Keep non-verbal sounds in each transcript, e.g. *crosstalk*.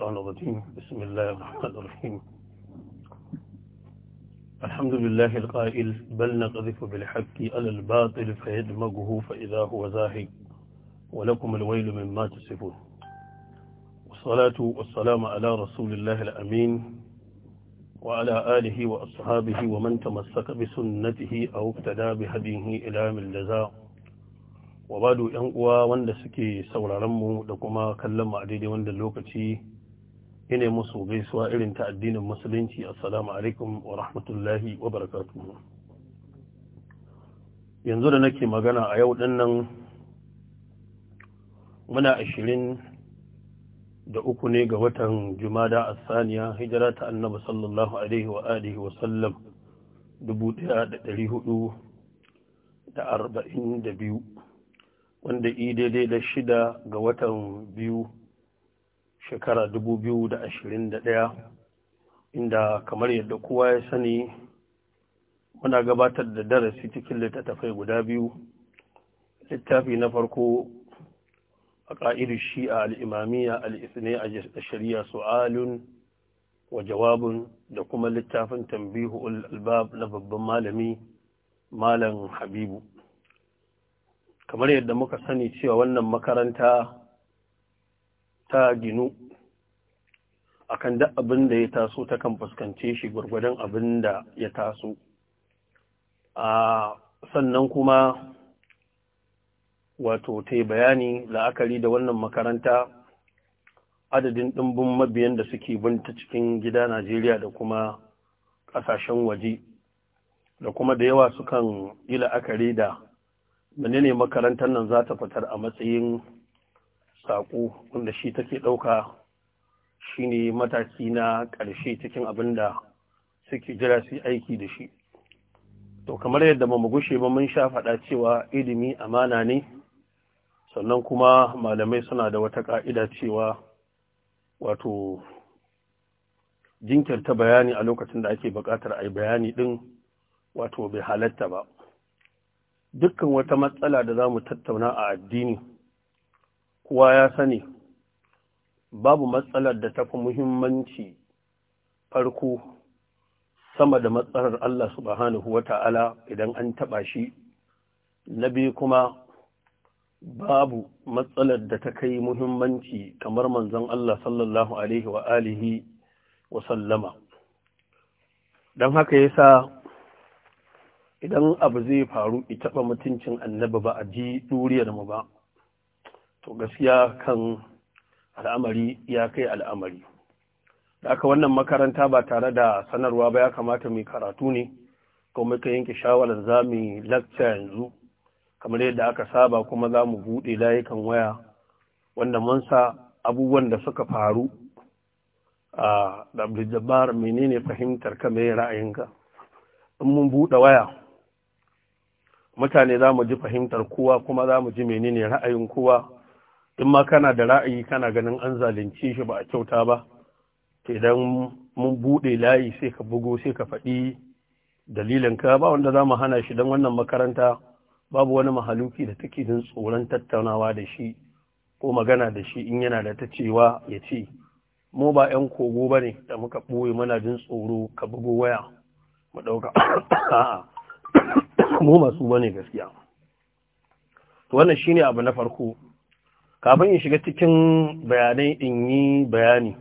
الشيطان الرجيم بسم الله الرحمن الرحيم الحمد لله القائل بل نقذف بالحق على الباطل فيدمغه فإذا هو زاهق ولكم الويل مما تصفون والصلاة والسلام على رسول الله الأمين وعلى آله وأصحابه ومن تمسك بسنته أو اقتدى بهديه إلى من جزاء وبعد أنقوى وان سكي سورا رمو لكما كلم عديد وان اللوكتي ina musu gaisuwa irin ta addinin musulunci assalamu alaikum wa rahmatullahi wa barakatuhu yanzu da nake magana a yau dinnan muna ashirin da uku ne ga watan jumada saniya. hijira ta annabi sallallahu alaihi wa alihi wa sallam dubu daya da dari hudu da arba'in da biyu wanda i daidai da shida ga watan biyu shekara 2021 inda kamar yadda kowa ya sani muna gabatar da darasi cikin littattafai guda biyu littafi na farko a shi shi'a al'imamiya al'isne a shari'a su'alun wa jawabun da kuma littafin tambihu albab na babban malami malam habibu kamar yadda muka sani cewa wannan makaranta ta ginu a kan da abin da ya taso ta kan fuskance shi gwargwadon abin da ya taso a sannan kuma wato ta bayani la'akari da wannan makaranta adadin ɗimbin mabiyan da suke binta cikin gida najeriya da kuma ƙasashen waje da kuma da yawa sukan yi la'akari da menene makarantar nan za ta fitar a matsayin saƙo wanda shi take ɗauka shi ne mataki na ƙarshe cikin abin da suke jira su aiki da shi to kamar yadda ba mu gushe ba mun sha faɗa cewa ilimi amana ne sannan kuma malamai suna da wata ƙa'ida cewa wato jinkirta bayani a lokacin da ake buƙatar a bayani ɗin wato bai halatta ba dukkan wata matsala da za mu tattauna a addini kowa ya sani babu matsalar da ta fi muhimmanci farko sama da matsalar Allah subhanahu Ta'ala idan an taɓa shi na biyu kuma babu matsalar da ta kai muhimmanci kamar manzon Allah sallallahu alaihi wa alihi wa sallama don haka yasa idan abu zai faru itaɓa mutuncin annabi ba a ji duriyar mu ba to gaskiya kan al'amari ya kai al'amari da wannan makaranta ba tare da sanarwa ba ya kamata mai karatu ne ko kai yanke shawarar za mu lakca yanzu kamar yadda aka saba kuma za mu buɗe layukan waya wanda mun sa abubuwan da suka faru a jabar menene fahimtar ka mai ra'ayinka in mun buɗe waya mutane za mu ji fahimtar kowa kuma za mu ji menene ra'ayin kowa in ma kana da ra'ayi kana ganin an zalunce shi ba a kyauta ba idan mun buɗe layi sai ka bugo sai ka faɗi dalilin ka ba wanda za mu hana shi don wannan makaranta babu wani mahaluki da take jin tsoron tattaunawa da shi ko magana da shi in yana da ta cewa ya ce mu ba 'yan kogo ba ne da muka ɓoye muna jin tsoro ka bugo waya mu ɗauka *coughs* a'a, *coughs* mu masu ba ne gaskiya wannan shine abu na farko kafin in shiga cikin bayanai in yi bayani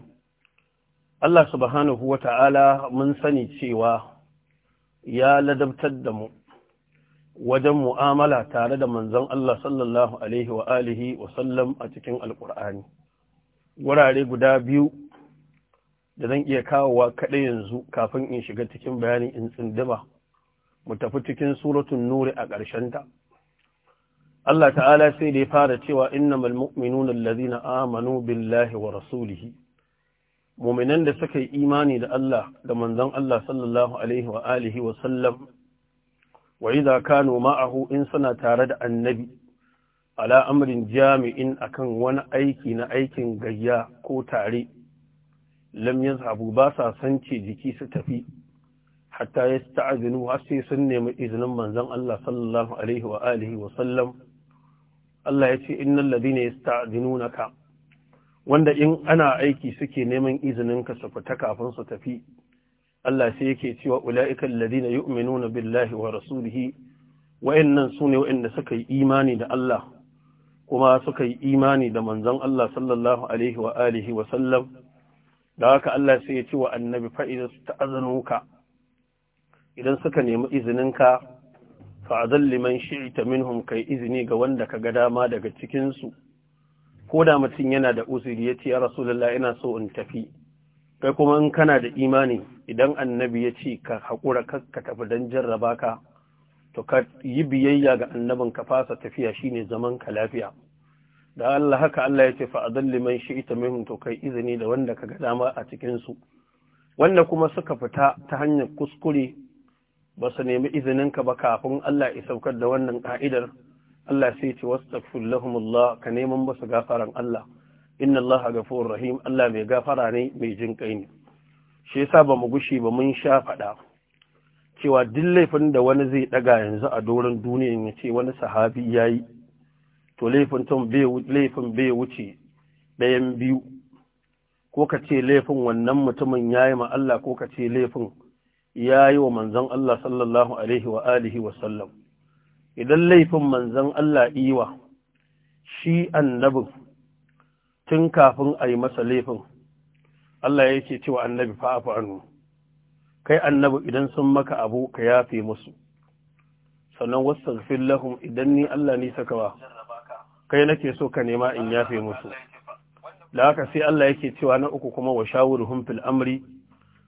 Allah subhanahu wa ta'ala mun sani cewa ya ladabtar da mu wajen mu'amala tare da manzon Allah sallallahu alaihi wa alihi wa sallam a cikin alƙur'ani wurare guda biyu da zan iya kawowa kaɗai yanzu kafin in shiga cikin bayani in tsindima mu tafi cikin suratun nuri a ƙarshenta Allah ta'ala sai da ya fara cewa innamal mu'minuna allazina amanu billahi wa rasulihi mu'minan da suka yi imani da Allah da manzon Allah sallallahu alaihi wa alihi wa sallam wa idza kanu ma'ahu in suna tare da annabi ala amrin jami'in akan wani aiki na aikin gayya ko tare lam yazhabu ba sa sance jiki su tafi hatta yasta'zinu har sai sun nemi izinin manzon Allah sallallahu alaihi wa alihi wa sallam Allah ya ce innal ladina ka. wanda in ana aiki suke neman izininka su fita kafin su tafi Allah sai yake cewa ulaika ladina yu'minuna billahi wa rasulihi wa'annan sune wa'anda suka yi imani da Allah kuma suka yi imani da manzon Allah sallallahu alaihi wa alihi wa sallam da haka Allah sai ya ce wa annabi fa idza ta'azanuka idan suka nemi izininka fa'azalli man shi'ita minhum kai izini ga wanda ka ga dama daga cikinsu ko da mutum yana da uzuri ya ce ya rasulullah ina so in tafi kai kuma in kana da imani idan annabi ya ce ka haƙura ka tafi don jarraba ka to ka yi biyayya ga annabin ka fasa tafiya shine zaman ka lafiya da Allah haka Allah ya ce fa'adalli man shi'ita minhum to kai izini da wanda ka ga dama a cikinsu wanda kuma suka fita ta hanyar kuskure ba su nemi izininka ba kafin Allah ya saukar da wannan ka'idar Allah sai ce wastaghfir Allah ka neman masa gafaran Allah inna Allah ghafurur rahim Allah mai gafara ne mai jin kai ne shi yasa ba mu gushi ba mun sha faɗa. cewa duk laifin da wani zai daga yanzu a doron duniya ya ce wani sahabi yayi to laifin tun laifin bai wuce ɗayan biyu ko ka ce laifin wannan mutumin ya yi Allah ko ka ce laifin ya yi wa manzan Allah sallallahu alaihi wa alihi wa idan laifin manzan Allah iwa shi annabin tun kafin a yi masa laifin Allah ya ce cewa annabi fa’afi annu kai annabi idan sun maka abu ka yafe musu sannan wasu lahum idan ni Allah nisa kawa, kai nake so ka nema in yafe musu da haka sai Allah yake cewa na uku kuma wa shawuruhum fil amri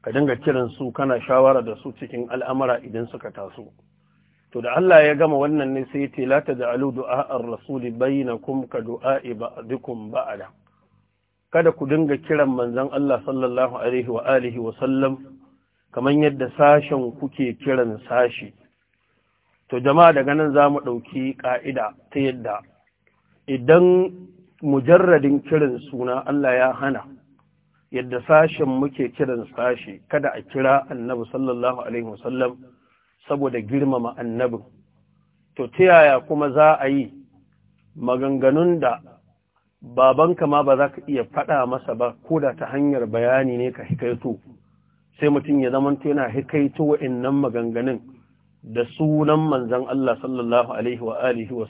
ka dinga kiran su kana shawara da su cikin al'amara idan suka taso to da Allah ya gama wannan ne sai ce la taj'alu du'a ar-rasuli kum ka du'a'i dukun ba'da kada ku dinga kiran manzon Allah sallallahu alaihi wa alihi wa sallam kamar yadda sashen kuke kiran sashi to jama'a daga nan za mu ɗauki ƙa'ida ta yadda idan mujarradin kiran suna Allah ya hana yadda sashen muke kiran sashi kada a kira annabi sallallahu alaihi wasallam saboda girmama annabin to ta yaya kuma za a yi maganganun da babanka ma ba za ka iya faɗa masa ba ko da ta hanyar bayani ne ka hikaito sai mutum ya zamanto yana hikaito wa'annan maganganun da sunan manzan Allah sallallahu alaihi wa alihi wa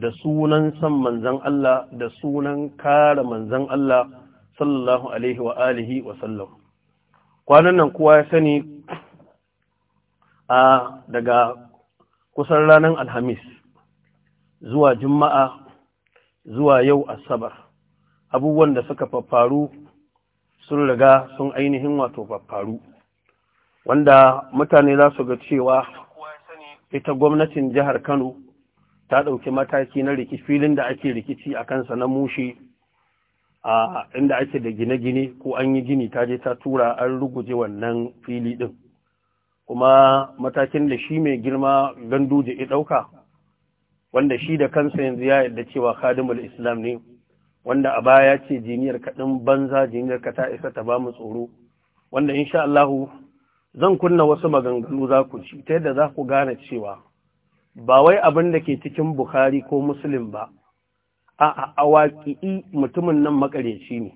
da sunan san manzon Allah da sunan kare manzon Allah sallallahu alaihi wa alihi wa sallam kwanan nan kowa ya sani a daga kusan ranar alhamis zuwa juma'a zuwa yau asabar abubuwan da suka faffaru sun riga sun ainihin wato faffaru wanda mutane za su ga cewa ita gwamnatin jihar kano ta ɗauki mataki na filin da ake rikici a kansa na mushe a inda ake da gine-gine ko an yi gini ta je ta tura an ruguje wannan fili ɗin kuma matakin da shi mai girma gandu da ya ɗauka wanda shi da kansa yanzu ya yarda cewa khadimul islam ne wanda a baya ya ce jiniyar kaɗin banza jiniyar ka ta isa ta ba mu tsoro wanda insha Allahu zan kunna wasu maganganu za ku ci ta yadda za ku gane cewa ba wai abin da ke cikin Bukhari ko Muslim ba a a mutumin nan maƙaryaci ne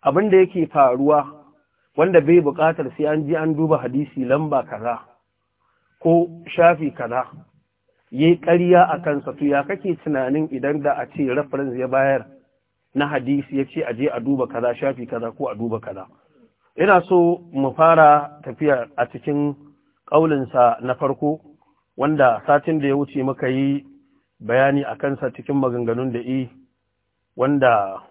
abin da yake faruwa wanda bai buƙatar sai an ji an duba hadisi lamba kaza ko shafi kaza yayi ƙarya a kansa to ya kake tunanin idan da a ce reference ya bayar na hadisi ya ce a je a duba kaza shafi kaza ko a duba kaza ina so mu fara tafiya a cikin ƙaulinsa na farko wanda satin da ya wuce muka yi bayani a kansa cikin maganganun da i wanda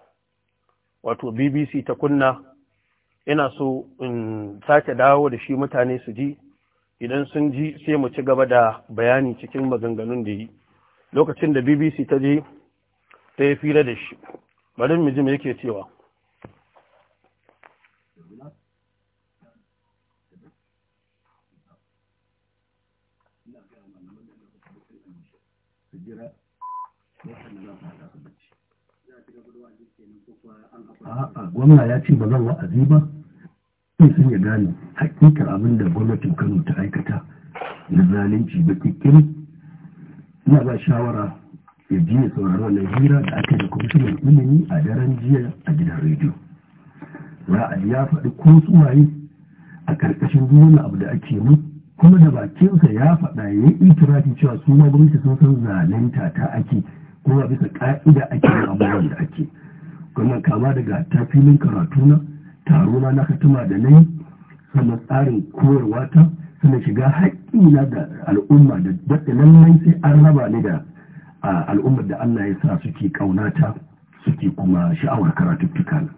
wato bbc ta kunna ina so in sake dawo da shi mutane su ji idan sun ji sai mu ci gaba da bayani cikin maganganun da yi lokacin da bbc ta je ta yi fira da shi bari mu ji me yake cewa a'a gwamna ya ce ba zan wa'azi ba sai sun ya gane hakikar abin da gwamnatin kano ta aikata na zalunci ba kikin ina ba shawara ya ji ya saurari wannan hira da aka da kwamishinan ilimi a daren jiya a gidan rediyo ra'adi ya faɗi ko tsuwaye a ƙarƙashin duk abu da ake mu kuma da bakinsa ya faɗa ya yi itirafi cewa su ma gwamnati sun san zalunta ta ake Kuma bisa ka'ida ake abubuwan da ake wannan kama daga ta filin karatuna na taro na na katuma da na yi sannan tsarin koyarwa ta sannan shiga haƙƙi na da al'umma da daɗa lallai sai an raba ni da al'ummar da Allah ya sa suke ƙaunata suke kuma sha'awar karatuttuka na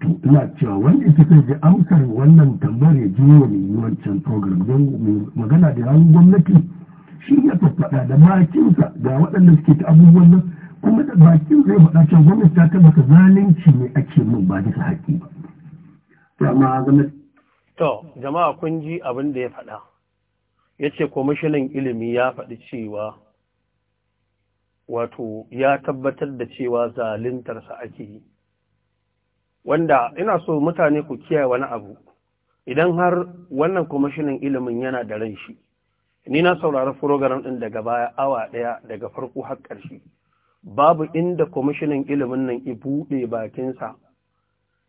to ina cewa wanda ita sai ji amsar wannan tambayar ya ji mai wancan program don magana da yawon gwamnati shi ya faɗa da bakinsa ga waɗanda suke ta abubuwan nan kuma da bakin zai faɗa cewa gwamnati ta tabbata zalunci ne ake mun ba bisa haƙi ba. To, jama'a kun ji abin da ya faɗa, ya ce kwamishinan ilimi ya faɗi cewa wato ya tabbatar da cewa zalintarsa ake yi. Wanda ina so mutane ku kiyaye wani abu, idan har wannan kwamishinan ilimin yana da ran shi. ni na saurari program ɗin daga baya awa ɗaya daga farko har ƙarshe babu inda kwamishinan ilimin nan i buɗe bakinsa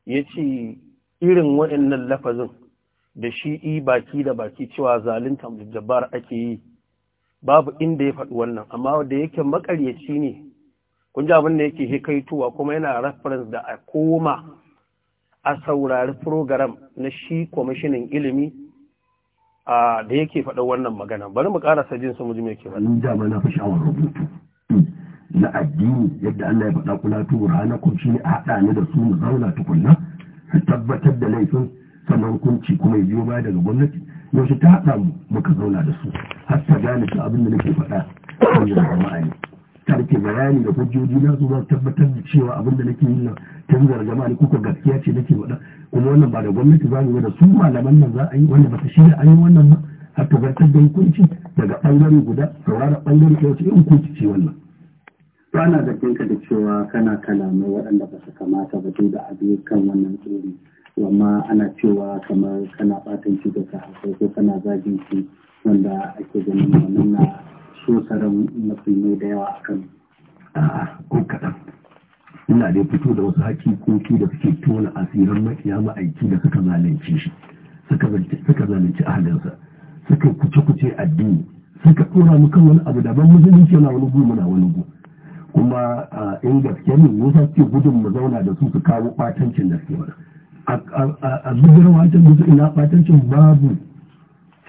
ya ce irin waɗannan lafazin da shi i baki da baki cewa zalunta jabbar ake yi babu inda ya faɗi wannan amma da yake makaryaci ne kun ji abin da yake hikaituwa kuma yana reference da a koma a saurari program na shi kwamishinan ilimi a da yake faɗa wannan magana bari mu ƙarasa jin su mujime ke faɗa da na fi shawar rubutu na addini yadda Allah ya faɗa kula tu shi ne a haɗa ni da su mu zauna tukunna tabbatar da laifin sannan hukunci kuma ya biyo baya daga gwamnati yaushe ta haɗa mu muka zauna da su har ta gane su abin da nake faɗa wanda jama'a ne tarke bayani da hujjoji na su tabbatar da cewa abin da nake yin nan tanzar jama'a ne kuka gaskiya ce nake faɗa kuma wannan ba da gwamnati za mu da su malaman nan za a yi wanda ba ta shirya an yi wannan ba har ta zartar da hukunci daga bangare guda saurara ɓangare ɗaya irin hukunci ce wannan. ba na kinka da cewa kana kalamai waɗanda ba su kamata ba duk da abin kan wannan tsori amma ana cewa kamar kana ɓatanci da sahabai ko kana zagin shi wanda ake ganin wannan na so saran musulmi da yawa akan ko kaɗan ina da fito da wasu hakikoki da suke tona asirin makiya ma'aiki da suka zalunce shi suka zalunci ahalinsa suka kuce-kuce addini suka ɗora mu kan wani abu daban musulunci yana wani gu muna wani gu kuma in gaske ne musa ce gudun mu zauna da su su kawo batancin da suke wani a zubirwa can musu ina batancin babu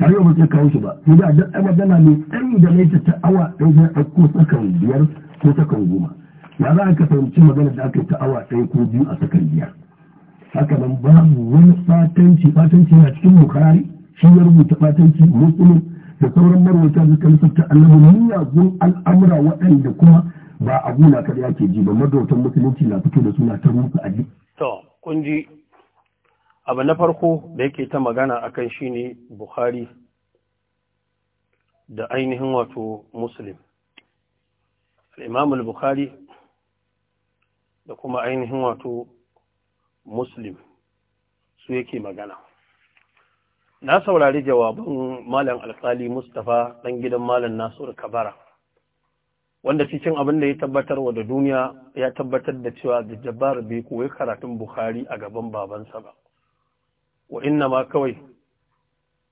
har yau ba zai kawo shi ba sai da duk ai magana ne tsayi da mai ta awa ɗaya zai ɗauko sakan biyar ko sakan goma ya za ka fahimci magana da aka yi ta awa ɗaya ko biyu a sakan biyar haka nan babu wani fatanci fatanci yana cikin bukari shi ya rubuta fatanci musulun da sauran marwata da kan sabta annabi miyagun al'amura waɗanda kuma ba a gona kada yake ji ba madautan musulunci na fito da suna ta rufe a to kun ji abu na farko da yake ta magana akan shine bukhari da ainihin wato muslim al'imamul bukhari da kuma ainihin wato muslim su yake magana na saurari jawaban malam alkali mustapha ɗan gidan malam nasur kabara wanda cikin abin da ya tabbatar wa da duniya ya tabbatar da cewa da jabbar bai koyi karatun bukhari a gaban babansa ba wa inna ma kawai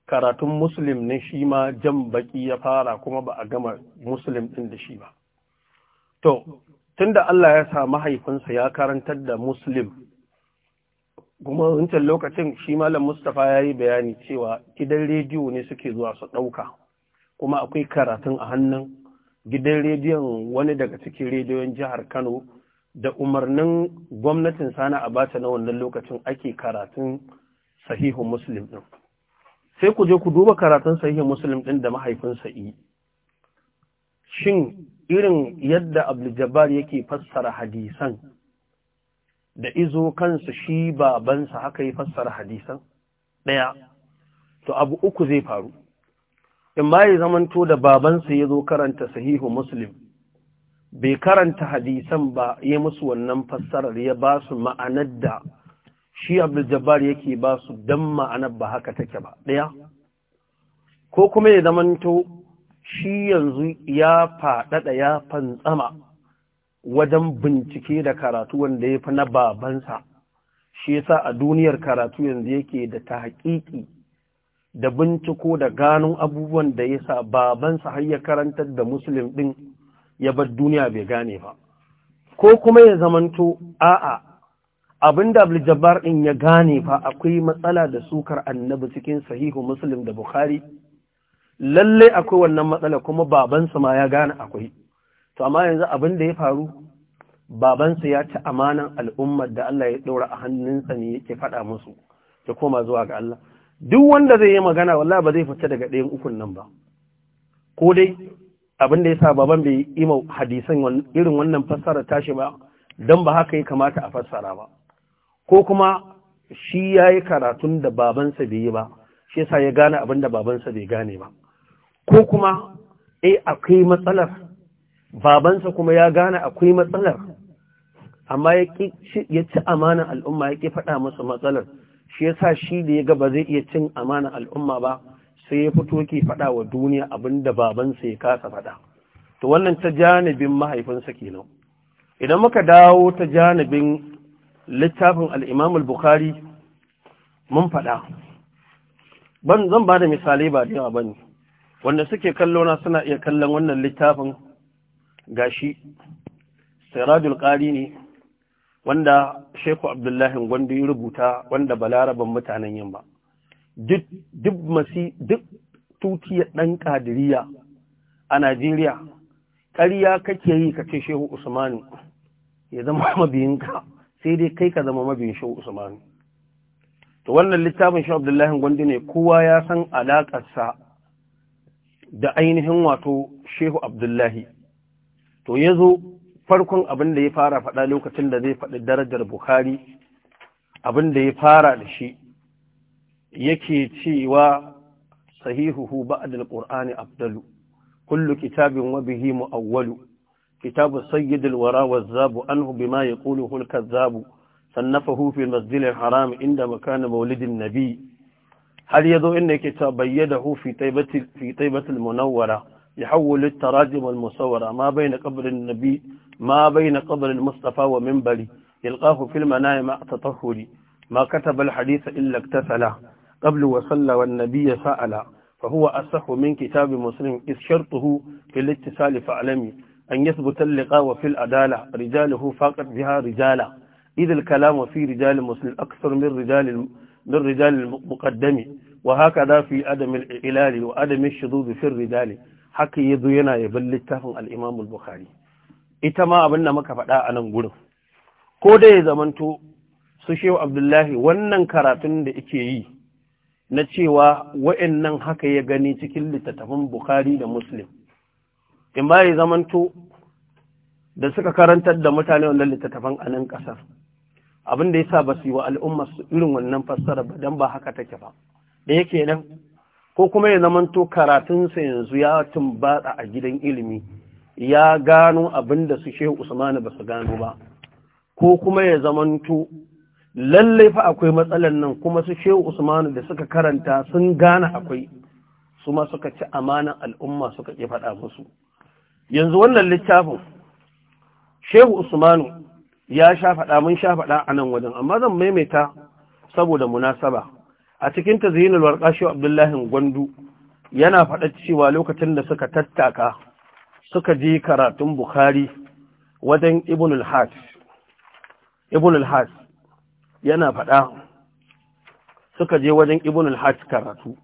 karatun muslim ne shi ma jan baki ya fara kuma ba a gama muslim ɗin da shi ba to tunda Allah ya sa mahaifinsa ya karantar da muslim kuma wancan lokacin shi malam Mustapha ya yi bayani cewa gidan rediyo ne suke zuwa su ɗauka kuma akwai karatun a hannun gidan rediyon wani daga cikin rediyon jihar Kano da umarnin gwamnatin Sani Abacha na wannan lokacin ake karatun Sahihun muslim ɗin sai ku je ku duba karatun sahihun muslim ɗin da mahaifinsa yi shin irin yadda abdul yake fassara hadisan da izo kansa shi babansa haka yi fassara hadisan ɗaya to abu uku zai faru in ma ya zamanto da babansa ya zo karanta sahihu muslim bai karanta hadisan ba ya musu wannan fassarar ya ba su ma'anar da shi abdul yake ba su dan ma'anar ba haka take ba ɗaya ko kuma ya zamanto shi yanzu ya faɗaɗa ya fantsama wajen bincike da karatu wanda ya fi na babansa shi yasa a duniyar karatu yanzu yake da ta haƙiƙi da binciko da gano abubuwan da ya sa babansa har ya karantar da musulun ɗin ya bar duniya bai gane ba ko kuma ya zamanto a'a abin da abljabbar ɗin ya gane fa akwai matsala da sukar annabi cikin sahihu muslim da bukhari lalle akwai wannan matsala kuma babansa ma ya gane akwai to amma yanzu abin da ya faru babansa ya ci amanan al'ummar da Allah ya ɗaura a hannunsa ne yake faɗa musu ya koma zuwa ga Allah duk wanda zai yi magana wallahi ba zai fita daga ɗayan ukun nan ba ko dai abin da ya sa baban bai yi hadisan irin wannan fassara tashi ba don ba haka ya kamata a fassara ba ko kuma shi ya yi karatun da babansa bai yi ba shi sa ya gane abin da babansa bai gane ba ko kuma eh akwai matsalar babansa kuma ya gane akwai matsalar amma ya ci amanar al'umma ya ƙi faɗa masa matsalar shi ya sa shi da ya ga ba zai iya cin amanar al'umma ba sai ya fito ke faɗa wa duniya abin da babansa ya kasa faɗa to wannan ta janibin mahaifinsa kenan idan muka dawo ta janibin littafin al'imam al-bukhari mun faɗa zan ba da misalai ba da yawa ba ne wanda suke kallona suna iya kallon wannan littafin gashi sirajul ƙari ne wanda sheku abdullahi gwanda ya rubuta wanda balaraban mutanen ba duk masi duk tutiyar ɗan ƙadiriya a najeriya ƙarya kake yi ka shehu usmanu ya zama *laughs* mabiyinka sai dai kai ka zama mabin shi Usman to wannan littafin shi Abdullahi Gwandi ne kowa ya san sa da ainihin wato Shehu Abdullahi to ya zo farkon abin da ya fara faɗa lokacin da zai faɗi darajar Bukhari abin da ya fara da shi yake cewa sahihuhu ba'dal qurani afdalu kullu kitabin wa bihi mu'awwalu كتاب السيد الورى والذاب أنه بما يقوله الكذاب صنفه في المسجد الحرام عند مكان مولد النبي هل يدو إن كتاب بيده في طيبة, في طيبة المنورة يحول التراجم المصورة ما بين قبر النبي ما بين قبر المصطفى ومنبري يلقاه في المنايا مع تطهري ما كتب الحديث إلا اكتسله قبل وصلى والنبي سأل فهو أصح من كتاب مسلم إذ شرطه في الاتصال فاعلمي أن يثبت اللقاء وفي العدالة رجاله فاقت بها رجالا إذ الكلام وفي رجال مسلم أكثر من رجال من رجال المقدم وهكذا في عدم الإلال وعدم الشذوذ في الرجال حكى يدينا يبل التفن الإمام البخاري إتما أبنى مكفأ أنا نقول كودي زمنتو su shehu abdullahi wannan karatun da ake yi na cewa wa'annan haka ya gani cikin littattafan Bukhari da Muslim in ba ya zamanto da suka karantar da mutane wannan littattafan a nan ƙasar abin da ya sa ba su yi wa al'umma su irin wannan fassara ba don ba haka take ba da yake nan ko kuma ya zamanto karatunsa yanzu ya tumbatsa a gidan ilimi ya gano abin da su shehu usmanu ba su gano ba ko kuma ya zamanto lallai fa akwai matsalar nan kuma su shehu usmanu da suka karanta sun gane akwai su ma suka ci amanan al'umma suka ƙi faɗa musu yanzu wannan littafin shehu usmanu ya sha faɗa mun sha faɗa a nan wajen amma zan maimaita saboda munasaba a cikin tazyinul warqa shehu abdullahi gwandu yana faɗa cewa lokacin da suka tattaka suka je karatun bukhari wajen ibn al-hajj ibn al-hajj yana faɗa suka je wajen ibn al-hajj karatu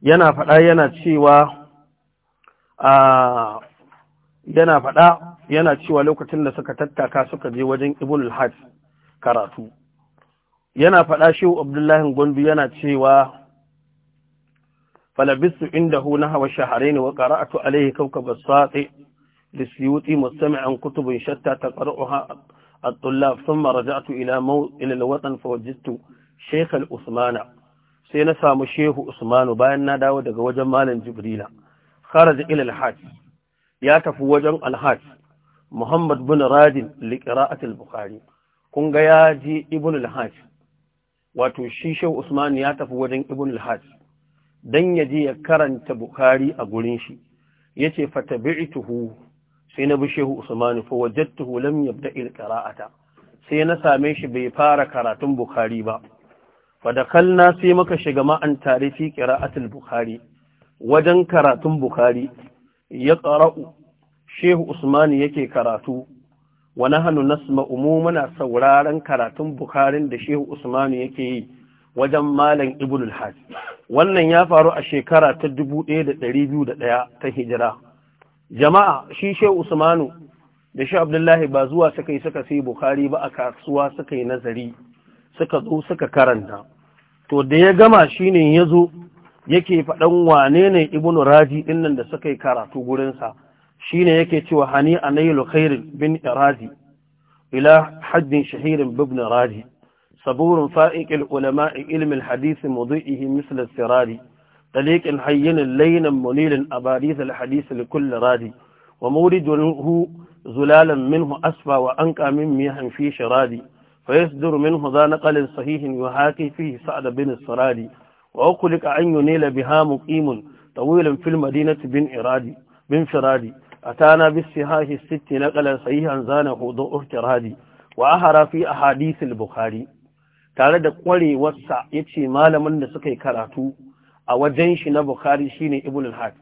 yana faɗa yana cewa ah, yana faɗa yana cewa lokacin da suka tattaka suka je wajen ibn hajj karatu yana faɗa shehu Abdullahi gandu yana cewa falabisu indahu nahwa shahrayn wa qara'tu alayhi kawkab as-sati li siyuti mustami'an kutubin shatta taqra'uha at-tullab thumma raja'tu ila maw ila al-watan fawajadtu shaykh al-Uthman sai na samu shehu usmanu bayan na dawo daga wajen malam Jibrila kharaja ila hajj ya tafi wajen alhaj muhammad bin radin liƙira'atul bukhari kun ga ya je ibn alhaj wato shi shehu usman ya tafi wajen ibn alhaj dan ya je ya karanta bukhari a gurin shi yace fatabi'tuhu sai na bi shehu usman fa wajadtuhu lam yabda alqira'ata sai na same shi bai fara karatun bukhari ba fa dakalna sai muka shiga ma'an tarifi qira'atul bukhari wajen karatun bukhari ya ƙara'u shehu usman yake karatu wa nahnu nasma mu sauraron karatun Bukhari da shehu usman yake yi wajen malam al hajj wannan ya faru a shekara ta 1201 ta hijira jama'a shi shehu Usman da shi abdullahi ba zuwa suka yi suka sai bukhari ba a kasuwa suka yi nazari suka zo suka karanta to da ya gama shine ya zo yake faɗan wanene ne ibn raji ɗin nan da suka yi karatu gurinsa shi ne yake cewa hani a nailu khairin bin iradi ila haddin shahirin bibin raji saburin fa’iƙil ulama a ilmin hadisi mudu'ihi mislil sirari ɗaliƙin hayyinin lainin munilin a barisal hadisi likulli radi wa mori hu zulalan minhu asfa wa an kamin hanfi shi radi fa yasdur minhu zanaƙalin sahihin yuhaki fi sa'ada bin sirari wa ukulika an yunila biha muqimun tawilan fil madinati bin iradi bin firadi atana bis sihahi sitti naqalan sahihan zana hudu ihtiradi wa ahara fi ahadith al bukhari tare da kwarewarsa yace malamin da suka yi karatu a wajen shi na bukhari shine ibn al had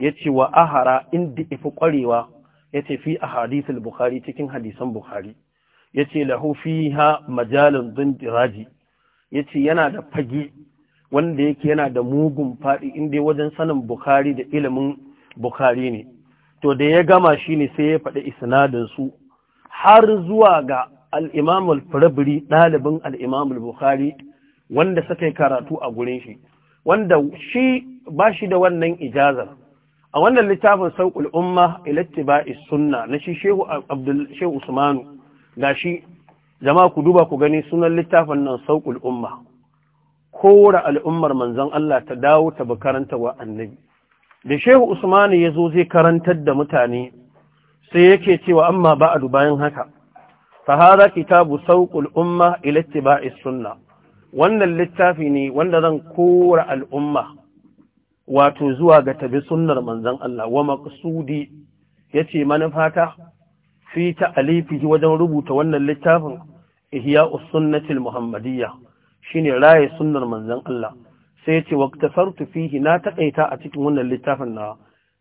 yace wa ahara inda ifi kwarewa yace fi ahadith al bukhari cikin hadisan bukhari yace lahu fiha majalun dindiraji yace yana da fage wanda yake yana da mugun faɗi inda wajen sanin Bukhari da ilimin Bukhari ne to da ya gama shi ne sai ya faɗi isnadin har zuwa ga al’imamul Firabiri, ɗalibin alimamul bukhari wanda suka yi karatu a gurin shi wanda shi ba shi da wannan ijazar a wannan littafin sauƙul umma ba sunna na shi Shehu Abdul Shehu Usmanu gashi jama'a ku duba ku gani sunan littafin nan sauƙul umma kora al'ummar manzon Allah ta dawo ta bi karanta wa annabi da shehu Usmanu ya zo zai karantar da mutane sai yake cewa amma ba a bayan haka fa hada kitabu sauƙul umma ila ittiba'is sunna wannan littafi ne wanda zan kora al'umma wato zuwa ga tabi sunnar manzon Allah wa maqsudi yace manufata fi ta'alifihi wajen rubuta wannan littafin ihya us muhammadiyya shine raye sunnar manzon Allah sai ya ce waqtasartu fihi na takaita a cikin wannan littafin na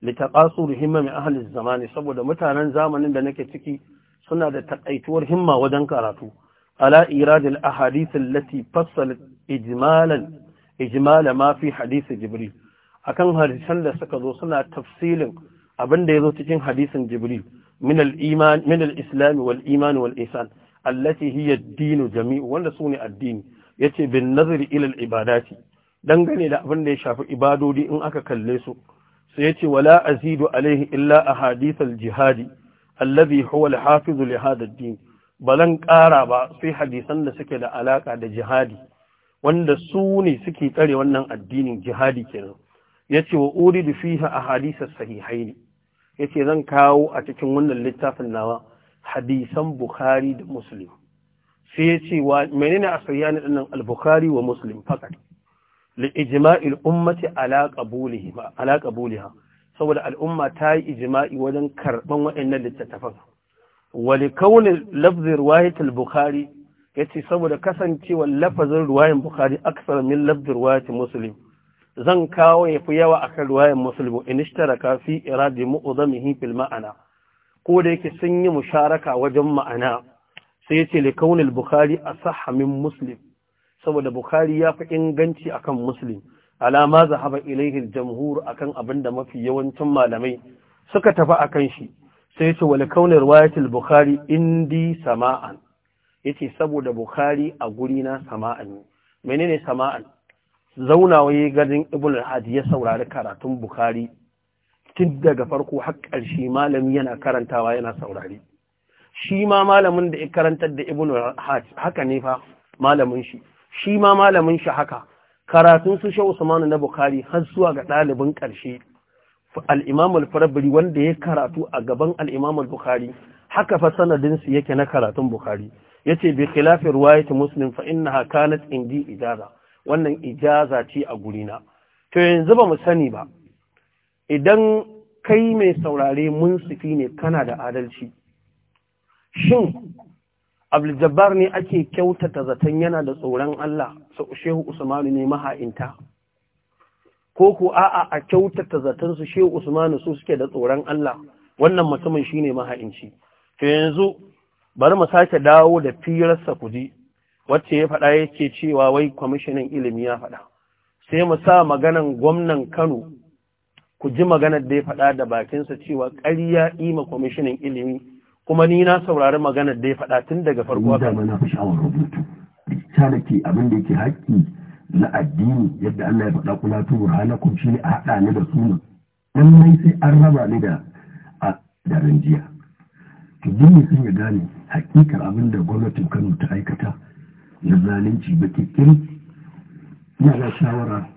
litaqasur himma min ahli zamani saboda mutanen zamanin da nake ciki suna da takaituwar himma wajen karatu ala iradil ahadith allati fassalat ijmalan ijmala ma fi hadith jibril akan hadisan da suka zo suna tafsilin abin da yazo cikin hadisin jibril min al-iman min al-islam wal iman wal ihsan allati hiya ad-din jami'u wanda sune addini yace bin nazari ilal ibadati dangane da abin da ya shafi ibadodi in aka kalle su sai yace wala azidu alaihi illa a al-jihadi allabi huwa al-hafiz li hadha din balan ƙara ba sai hadisan da suke da alaka da jihadi wanda su ne suke tsare wannan addinin jihadi kenan yace wa uridu fiha ahadith as-sahihaini yace zan kawo a cikin wannan littafin nawa hadisan bukhari da muslim sai ya ce wa menene asayyan din ɗannan al-bukhari wa muslim fakat li ummati ala qabulihi ala saboda al'umma ta yi ijma'i wajen karɓan waɗannan littattafan wa li kauni lafzi riwayat al-bukhari yace saboda kasancewar lafazin riwayan bukhari aksar min lafzin riwayat muslim zan kawo yafi yawa akan riwayan muslim in ishtaraka fi iradi mu'dhamihi fil ma'ana ko da yake sun yi musharaka wajen ma'ana sai ya ce likaunin Bukhari a sahamin Muslim, saboda Bukhari ya fi inganci akan Muslim, alama zahaba ilaihin jamhur akan abin da mafi yawancin malamai suka tafi akan shi, sai ya ce wa likaunin ruwayatul Bukhari indi sama'an, ya ce saboda Bukhari a guri na sama'an menene sama'an? Zaunawa ya garin Ibn Hadi ya saurari karatun Bukhari tun daga farko har ƙarshe malami yana karantawa yana saurari. shi ma malamin da ya karantar da ibn haka ne fa malamin shi shi ma malamin shi haka karatun su sha Usmanu na Bukhari har zuwa ga ɗalibin ƙarshe al-Imam al farabi wanda ya karatu a gaban al-Imam al-Bukhari haka fa sanadin su yake na karatun Bukhari yace bi khilafi riwayat Muslim fa innaha kanat indi ijaza wannan ijaza ce a gurina to yanzu ba mu sani ba idan kai mai saurare munsifi ne kana da adalci shin abdul ne ake kyautata zaton yana da tsoron Allah sau shehu usmanu ne maha'inta ko ku a'a a kyautata zaton su shehu usmanu su suke da tsoron Allah wannan mutumin shine maha'inci to yanzu bari mu sake dawo da firarsa kuji wacce ya faɗa yake cewa wai kwamishinan ilimi ya faɗa sai mu sa maganan gwamnan Kano ku ji maganar da ya faɗa da bakinsa cewa ƙarya ima kwamishinan ilimi kuma ni na saurari maganar da ya faɗa tun daga farko aka mana shawar rubutu ke abin da yake haƙƙi na addini yadda Allah ya faɗa kula tu burhanakum ne a haɗa ni da sunan dan mai sai an raba ni da da rinjiya to ne sun ya gane hakikar abin da gwamnatin Kano ta aikata na zalunci ba kirkiri ina da shawara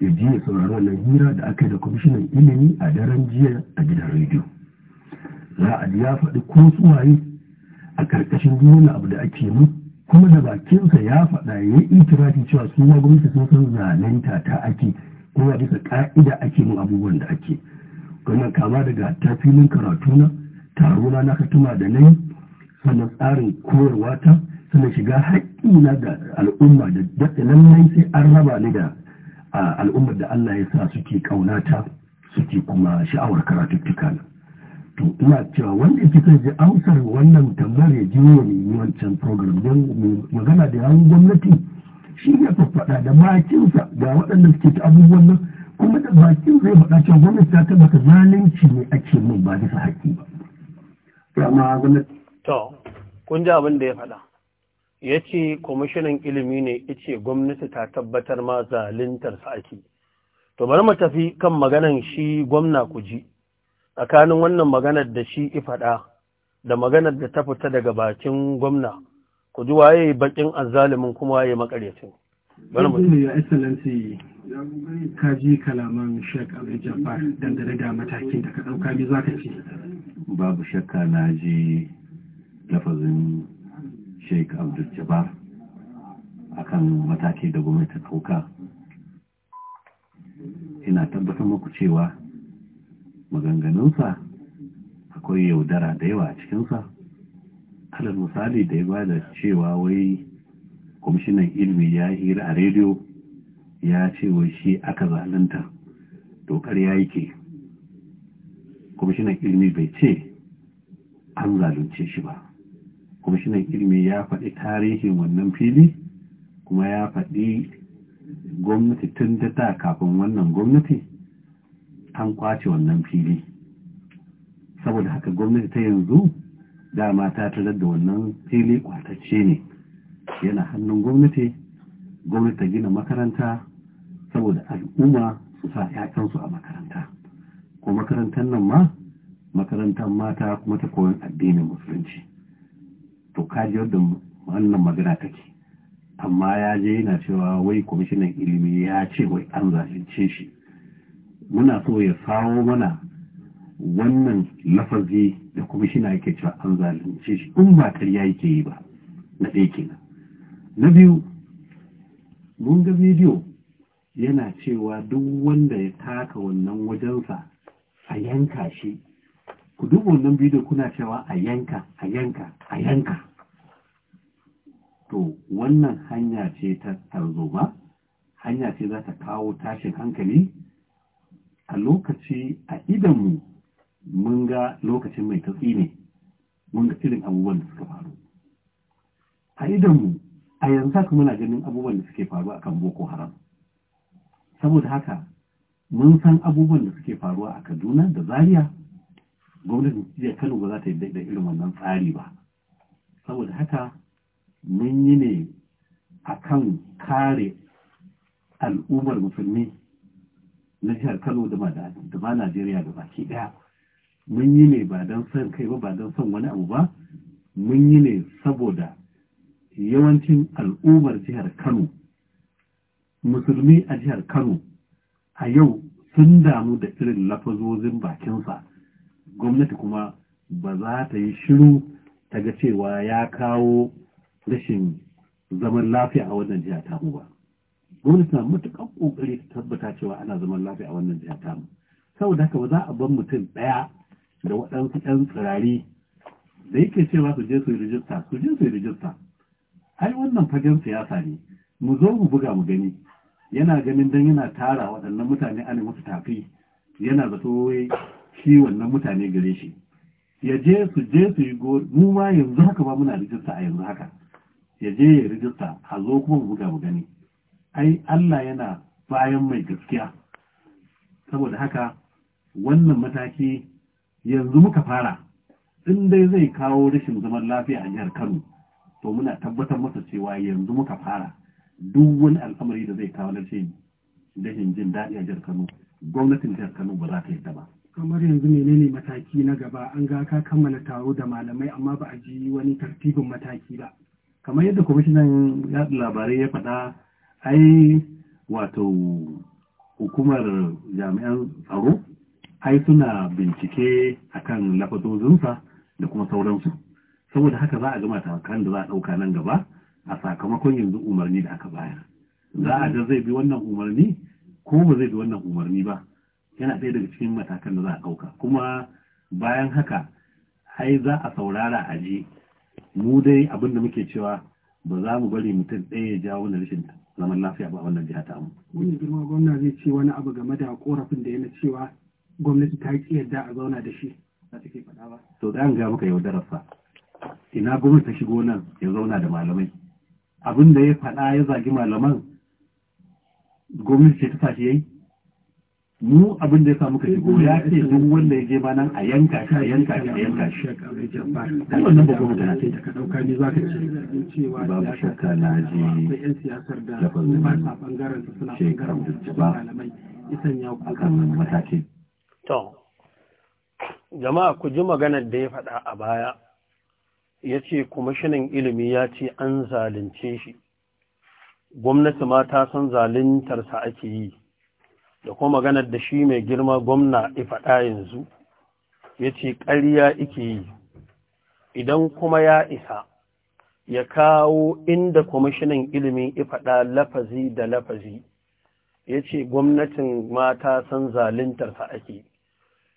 ya ji ya saurari wannan hira da aka yi da kwamishinan ilimi a daren jiya a gidan rediyo a ya faɗi ko suwaye a ƙarƙashin duniya abu da ake mu kuma da bakinsa ya faɗa ya yi itirafi cewa su ma gwamnati sun san zalunta ta ake kuma bisa ƙa'ida ake mu abubuwan da ake wannan kama daga ta filin karatu na taro na katuma da yi sannan tsarin koyarwa ta sannan shiga haƙƙi na ga al'umma da daɗa lallai sai an raba ni da al'ummar da Allah ya sa suke ƙaunata suke kuma sha'awar karatuttuka na. to ina cewa wanda kika ji amsar wannan tambayar ya ji wani wancan program don magana da yawon gwamnati shi ya faɗa da bakinsa ga waɗanda suke ta abubuwan nan kuma da bakin zai faɗa cewa gwamnati ta tabbata ka zalunci ne ake min ba bisa haƙƙi ba. Yamma gwamnati. To, kun ji abin da ya faɗa. Ya ce kwamishinan ilimi ne ya ce gwamnati ta tabbatar ma zaluntar sa ake. To bari mu tafi kan maganan shi gwamna ku ji. tsakanin wannan maganar da shi faɗa da maganar da ta fita daga bakin gwamna ku ji waye bakin azzalumin kuma waye makaryacin bari mu ya excellency ka ji kalaman Sheikh Abu Jabbar dangane da matakin da ka dauka bi zaka ce babu shakka na ji lafazin Sheikh Abu Jabbar akan mataki da gwamnati ta dauka ina tabbatar muku cewa maganganunsa akwai yaudara da yawa a cikinsa alal misali da ya ba da cewa wai kwamishinan ilmi ya hira a rediyo ya ce wai shi aka zalunta dokar ya yi ke kwamishinan ilmi bai ce an zalunce shi ba kwamishinan ilmi ya faɗi tarihin wannan fili kuma ya faɗi gwamnati tun da ta kafin wannan gwamnati an kwace wannan fili saboda haka gwamnati ta yanzu dama ta tarar da wannan fili kwatacce ne yana hannun gwamnati gwamnati ta gina makaranta saboda al'umma su sa yakansu a makaranta ko makarantar nan ma makarantar mata kuma ta koyon addinin musulunci to kaji yadda wannan magana take amma ya je yana cewa wai kwamishinan ilimi ya ce wai an zalunce shi muna so ya sawo mana wannan lafazi da kuma shi na yake cewa an zalunce shi in ba karya yake yi ba na ɗaya kenan na biyu mun ga bidiyo yana cewa duk wanda ya taka wannan wajensa a yanka shi ku duba wannan bidiyo kuna cewa a yanka a yanka a yanka to wannan hanya ce ta tarzoma hanya ce za ta kawo tashin hankali a lokaci a idanmu mun ga lokacin mai tatsi ne mun ga irin abubuwan da suka faru a idanmu a yanzu haka muna ganin abubuwan da suke faruwa kan boko haram saboda haka mun san abubuwan da suke faruwa a kaduna da zaria gwamnatin jiya kano ba za ta yi da irin wannan tsari ba saboda haka mun yi ne a kan kare al'ummar musulmi na jihar kano da ba najeriya da baki daya mun yi ne ba don son kai ba ba don son wani abu ba mun yi ne saboda yawancin al'ummar jihar kano musulmi a jihar kano a yau sun damu da irin lafazozin bakinsa gwamnati kuma ba za ta yi shiru ta ga cewa ya kawo rashin zaman lafiya a wannan jiha ta ba gwamnati na matuƙar ƙoƙari ta tabbata cewa ana zaman lafiya a wannan jiha mu. saboda haka ba za a bar mutum ɗaya da waɗansu ɗan tsirari da yake cewa su je su yi rijista su je su yi rijista ai wannan fagen siyasa ne mu zo mu buga mu gani yana ganin dan yana tara waɗannan mutane ana musu tafi yana zato shi wannan mutane gare shi ya je su je su yi go mu ma yanzu haka ba muna rijista a yanzu haka ya je ya rijista a zo kuma mu buga mu gani ai Allah yana bayan mai gaskiya saboda haka wannan mataki yanzu muka fara in dai zai kawo rashin zaman lafiya a jihar Kano to muna tabbatar masa cewa yanzu muka fara duk wani al'amari da zai kawo rashin jin daɗi a jihar Kano gwamnatin jihar Kano ba za ta yi ba kamar yanzu menene mataki na gaba an ga ka kammala taro da malamai amma ba a ji wani tartibin mataki ba kamar yadda kwamishinan yaɗa labarai ya faɗa ai wato hukumar jami'an tsaro ai suna bincike akan lafazozinsa da kuma sauransu saboda haka za a gama matakan da za a ɗauka nan gaba a sakamakon yanzu umarni da aka bayar za a ga zai bi wannan umarni ko ba zai bi wannan umarni ba yana ɗaya daga cikin matakan da za a ɗauka kuma bayan haka ai za a saurara a ji mu dai abinda muke cewa ba za mu bari mutum ɗaya ya jawo na rashin zaman lafiya ba wannan jiha ta mu. Wani girma gwamna zai ce wani abu game da korafin da ya na cewa gwamnati ta ki yadda a zauna da shi ba take faɗa ba. To da an ga muka yaudararsa. Ina gwamnati ta shigo nan ya zauna da malamai. Abin da ya faɗa ya zagi malaman gwamnati ce ta fashe. yayi. mu abin da ya samu ka shigo ya ce duk wanda ya je ba nan a yanka shi a yanka shi a yanka shi dan wannan ba goma da sai ka dauka ne zaka ce babu shakka na ji lafazin shekaru da ba a kan matakin to jama'a ku ji maganar da ya faɗa a baya ya ce kwamishinan ilimi ya ce an zalunce shi gwamnati ma ta san zaluntarsa ake yi da kuma maganar da shi mai girma gwamna ifaɗa yanzu ya ce ƙarya ike yi idan kuma ya isa ya kawo inda kwamishinan ilimin ifaɗa lafazi da lafazi ya ce gwamnatin mata san zalintarsa ake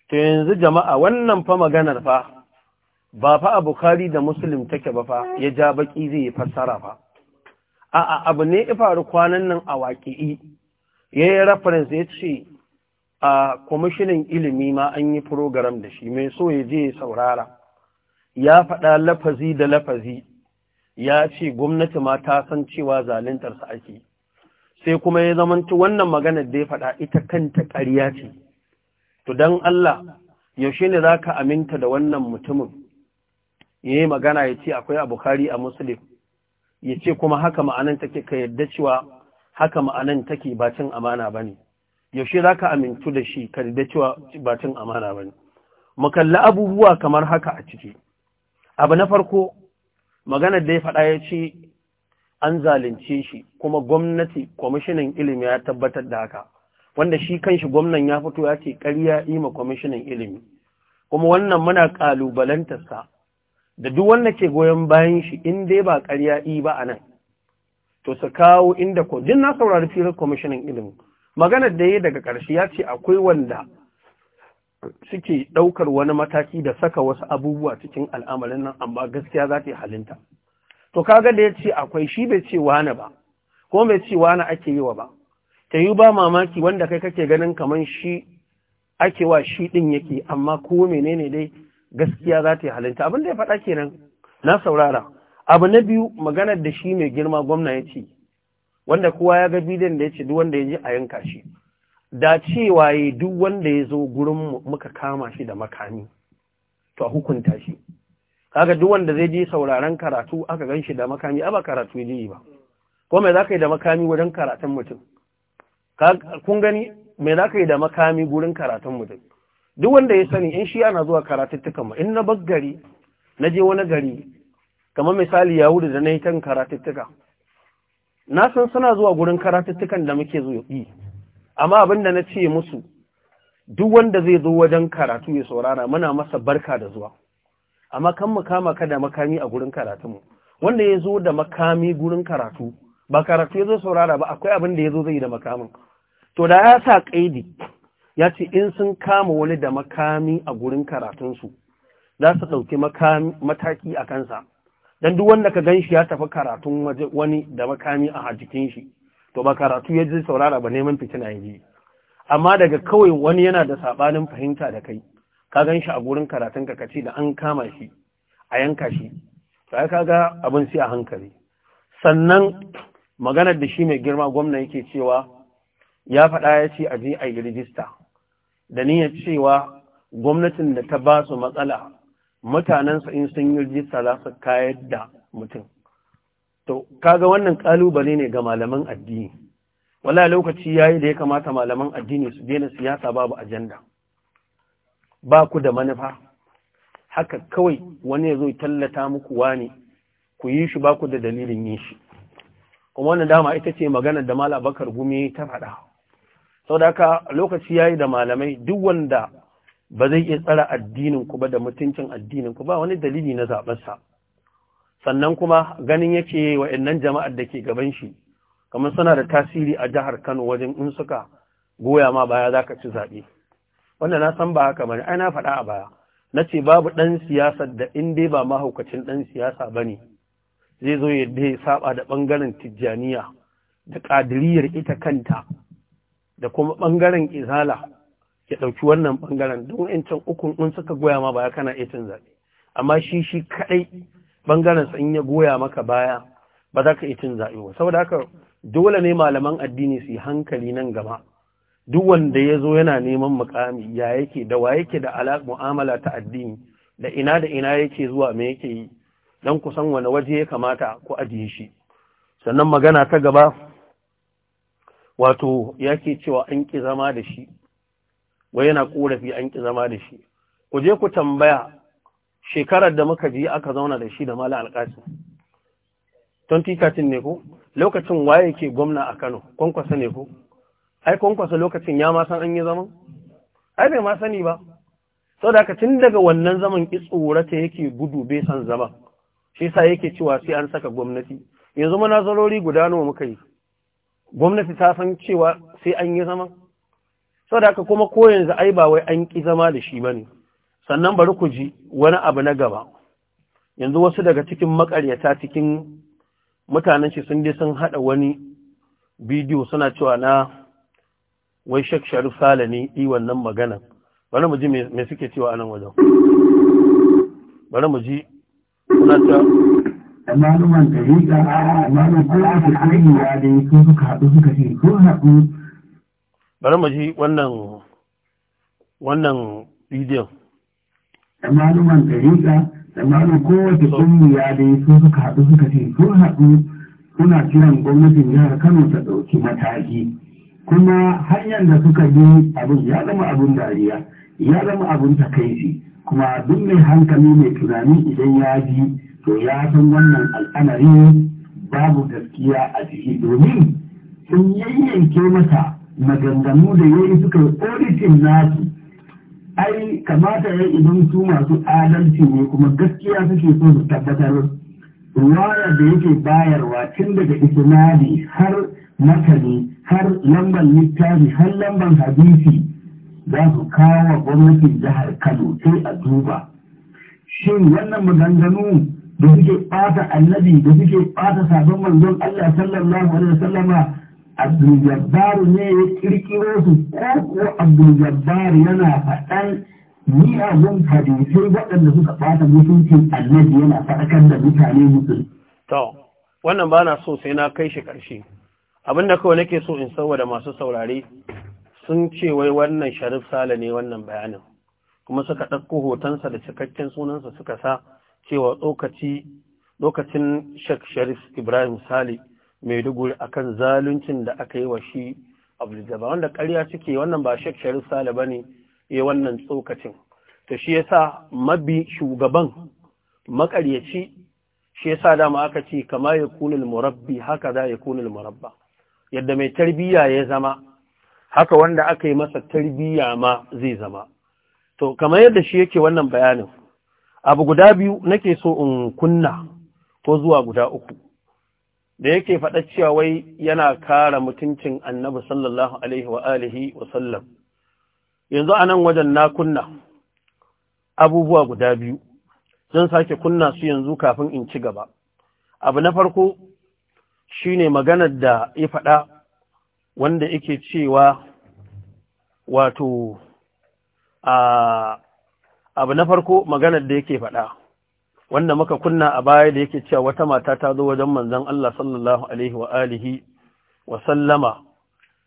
to yanzu jama'a wannan fa maganar fa ba fa a bukari da musulun take ba fa ya ja baƙi zai fassara fa a'a abu ne ifaru kwanan nan a waƙi'i ya yi reference ya ce a kwamishinan ilimi ma an yi program da shi mai so ya je ya saurara ya faɗa lafazi da lafazi ya ce gwamnati ma ta san cewa zaluntarsa ake sai kuma ya zamanta wannan maganar da ya faɗa ita kanta ƙarya ce to don Allah yaushe ne za ka aminta da wannan mutumin ya yi magana ya ce akwai a Bukhari a Muslim ya ce kuma haka ma'anan take ka yadda cewa haka ma'anan take ba cin amana ba ne yaushe za ka amintu da shi ka da cewa ba cin amana ba ne mu kalli abubuwa kamar haka a ciki abu na farko maganar da ya faɗa ya ce an zalunce shi kuma gwamnati kwamishinan ilimi ya tabbatar da haka wanda shi kan shi gwamnan ya fito ya ce ƙarya ima kwamishinan ilimi kuma wannan muna ƙalubalantarsa da duk wanda ke goyon bayan shi in dai ba ƙarya i ba a nan to su kawo inda ko din na saurari firar kwamishinan ilimi maganar da ya daga ƙarshe ya ce akwai wanda suke ɗaukar wani mataki da saka wasu abubuwa cikin al'amarin nan amma gaskiya za ta yi halinta to kaga da ya ce akwai shi bai ce wani ba ko bai ce wani ake yi wa ba ta yi ba mamaki wanda kai kake ganin kamar shi ake wa shi ɗin yake amma ko menene dai gaskiya za ta yi halinta abin da ya faɗa kenan na saurara abu na biyu maganar da shi mai girma gwamna ya ce wanda kowa ya ga bidiyon da ya ce duk wanda ya ji a yanka shi da cewa ya duk wanda ya zo gurin muka kama shi da makami to a hukunta shi kaga duk wanda zai je sauraron karatu aka gan shi da makami ba karatu ya yi ba ko mai za ka yi da makami wajen karatun mutum kun gani mai za ka yi da makami gurin karatun mutum duk wanda ya sani in shi ana zuwa karatuttukan mu in na baggari na je wani gari kamar misali yahudu da na yi kan karatuttuka na san suna zuwa gurin karatuttukan da muke zo yi amma abin da na ce musu duk wanda zai zo wajen karatu ya saurara muna masa barka da zuwa amma kan mu kama ka da makami a gurin karatunmu wanda ya zo da makami gurin karatu ba karatu ya zo saurara ba akwai abin da ya zo zai yi da makamin to da ya sa kaidi ya ce in sun kama wani da makami a gurin karatunsu za su ɗauki mataki a kansa dan duk wanda ka ganshi ya tafi karatun wani da makami a jikin shi to ba karatu ya ji saurara ba neman fitina ya ji amma daga kawai wani yana da sabanin fahimta da kai ka ganshi a gurin karatun ka kace da an kama shi a yanka shi to ai kaga abin sai a hankali sannan maganar da shi mai girma gwamna yake cewa ya faɗa ya ce a je a yi rijista da niyyar cewa gwamnatin da ta ba su matsala mutanensa in sun yi rijista za su kayar da mutum to kaga wannan ƙalubale ne ga malaman addini wala lokaci ya yi da ya kamata malaman addini su daina siyasa babu ajanda ba ku da manufa haka kawai wani ya zo tallata muku wani ku yi shi ba ku da dalilin yi shi kuma wani dama ita ce maganar da Malabakar Gumi ta faɗa Sau da haka lokaci ya yi da malamai duk wanda ba zai iya tsara addinin ku ba da mutuncin addinin ku ba wani dalili na zaɓarsa sannan kuma ganin yake wa'annan jama'ar da ke gaban shi kamar suna da tasiri a jihar Kano wajen in suka goya ma baya za ka ci zaɓe wanda na san ba haka bane ai na faɗa a baya na ce babu ɗan siyasa da in dai ba mahaukacin ɗan siyasa ba ne zai zo yadda ya saɓa da ɓangaren tijjaniya da ƙadiriyar ita kanta da kuma ɓangaren izala ya ɗauki wannan ɓangaren don wa'incan ukun in suka goya ma baya kana iya cin zaɓe amma shi shi kaɗai ɓangaren sa in ya goya maka baya ba za ka iya cin zaɓe ba saboda haka dole ne malaman addini su yi hankali nan gaba duk wanda ya zo yana neman mukami ya yake da wa yake da alaƙa mu'amala ta addini da ina da ina yake zuwa me yake yi don ku san wani waje ya kamata ku ajiye shi sannan magana ta gaba wato yake cewa an ki zama da shi wai yana korafi an ki zama da shi ku je ku tambaya shekarar da muka ji aka zauna da shi da mala alƙasim 2013 ne ko lokacin waye ke gwamna a Kano kwankwasa ne ko ai kwankwasa lokacin ya ma san an yi zaman ai bai ma sani ba sau da tun daga wannan zaman ki tsorata yake gudu bai san zama shi sa yake cewa sai an saka gwamnati yanzu manazarori guda nawa muka yi gwamnati ta san cewa sai an yi zaman sau da aka kuma ko yanzu ai ba wai an ƙi zama da shi ba ne sannan bari ku ji wani abu na gaba yanzu wasu daga cikin makaryata cikin mutanen shi sun je sun haɗa wani bidiyo suna cewa na wai shek sharif sale ne yi wannan magana bari mu ji me suke cewa a nan wajen bari mu ji suna ta maluman da rika maluman da ake ainihi da sun suka haɗu suka ce sun haɗu bari mu ji wannan wannan bidiyon tsamanin ɗarika tsamanin kowace da dai sun suka haɗu suka ce sun haɗu suna kiran gwamnatin jihar kano ta ɗauki mataki kuma hanyar da suka bi abin ya zama abin dariya ya zama abin takaici kuma duk mai hankali mai tunani idan ya ji to ya san wannan al'amari babu gaskiya a ciki domin sun yayyanke masa maganganu da ya yi suka yi auditing nasu ai kamata ya idan su masu adalci ne kuma gaskiya suke so su tabbatar ruwa da yake bayarwa tun daga isnadi har makani har lambar littafi har lambar hadisi za su kawo wa gwamnatin jihar kano sai a duba shin wannan maganganu da suke ɓata annabi da suke ɓata sabon manzon allah sallallahu alaihi wasallama abdul-jabbar ne ya kirkiro su ko ko abdul-jabbar yana faɗan miyagun hadisai waɗanda suka ɓata mutuncin annabi yana faɗakar da mutane musulmi. To, wannan ba na so sai na kai shi ƙarshe. abinda da kawai nake so in saboda masu saurare sun ce wai wannan sharif sale ne wannan bayanin. kuma suka ɗauko hotonsa da cikakken sunansa suka sa cewa tsokaci lokacin Sheikh Sharif Ibrahim Sale Mai duguri a kan zaluncin da aka yi wa shi abdulzaba wanda karya suke wannan ba shek sharif sale ba ne ya wannan tsokacin Ta shi ya sa mabi shugaban makaryaci shi ya sa dama aka ce kama ya kunil murabbi haka za ya kunil murabba yadda mai tarbiyya ya zama haka wanda aka yi masa tarbiyya ma zai zama to kamar yadda shi yake wannan bayanin abu guda biyu nake so in kunna ko zuwa guda uku da yake faɗa cewa wai yana kara mutuncin annabi sallallahu alaihi wa alihi wa sallam yanzu a nan wajen na kunna abubuwa guda biyu zan sake kunna su yanzu kafin in ci gaba abu na farko shine maganar da ya faɗa wanda yake cewa wato a abu na farko maganar da yake faɗa wanda muka kunna a baya da yake cewa wata mata ta zo wajen manzon Allah sallallahu alaihi wa alihi wa sallama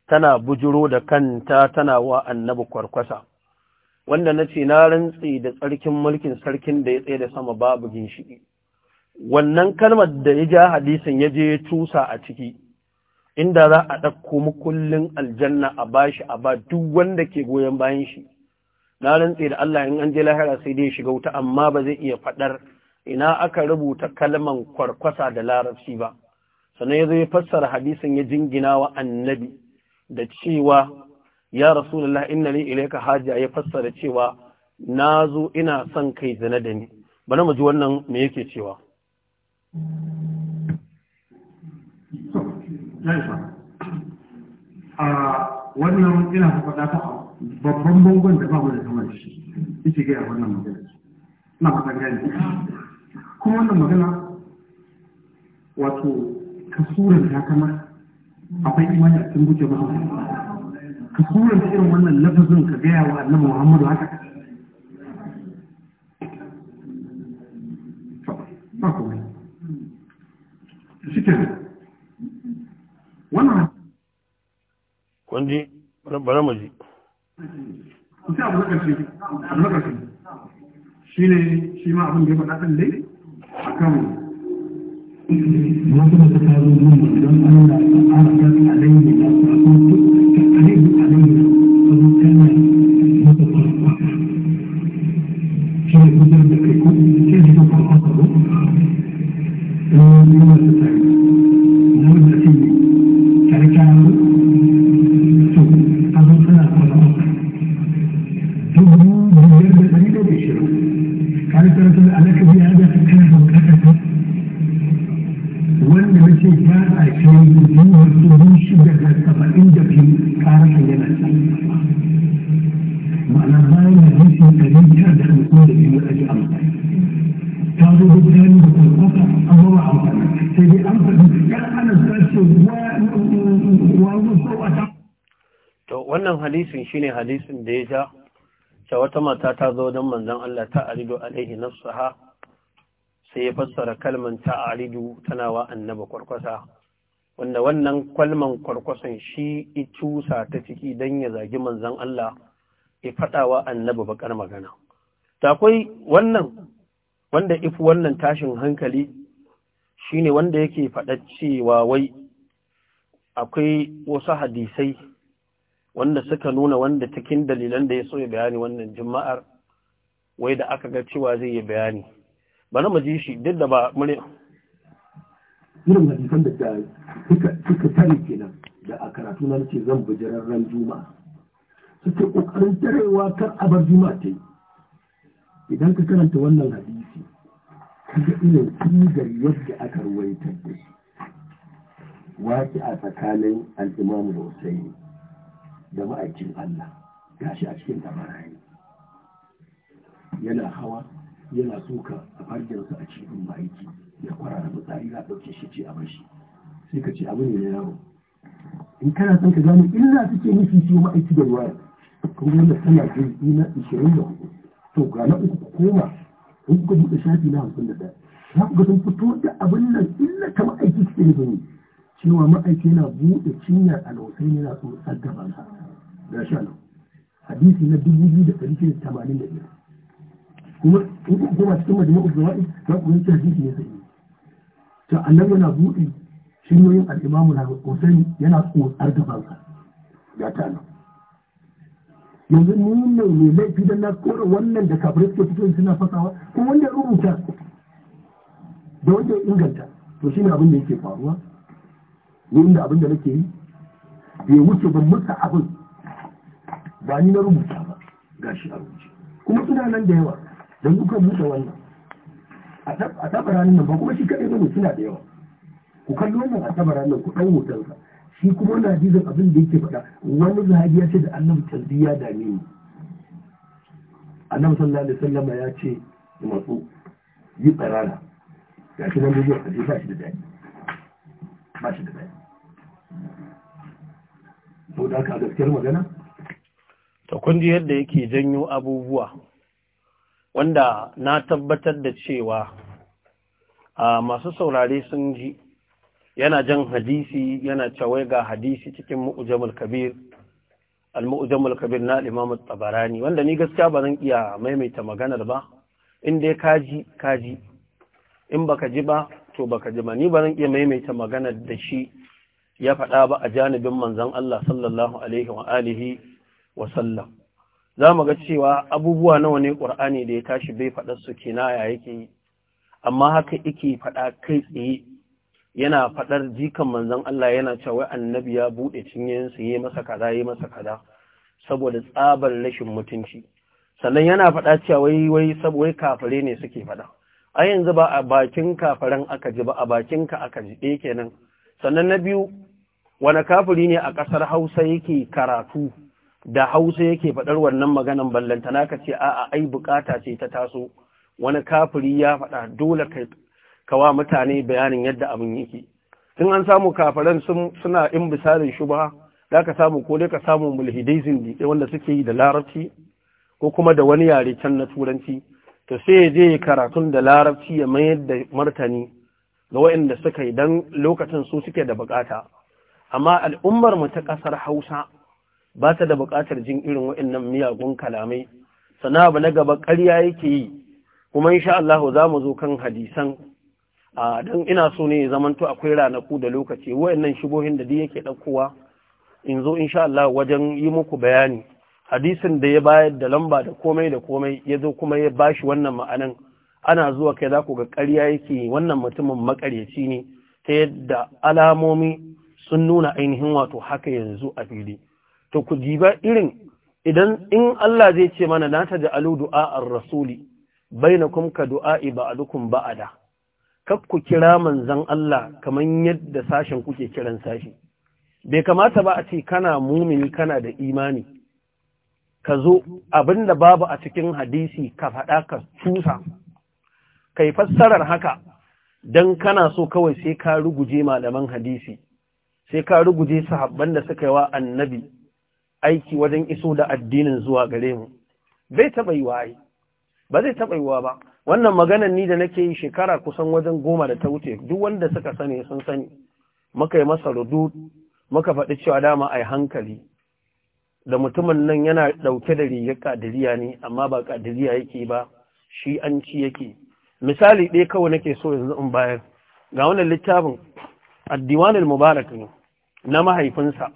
tana bujuro da kanta tana wa annabi kwarkwasa wanda nace na rantsi da tsarkin mulkin sarkin da ya tsaye da sama babu ginshiki wannan kalmar da ya ja hadisin ya je ya tusa a ciki inda za a ɗauko mukullin aljanna a bashi a ba duk wanda ke goyon bayan shi na rantsi da Allah in an je lahira sai dai shiga wuta amma ba zai iya faɗar ina aka rubuta kalman kwarkwasa da larabci ba sannan ya zo ya fassara hadisin ya jingina wa annabi da cewa ya rasulullah inna li ilayka haja ya fassara cewa nazo ina son kai zina da ni bana mu ji wannan me yake cewa a wannan ina faɗa ta babban bangon da babu da kamar shi yake ga wannan magana ina fatan gani kuma wannan magana wato kasuran ta kama akwai imani a cikin guje ba kasuran ta irin wannan lafazin ka gaya wa annabi muhammadu haka kwanji bari mu ji Ku abu abu na ƙarshe shi ne shi ma abin da ya faɗa ɗin dai akan ikhlasi wanda ta kawo mun don Allah ta arka alaihi da ta wannan hadisin shine hadisin da ya ja ta wata mata ta zo don manzon Allah ta aridu alaihi nasaha sai ya fassara kalman ta aridu tana wa annaba kwarkwasa wanda wannan kalman kwarkwasan shi icusa ta ciki don ya zagi manzon Allah ya faɗa wa annaba bakar magana ta wannan wanda ifu wannan tashin hankali shine wanda yake faɗa cewa wai akwai wasu hadisai wanda suka nuna wanda cikin dalilan da ya so ya bayani wannan juma'ar wai da aka ga cewa zai yi bayani bana mu ji shi duk da ba ne. irin hadisan da suka suka tare kenan da a karatu na ce zan ran juma'a suke kokarin tarewa kar a bar juma'a ce. idan ka karanta wannan hadisi kaga irin sigar yadda aka ruwaita da shi waki a tsakanin al'imamu da husaini da ma'aikin Allah gashi a cikin kamara yana hawa yana suka a fargensa a cikin ma'aiki ya kwarara fitsari za a ɗauke shi ce a bashi sai ka ce abu ne na yaro in kana son ka gano illa suke nufi su ma'aiki da ruwa kuma wanda tana jin ina ishirin da hudu to ga na uku koma in kuka buɗe shafi na hamsin da ɗaya za ku ga sun fito da abin nan illa ta ma'aiki suke nufin cewa ma'aiki yana buɗe cinyar alhausai yana tsotsar gabansa na sha nan hadisi na dubu biyu da ɗari shida tamanin da biyar kuma in ku koma cikin da zawa'i za ku yanke hadisi ne sai to annabi yana buɗe shinyoyin al-imamu na Husaini yana tsotsar gaban sa ya ta nan yanzu ni ne laifi dan na kora wannan da kafirai suke fito suna fasawa ko wanda rubuta da wanda inganta to shine abin da yake faruwa ni inda abin da nake yi bai wuce ban mutu abin ba ni na rubuta ba ga shi a rubuce kuma suna nan da yawa don duka buɗe wannan a tabaranin nan ba kuma shi kaɗai bane suna da yawa ku kalli wannan a tabaranin ku ɗan hotonsa shi kuma na hadisin abin da yake faɗa wani zahabi ya ce da annabi ya dame ni annabi sallallahu alaihi wasallam ya ce da matsu yi tsarara ga shi nan bidiyo a ba shi da daɗi ba shi da daɗi. to da haka gaskiyar magana to kun ji yadda yake janyo abubuwa wanda na tabbatar da cewa a masu saurare sun ji yana jan hadisi yana cawai ga hadisi cikin mu'jamul kabir al-mu'jamul kabir na Imam tabarani wanda ni gaskiya ba zan iya maimaita maganar ba in dai kaji kaji in baka ji ba to baka ji ba ni ba zan iya maimaita maganar da shi ya faɗa ba a janibin manzon Allah sallallahu alaihi wa alihi wa sallam za mu ga cewa abubuwa nawa ne ƙur'ani da ya tashi bai faɗa su ya yake yi amma haka yake faɗa kai tsaye yana faɗar jikan manzon Allah yana cewa annabi ya buɗe ya yi masa kaza yi masa kaza saboda tsabar rashin mutunci sannan yana faɗa cewa wai wai saboda kafare ne suke faɗa a yanzu ba a bakin kafaren aka ji ba a bakin ka aka ji ɗaya eh kenan sannan na biyu wani kafiri ne a ƙasar Hausa yake karatu da hausa yake faɗar wannan maganan ballantana ka ce a'a ai bukata ce ta taso wani kafiri ya faɗa dole ka kawa mutane bayanin yadda abin yake tun an samu kafiran suna in bisalin shubha za ka samu ko dai ka samu mulhidai zindiƙe wanda suke yi da larabci ko kuma da wani yare can na turanci to sai ya je karatun da larabci ya mayar da martani ga waɗanda suka yi don lokacin su suke da bukata amma al'ummar mu ta ƙasar hausa ba ta da buƙatar jin irin waɗannan miyagun kalamai sana abu na gaba ƙarya yake yi kuma insha Allah za mu zo kan hadisan a dan ina so ne zamanto akwai ranaku da lokaci wa'annan shibohin da duk yake ɗaukowa in zo insha Allah wajen yi muku bayani hadisin da ya bayar da lamba da komai da komai ya zo kuma ya bashi wannan ma'anan ana zuwa kai za ku ga ƙarya yake wannan mutumin maƙaryaci ne ta yadda alamomi sun nuna ainihin wato haka yanzu a fili. to ku jiba irin idan in Allah zai ce mana na ta ja'alu ar rasuli bainakum ka du'a'i ba'dukum ba'ada kab ku kira manzon Allah kaman yadda sashen kuke kiran sashi bai kamata ba a ce kana mumini kana da imani ka zo abinda babu a cikin hadisi ka faɗa ka cusa kai fassarar haka dan kana so kawai sai ka ruguje malaman hadisi sai ka ruguje sahabban da suka yi wa annabi aiki wajen iso da addinin zuwa gare mu bai taɓa yiwa ai ba zai taɓa yiwa ba wannan maganar ni da nake yi shekara kusan wajen goma da ta wuce duk wanda suka sani sun sani muka yi masa rudu muka faɗi cewa dama yi hankali da mutumin nan yana ɗauke da rigar ƙadiriya ne amma ba ƙadiriya yake ba shi an ci yake misali ɗaya kawai nake so yanzu in bayar ga wannan littafin addiwanin mubarak ne na mahaifinsa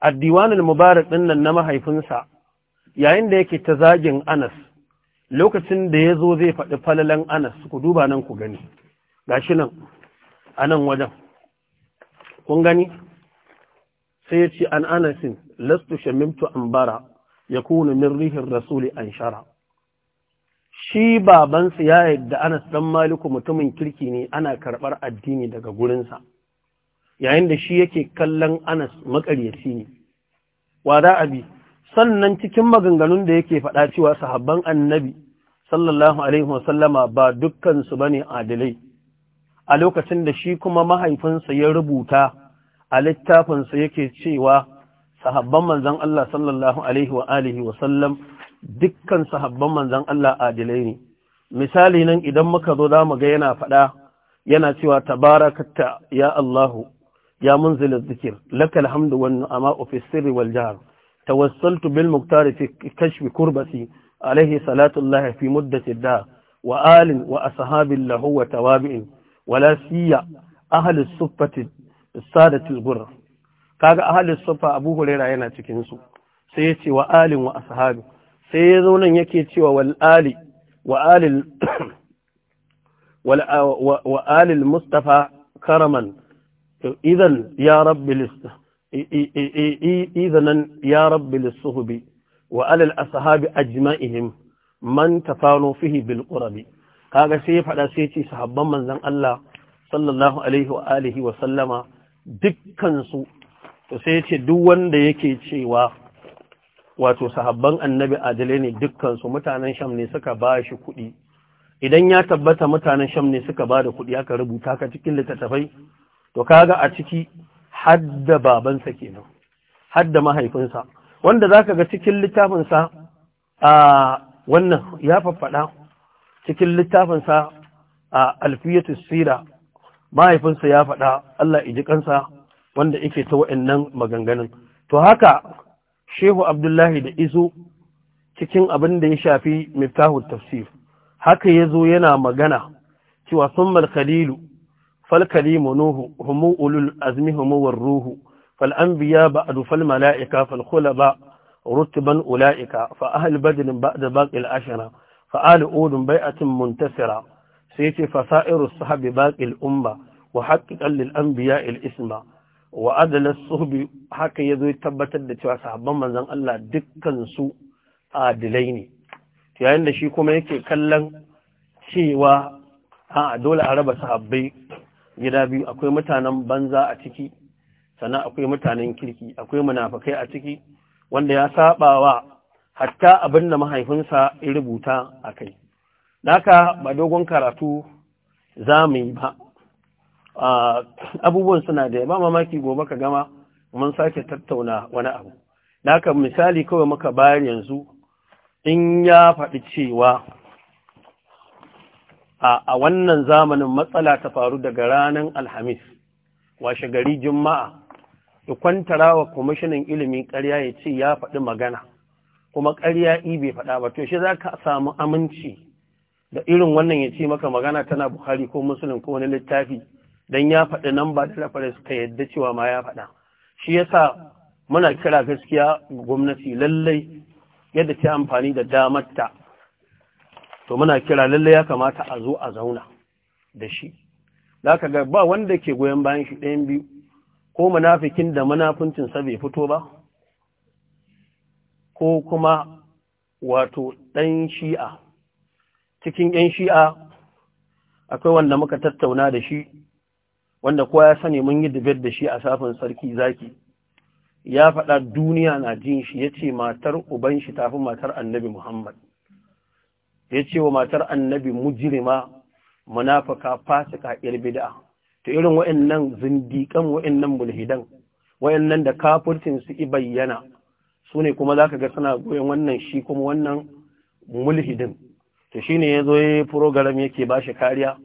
addiwanul mubarak din nan na mahaifinsa yayin da yake ta zagin Anas lokacin da ya zo zai faɗi falalan Anas ku duba nan ku gani shi nan a nan wajen kun gani sai ya ce an anasin lastu shamimtu an bara ya kuna min rihin rasuli an shara shi babansa ya yadda anas ɗan maliku mutumin kirki ne ana karɓar addini daga gurinsa yayin da shi yake kallon anas makaryaci ne wa za a bi sannan cikin maganganun da yake faɗa cewa sahabban annabi sallallahu alaihi wasallama ba dukkansu ba ne adilai? a lokacin da shi kuma mahaifinsa ya rubuta a littafinsa yake cewa sahabban manzan Allah sallallahu alaihi wa alihi wasallam dukkan sahabban manzan Allah adilai ne misali nan idan muka zo za mu ga yana faɗa yana cewa tabarakatta ya Allahu ya munzila zikir lakal hamdu wan amma fi sirri wal jahr tawassaltu bil muktari fi kashfi kurbati alayhi salatu allah fi muddati ad wa alin wa lahu wa tawabi'in wala siya ahli suffati sadatul ghurra kaga ahli suffa abu huraira yana cikin su sai yace wa alin wa ashabi sai yazo nan yake cewa wal ali wa alil wa alil mustafa karaman idan ya rabbi idanan ya rabbi lissuhubi wa alal ashabi ajma'ihim man tafano fihi bil qurabi kaga sai ya fada sai ce sahabban manzon Allah sallallahu alaihi wa alihi wa sallama dukkan su to sai ce duk wanda yake cewa wato sahabban annabi adalai ne dukkan su mutanen sham ne suka ba shi kuɗi idan ya tabbata mutanen sham ne suka ba da kuɗi aka rubuta ka cikin littattafai to kaga a ciki hadda babansa kenan hadda mahaifinsa wanda zaka ga cikin littafinsa a wannan ya faffada cikin littafinsa a alfiyatu sira mahaifinsa ya faɗa Allah iji kansa wanda yake ta wa'annan maganganun to haka shehu abdullahi da izo cikin abin da ya shafi miftahul tafsir haka ya zo yana magana cewa summal khalilu فالكريم نوه هم أولو الأزم هم والروه فالأنبياء بعد فالملائكة فالخلباء رتبا أولئك فأهل بدر بعد باقي العشرة فآل أود بيئة منتصرة سيتي فسائر الصحب باقي الأمة وحققا للأنبياء الإسمى وأدل الصحب حق يذوي تبتد وصحبا من ذن الله دكا سوء adilai ne yayin da shi kuma yake kallon cewa a dole a raba sahabbai gida biyu akwai mutanen banza a ciki sannan akwai mutanen kirki akwai munafakai a ciki wanda ya saba wa hatta abin da mahaifinsa ya rubuta a kai naka ba dogon karatu za mu yi ba abubuwan suna da ba mamaki gobe ka gama mun sake tattauna wani abu naka misali kawai muka bayar yanzu in ya faɗi cewa a wannan zamanin matsala ta faru daga ranar alhamis washe gari juma'a ya kwantara wa kwamishinan ilimin ƙarya ya ce ya faɗi magana kuma karya ƙarya bai faɗa ba to shi za ka samu aminci da irin wannan ya ce maka magana tana buhari ko musulun ko wani littafi don ya faɗi nan ba da lafarai suka yadda cewa ma ya faɗa shi ya sa muna kira gaskiya gwamnati lallai yadda ta amfani da damarta to muna kira lalle ya kamata a zo a zauna da shi za ka ga ba wanda ke goyon bayan shi ɗayan biyu ko munafikin da munafuncinsa bai fito ba ko kuma wato ɗan shi'a cikin ‘yan shi'a akwai wanda muka tattauna da shi wanda kowa ya sani mun yi dubet da shi a safin sarki zaki ya faɗa duniya na jin shi ya ce matar uban shi tafi matar annabi Muhammad. ya ce wa matar annabi mujirima munafaka fasika ir bid'a to irin wa'annan zindikan wa'annan mulhidan wa'annan da kafircin su i bayyana su ne kuma zaka ga suna goyen wannan shi kuma wannan mulhidin to shine yazo yayi program yake bashi kariya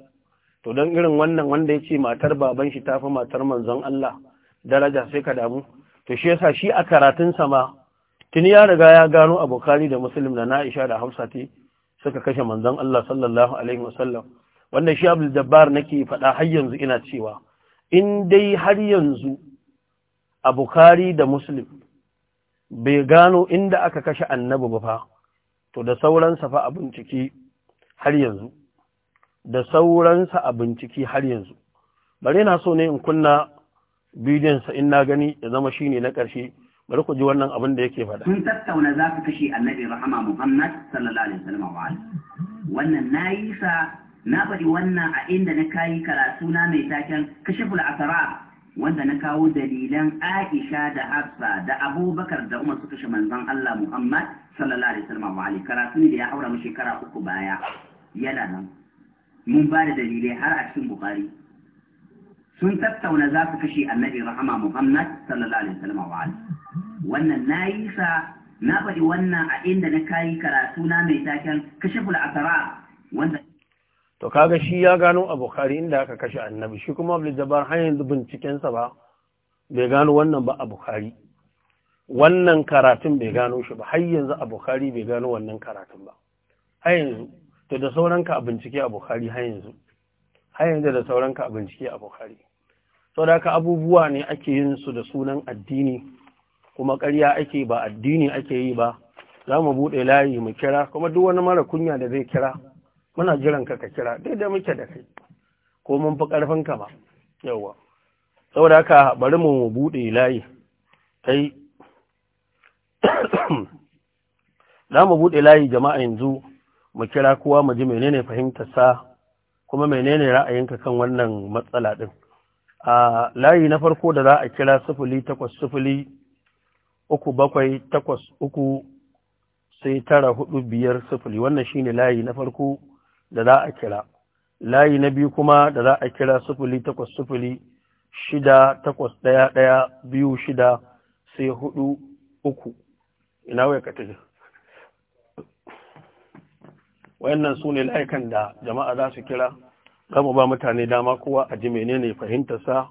to dan irin wannan wanda yace matar baban shi tafi matar manzon Allah daraja sai ka damu to shi yasa shi a karatun sa ma tuni ya riga ya gano abokari da muslim da aisha da hafsati suka kashe manzon Allah sallallahu alaihi wasallam wannan shi Abdul Jabbar nake faɗa har yanzu ina cewa in dai har yanzu a da Muslim bai gano inda aka kashe annabi ba fa to da sauransa fa a bincike har yanzu da sauransa a bincike har yanzu bare na so ne in kunna bidiyonsa in na gani ya zama shi ne na ƙarshe bari ku ji wannan abin da yake faɗa. Kun tattauna za ku kashe annabi rahama Muhammad sallallahu alaihi wasallam wa Wannan na yi sa na faɗi wannan a inda na kayi karatu na mai taken kashe asara wanda na kawo dalilan Aisha da Hafsa da Abubakar da Umar su kashe manzon Allah Muhammad sallallahu alaihi wasallam wa karatu ne da ya aura mu shekara uku baya yana nan mun ba da dalilai har a cikin Bukhari sun tattauna za su kashe annabi rahama muhammad sallallahu alaihi wasallam wa wannan nayi sa na faɗi wannan a inda na kayi karatu na mai taken kashe kula asara wanda to kaga shi ya gano a bukhari inda aka kashe annabi shi kuma abdul jabbar har yanzu binciken sa ba bai gano wannan ba a bukhari wannan karatun bai gano shi ba har yanzu a bukhari bai gano wannan karatun ba har yanzu to da sauranka a bincike a bukhari har yanzu har yanzu da sauranka a bincike a bukhari saboda abubuwa ne ake yin su da sunan addini kuma ƙarya ake ba addini ake yi ba za mu buɗe layi mu kira kuma duk wani mara kunya da zai kira muna jiran ka ka kira daidai muke da kai ko mun fi ƙarfin ka ba yawwa saboda bari mu buɗe layi kai *coughs* za mu buɗe layi jama'a yanzu mu kira kowa mu ji menene fahimtar sa kuma menene ra'ayinka kan wannan matsala din a layi na farko da za a kira sufuli takwas sufuli uku bakwai takwas uku sai tara hudu biyar sufuli wannan shine layi na farko da za a kira layi na biyu kuma da za a kira sufuli takwas sufuli shida takwas ɗaya ɗaya biyu shida sai hudu uku ina wai ka tafi wayannan su ne layukan da jama'a za su kira za mu ba mutane dama kowa a ji menene fahimtarsa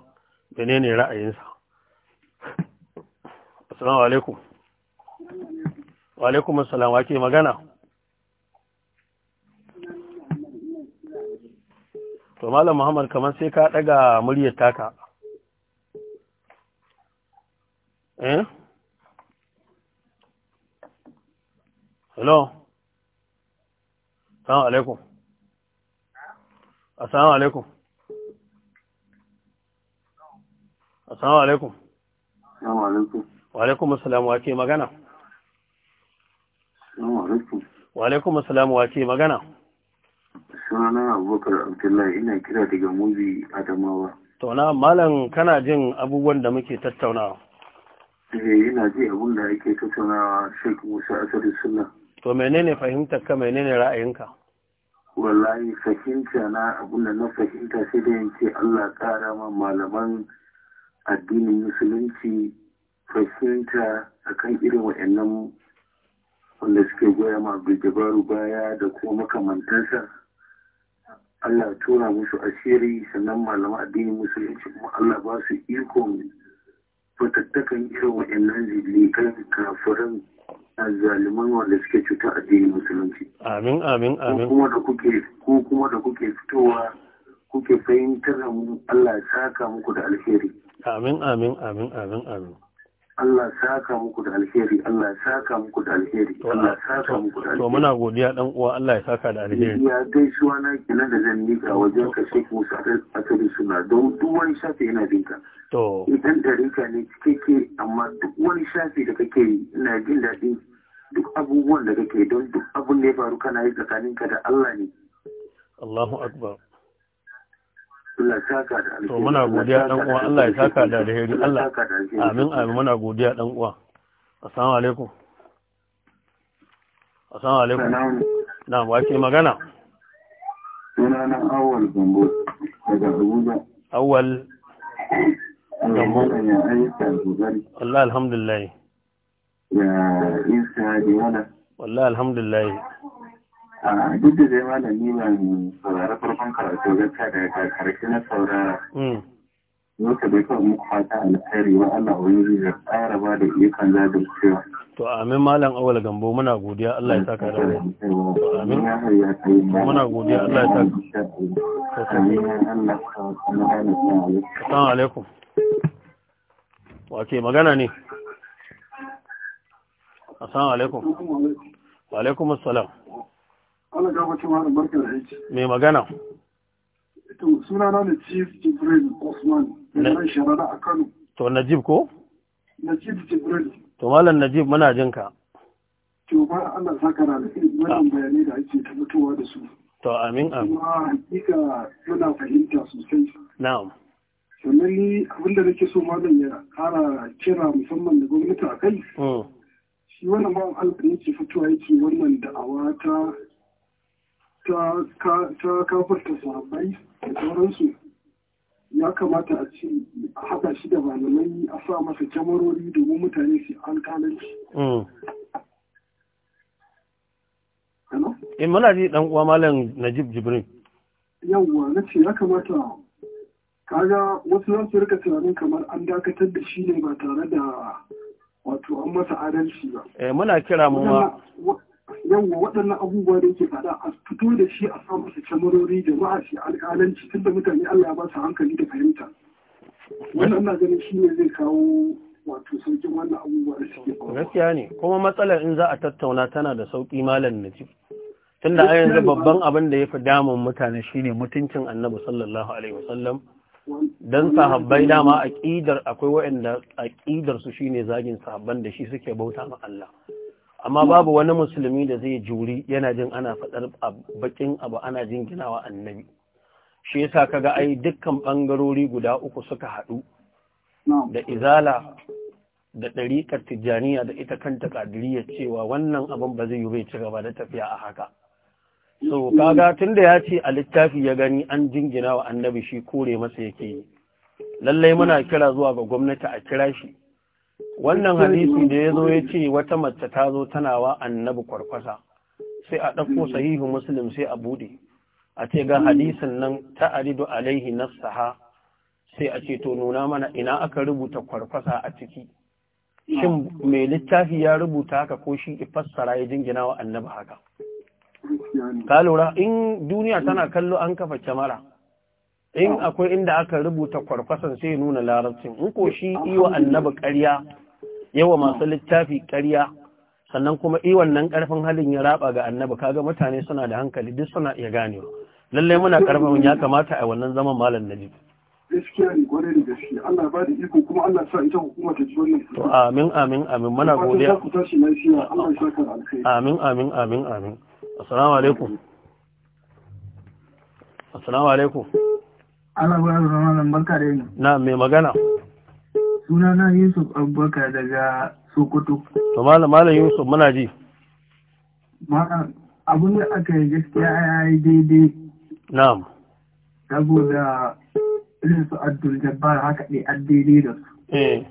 menene ra'ayinsa assalamu alaikum wa alaikum assalam ake magana to malam muhammad kamar sai ka daga muryar taka eh hello assalamu alaikum assalamu alaikum assalamu alaikum assalamu alaikum wa alaikum assalam wa ke magana assalamu alaikum wa alaikum assalam wa ke magana sunana abubakar abdullahi ina kira daga Muzi adamawa na, malam kana jin abubuwan da muke tattaunawa eh ina ji abun da ake tattaunawa sheik musa asadu sunna to menene fahimtar ka menene ra'ayinka wallahi fahimta na abinda na fahimta sai da yanke Allah kara ma malaman addinin musulunci fahimta akan irin wa'annan wanda suke goya ma abdul baya da kuma makamantansa Allah tura musu asiri sannan malaman addinin musulunci kuma Allah ba su ikon fatattakan irin wa'annan zillikan kafirin azzaliman wanda suke cuta addinin musulunci amin amin amin kuma da kuke ko kuma da kuke fitowa kuke fahimtar da mu Allah ya saka muku da alheri amin amin amin amin amin Allah ya saka muku da alheri Allah ya saka muku da alheri Allah saka muku da alheri to muna godiya dan uwa Allah ya saka da alheri ya gaisuwa na kenan da zan mika wajen ka Sheikh Musa Asali suna don duk wani shafi ina dinka to idan da rinka ne cikakke amma duk wani shafi da kake yi ina jin daɗin duk abubuwan da kake don duk abin da ya faru kana yi tsakaninka da Allah ne Allahu akbar Allah saka da alheri to muna godiya dan uwa Allah ya saka da alheri Allah amin amin muna godiya dan uwa assalamu alaikum assalamu alaikum na wa ke magana na awal gambo daga Abuja awal gambo Allah alhamdulillah istihadi mana wallahi alhamdulillah a duk da dai malami ban saurara farkon karatu gaskiya daga karshe na saurara mm. Nuka bai kawai muku fata alkhairi wa Allah wani ya tsara ba da iyakan zagar cewa. To amin malam awal gambo muna godiya Allah ya saka da rai. Amin. Muna godiya Allah ya saka. Amin Allah Assalamu alaikum. Wa ke magana ne? assalamu alaikum wa alaikum assalam Allah ga wacce ma barkar aiki me magana to sunana ne Chief Jibril Osman nan sharada a Kano to Najib ko Najib Jibril to malam Najib muna jin ka to ba Allah saka na da wannan ah. bayanai da ake ta da su to amin amin kuma hakika muna fahimta sosai na'am sannan ni abinda nake so malam ya kara kira musamman da gwamnati a kai mm. shi wannan bawan alƙin ce fito yake wannan da'awa ta ta kafarta sahabbai da sauransu ya kamata a ce a haɗa shi da malamai a sa masa kyamarori domin mutane su alƙalanci. In mm. eh, muna ji ɗan uwa malam Najib Jibrin. Yawwa na ce ya kamata kaga wasu za su rika tunanin kamar an dakatar da shi ne ba tare da wato an masa adalci ba eh muna kira mu ma Yawwa waɗannan abubuwa da yake faɗa a fito da shi a samu su camarori jama'a shi alƙalanci tun da mutane Allah ya ba su hankali da fahimta wannan na ganin shi ne zai kawo wato sauƙin wannan abubuwa da suke gaskiya ne kuma matsalar in za a tattauna tana da sauƙi malam na ji tunda a yanzu babban abin da ya fi damun mutane shine mutuncin annabi sallallahu alaihi wasallam dan sahabbai dama aqidar akwai waɗanda aqidar su shine zagin sahabban da shi suke bauta ma Allah amma babu wani musulmi da zai juri yana jin ana faɗar bakin abu ana jinginawa annabi shi yasa kaga ai dukkan bangarori guda uku suka haɗu da izala da Ɗarikar tijjaniya da ita kanta ƙadiriyar cewa wannan abin ba zai yi bai ci gaba da tafiya a haka so kaga da ya ce a littafi ya gani an jingina wa annabi shi kore masa yake yi lallai muna kira zuwa ga gwamnati a kira shi wannan hadisi da ya zo ya ce wata mace ta zo tana wa annabi kwarkwasa sai a ɗauko sahihu muslim sai a buɗe a ce ga hadisin nan ta aridu alaihi nassaha sai a ce to nuna mana ina aka rubuta kwarkwasa a ciki shin mai littafi ya rubuta haka ko shi fassara ya jingina wa annabi haka ka lura in duniya tana hmm. kallo an kafa kyamara in oh. akwai inda aka rubuta kwarkwasan sai nuna larabcin in ko shi iwa annabi ƙarya yawa masu hmm. littafi ƙarya sannan kuma iwan nan ƙarfin halin ya raba ga annabi kaga mutane suna da hankali duk suna iya ganewa lalle muna ƙarfin ya kamata a wannan zaman malam najib gaskiya ne kwarai da gaske Allah ba da iko kuma Allah sa ita hukuma ta ji wannan to amin amin amin muna godiya ku tashi lafiya Allah ya saka alkhairi amin amin amin amin assalamu alaikum assalamu alaikum Allah ba da barka da yi na mai magana suna na Yusuf Abubakar daga Sokoto to malam malam Yusuf muna ji abin da aka yi gaskiya ya yi daidai na'am saboda irin su Abdul Jabbar haka ne a daidai da su eh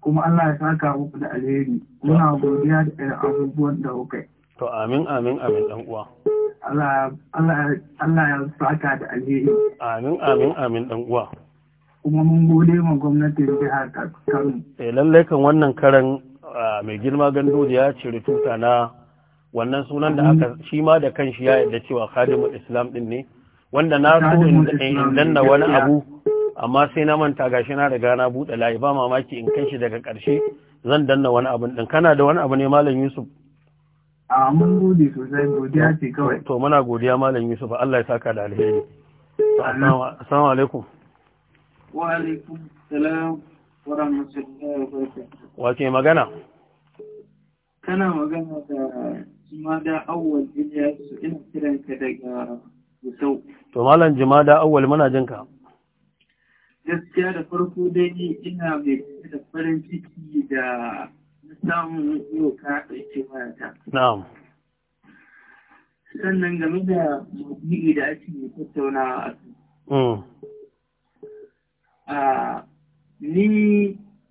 kuma Allah ya saka muku da alheri muna godiya da irin abubuwan da kuka yi to amin amin amin ɗan uwa Allah ya saka da alheri amin amin amin ɗan uwa kuma mun gode ma gwamnatin jihar Kano eh lallai kan wannan karan mai girma gandu ya cire tuta na wannan sunan da aka shi ma da kanshi ya yadda cewa khadimul islam din ne wanda na so in danna wani abu amma sai na manta gashi na riga na buɗe layi ba mamaki in kai shi daga ƙarshe zan danna wani abin ɗin kana da wani abu ne malam yusuf mun gode sosai godiya ce kawai to muna godiya malam yusuf Allah ya saka da alheri assalamu alaikum wa alaikum salam wa rahmatullahi wa barakatuh wa ke magana kana magana da jimada awwal biliya su ina kiranka daga gusau to malam jimada awwal muna jin ka. gaskiya da farko dai ina mai da farin ciki da samun yau ka ɗauke marata. Na'am. Sannan game da maudu'i da ake tattaunawa a kan. Hmm. Ni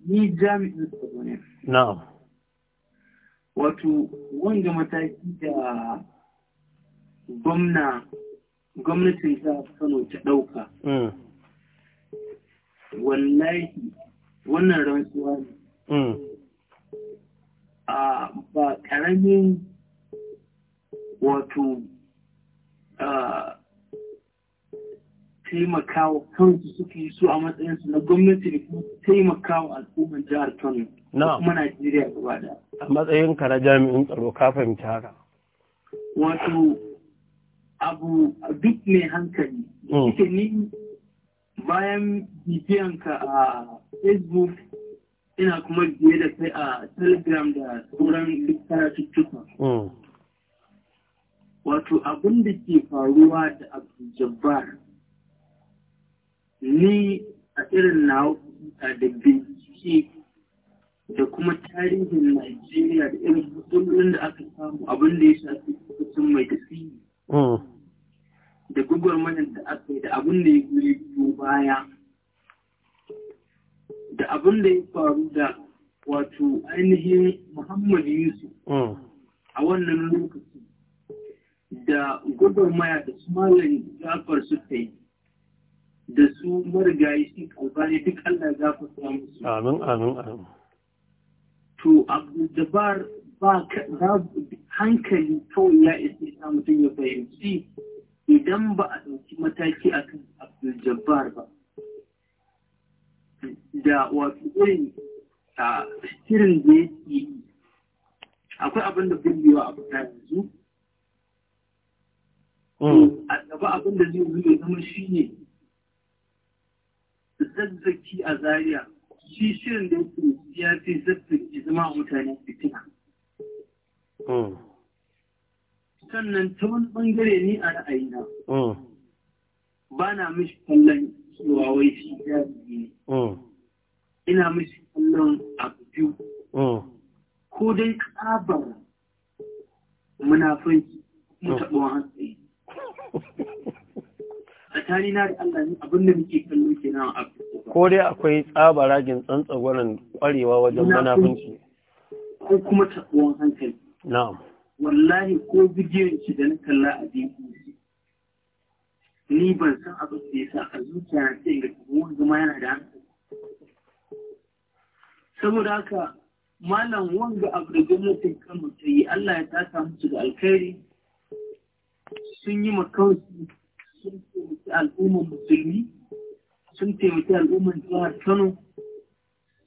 ni jami'in tsaro ne. Na'am. Wato wanda mataki da gwamna gwamnatin ta Kano ta ɗauka. Hmm. Wallahi wannan rantsuwa ne. Hmm. ba ƙaramin wato taimakawa kansu suke yi su a matsayinsu na gwamnati da kuma taimakawa al'ummar jihar Kano da kuma Najeriya gaba da. A matsayin ka na jami'in tsaro ka fahimci haka. Wato abu duk mai hankali. Ita mm. ni bayan bibiyanka a Facebook ina kuma biye da kai a telegram da sauran karatuttuka. Hmm. Wato abin da ke faruwa da Jabbar. ni a irin na da bincike da kuma tarihin Najeriya da irin matsalolin da aka samu abin da ya shafi kusan mai tasiri. Da hmm. gugurmanin da aka yi da abin da ya guri baya. da abin da ya faru da wato ainihin Muhammad Yusuf hmm. a wannan lokaci da maya da su malam gafar su ta yi da su marigayi shi kalbari duk Allah gafar su musu. Amin, amin, amin. To, abu da ba hankali kawai ya isa ya mutum ya fahimci idan ba a ɗauki mataki akan Abdul Jabbar ba. da wasu irin a shirin da yake yi akwai abin da kullewa a fita yanzu hmm. a gaba abin da zai zuwa zama shi ne zazzaki a zaria shi shirin da yake ya fi zazzaki zama mutane fitina hmm. sannan ta wani bangare ni a ra'ayina hmm. ba na mishi kallon cewa wai shi jami'i ne mm. ina mishi kallon abu biyu mm. ko dai tsabar munafanci mutaɓon mm. hankali tsakani na da Allah ne abin da muke kallo ke kenan abu ko dai akwai tsabaragin tsantsagwaran ƙwarewa wajen munafunci ko kuma taɓuwan hankali na'am wallahi ko bidiyon shi da na kalla a bidiyon ni ban san abin da ya sa a zuciya na ce ga wani zama yana da hankali saboda haka malam wanga abu da gwamnatin kano ta yi Allah ya tasa musu da alkhairi sun yi makansu sun taimaki al'ummar musulmi sun taimaki al'ummar jihar kano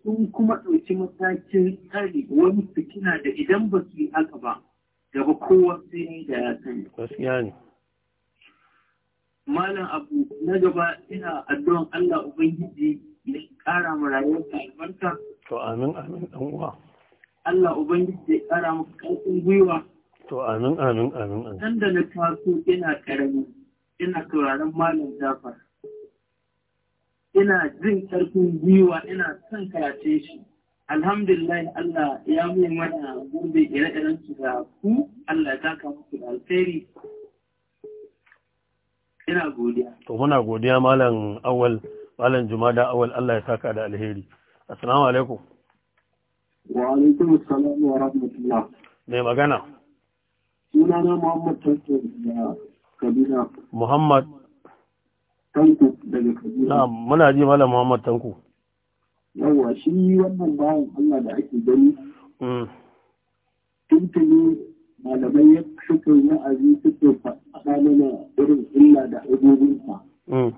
sun kuma ɗauki matakin tsari wani fitina da idan ba su yi haka ba gaba kowa sai da ya sani. malam abu na gaba ina addu'an Allah Ubangiji ya ƙara mu ka albarka. To amin amin dan uwa. Allah Ubangiji ya kara mu ƙarfin gwiwa. To amin amin amin amin. Dan da na taso ina karami ina turaren malam Jafar. Ina jin ƙarfin gwiwa ina son karace shi. Alhamdulillah Allah ya mai mana gurbe ire-iren su da ku Allah ya taka muku da alheri. ina godiya to muna godiya malam awal malam jumada awal Allah ya saka da alheri assalamu alaikum wa alaikum assalam wa rahmatullah mai magana na Muhammad Tanko daga Kabila. Muhammad Tanko daga kabila. Na muna ji malam Muhammad Tanko yawa shi wannan bawan Allah da ake gani mm. tuntuni malamai ya shukin wa'azi suke faɗa mana irin illa da abubuwansa. Mm.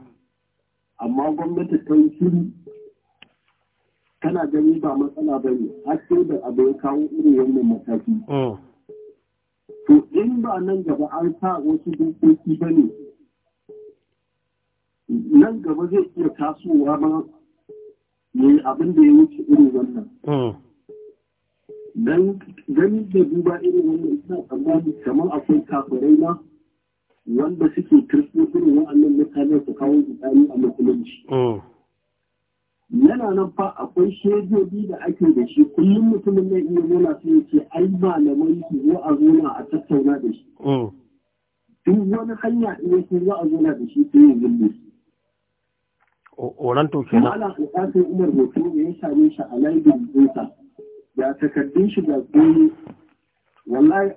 Amma gwamnati ta yi shiru tana gani ba matsala ba ne, har sai da abu ya kawo irin wannan mataki. Mm. To in ba nan gaba an sa wasu dokoki ba ne, nan gaba zai iya tasowa ma ne abin da ya wuce irin wannan. Mm. don ganin da duba irin wannan ina tsammani kamar akwai kafirai ma wanda suke kirkiro irin wa'annan mutane su kawo tsakani a musulunci. Mm. Yana nan fa akwai shedodi da ake da shi kullum mutumin nan iya nuna su yake ai malamai su zo a zona a tattauna da shi. Mm. Duk wani hanya iya su zo a zona da shi ta yi zulmi. Oranto kenan. Malam Alƙasar Umar Hoto ya same shi a laibin zuta. da takardun shi da goyi wallahi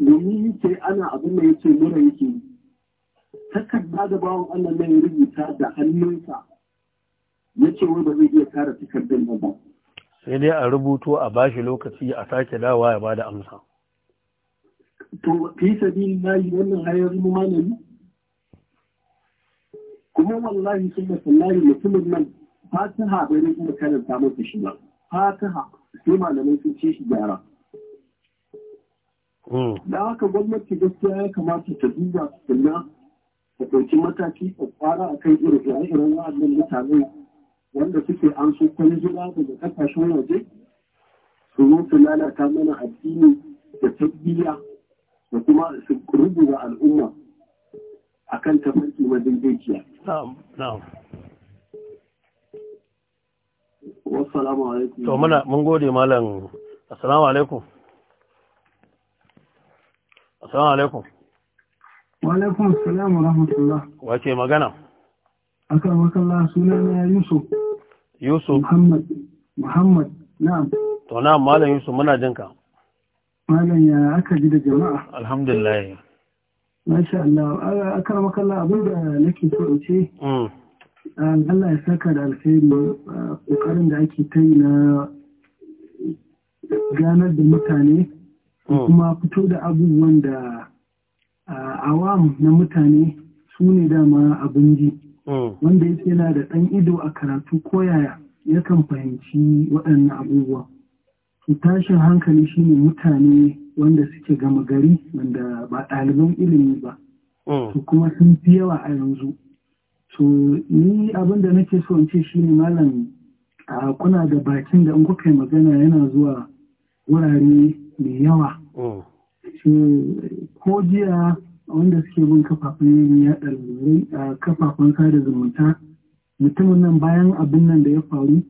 yake ana abin da yake mura yake takarda da bawan Allah nan ya rubuta da hannunsa ya ce wai ba zai iya kare takardun nan ba sai dai a rubuto a bashi lokaci a sake dawa ya bada amsa to fi sabilin lahi wannan hayar mu malami kuma wallahi sun da mutumin nan fatiha bai ne kuma karanta masa shi ba fataha sai malamai sun ce shi gyara hmm. da haka gwamnati gaskiya ya kamata ta duba sannan ta ɗauki mataki a kwara a kan irin ire-iren wa'annan mutane wanda suke an so kwanjila daga ƙasashen waje su zo su lalata mana addini da tabbiya da kuma su rubuta al'umma akan tafarki madaidaiciya. Wassalamu alaikum. To muna mun gode malam. Assalamu alaikum. Assalamu alaikum. Wa alaikum assalam wa rahmatullah. Wace magana? Aka makalla sunana Yusuf. Yusuf. Muhammad. Muhammad. Na'am. To na'am malam Yusuf muna jin ka. Malam ya aka ji da jama'a. Alhamdulillah. Masha Allah. Aka makalla abinda nake so in ce. Mm. Um, Allah ya saka da alheri ƙoƙarin uh, da ake ta yi na ganar da mutane hmm. kuma fito da abubuwan da uh, awam na mutane su ne dama abin ji hmm. wanda yake yana da ɗan ido a karatu ko koyaya yakan fahimci waɗannan abubuwa tashin hankali shine mutane wanda suke gama gari wanda ba ɗaliban ilimi ba su hmm. kuma sun fi yawa a yanzu To ni abin da nake so in ce shi ne malam kuna da bakin da in kuka yi magana yana zuwa wurare mai yawa. Mm. Ko jiya wanda suke bin kafafen yaɗa labarai a kafafen sada zumunta mutumin nan bayan abin nan da ya faru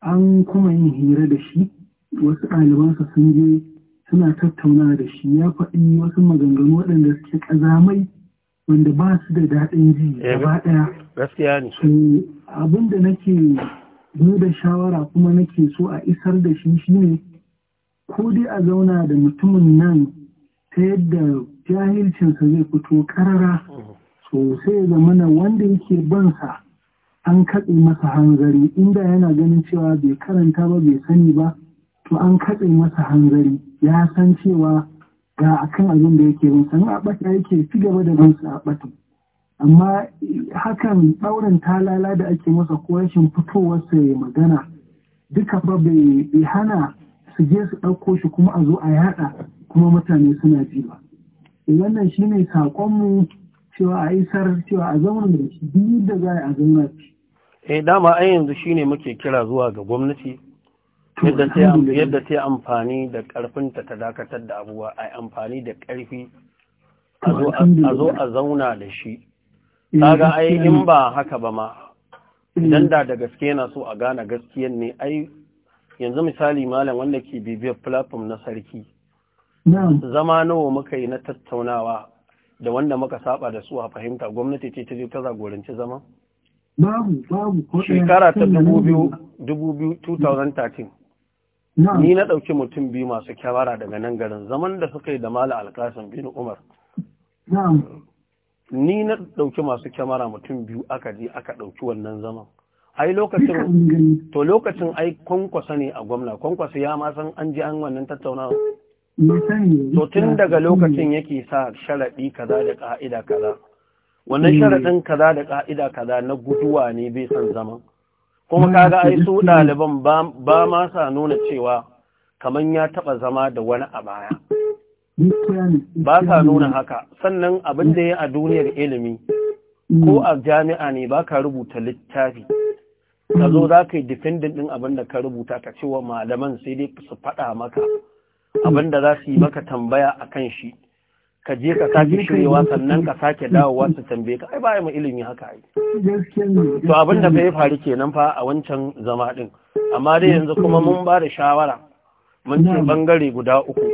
an kuma yin hira da shi wasu ɗalibansa sun je suna tattauna da shi ya faɗi wasu maganganu waɗanda suke ƙazamai wanda ba su da daɗin ji eh, gaba ɗaya gaskiya ne abin da nake da shawara kuma nake so a isar da shi shine ko dai a zauna da mutumin nan ta yadda jahilcinsa zai fito karara mm-hmm. sosai zamana wanda yake bansa an katse masa hanzari inda yana ganin cewa bai karanta ba bai sani ba to an katse masa hanzari ya san cewa ga akan abin da yake bin sannan a ɓata yake ci gaba da ban a ɓata amma hakan ɗaurin talala da ake masa ko rashin fitowarsa ya magana duka ba bai hana su je su ɗauko shi kuma a zo a yaɗa kuma mutane suna ji ba eh, wannan shi ne saƙonmu cewa a isar cewa a zama da shi duk da za a shi. eh dama yanzu shine muke kira zuwa ga gwamnati yadda ta amfani da ƙarfinta ta dakatar da abuwa a amfani da ƙarfi a zo a zauna da shi eh, kaga ai in ba haka ba ma idan eh. da da gaske yana so a gane gaskiyan ne ai yanzu misali malam wanda ke bibiyar platform na sarki zama nawa muka yi na tattaunawa da wanda muka saba da su a fahimta gwamnati ce ta zo ta zagoranci zama babu babu shekara ta 2013 ni na ɗauki mutum biyu masu kyawara daga nan garin zaman da suka yi da mala alkasan bin umar ni na ɗauki masu kyamara mutum biyu aka je aka ɗauki wannan zaman ai lokacin to lokacin ai kwankwasa ne a gwamna kwankwasa ya ma san an ji an wannan tattaunawa to tun daga lokacin yake sa sharaɗi kaza da ka'ida kaza wannan eh. sharaɗin kaza da ka'ida kaza na guduwa ne bai san zaman kuma kaga ai su ɗaliban ba ma sa nuna cewa kamar ya taɓa zama da wani a baya ba sa nuna haka sannan abin da ya a duniyar ilimi ko mm. a jami'a ne ba ka rubuta littafi ka zo mm. za ka yi defendant ɗin abin da ka rubuta ka cewa malaman sai dai su faɗa maka abin da za su yi maka tambaya a kan shi ka je ka sake shirewa sannan ka sake dawowa su tambaye ka ai ba mu ilimi haka ai to abin da bai faru kenan fa a wancan zama din amma dai yanzu kuma mun ba da shawara mun ce bangare guda uku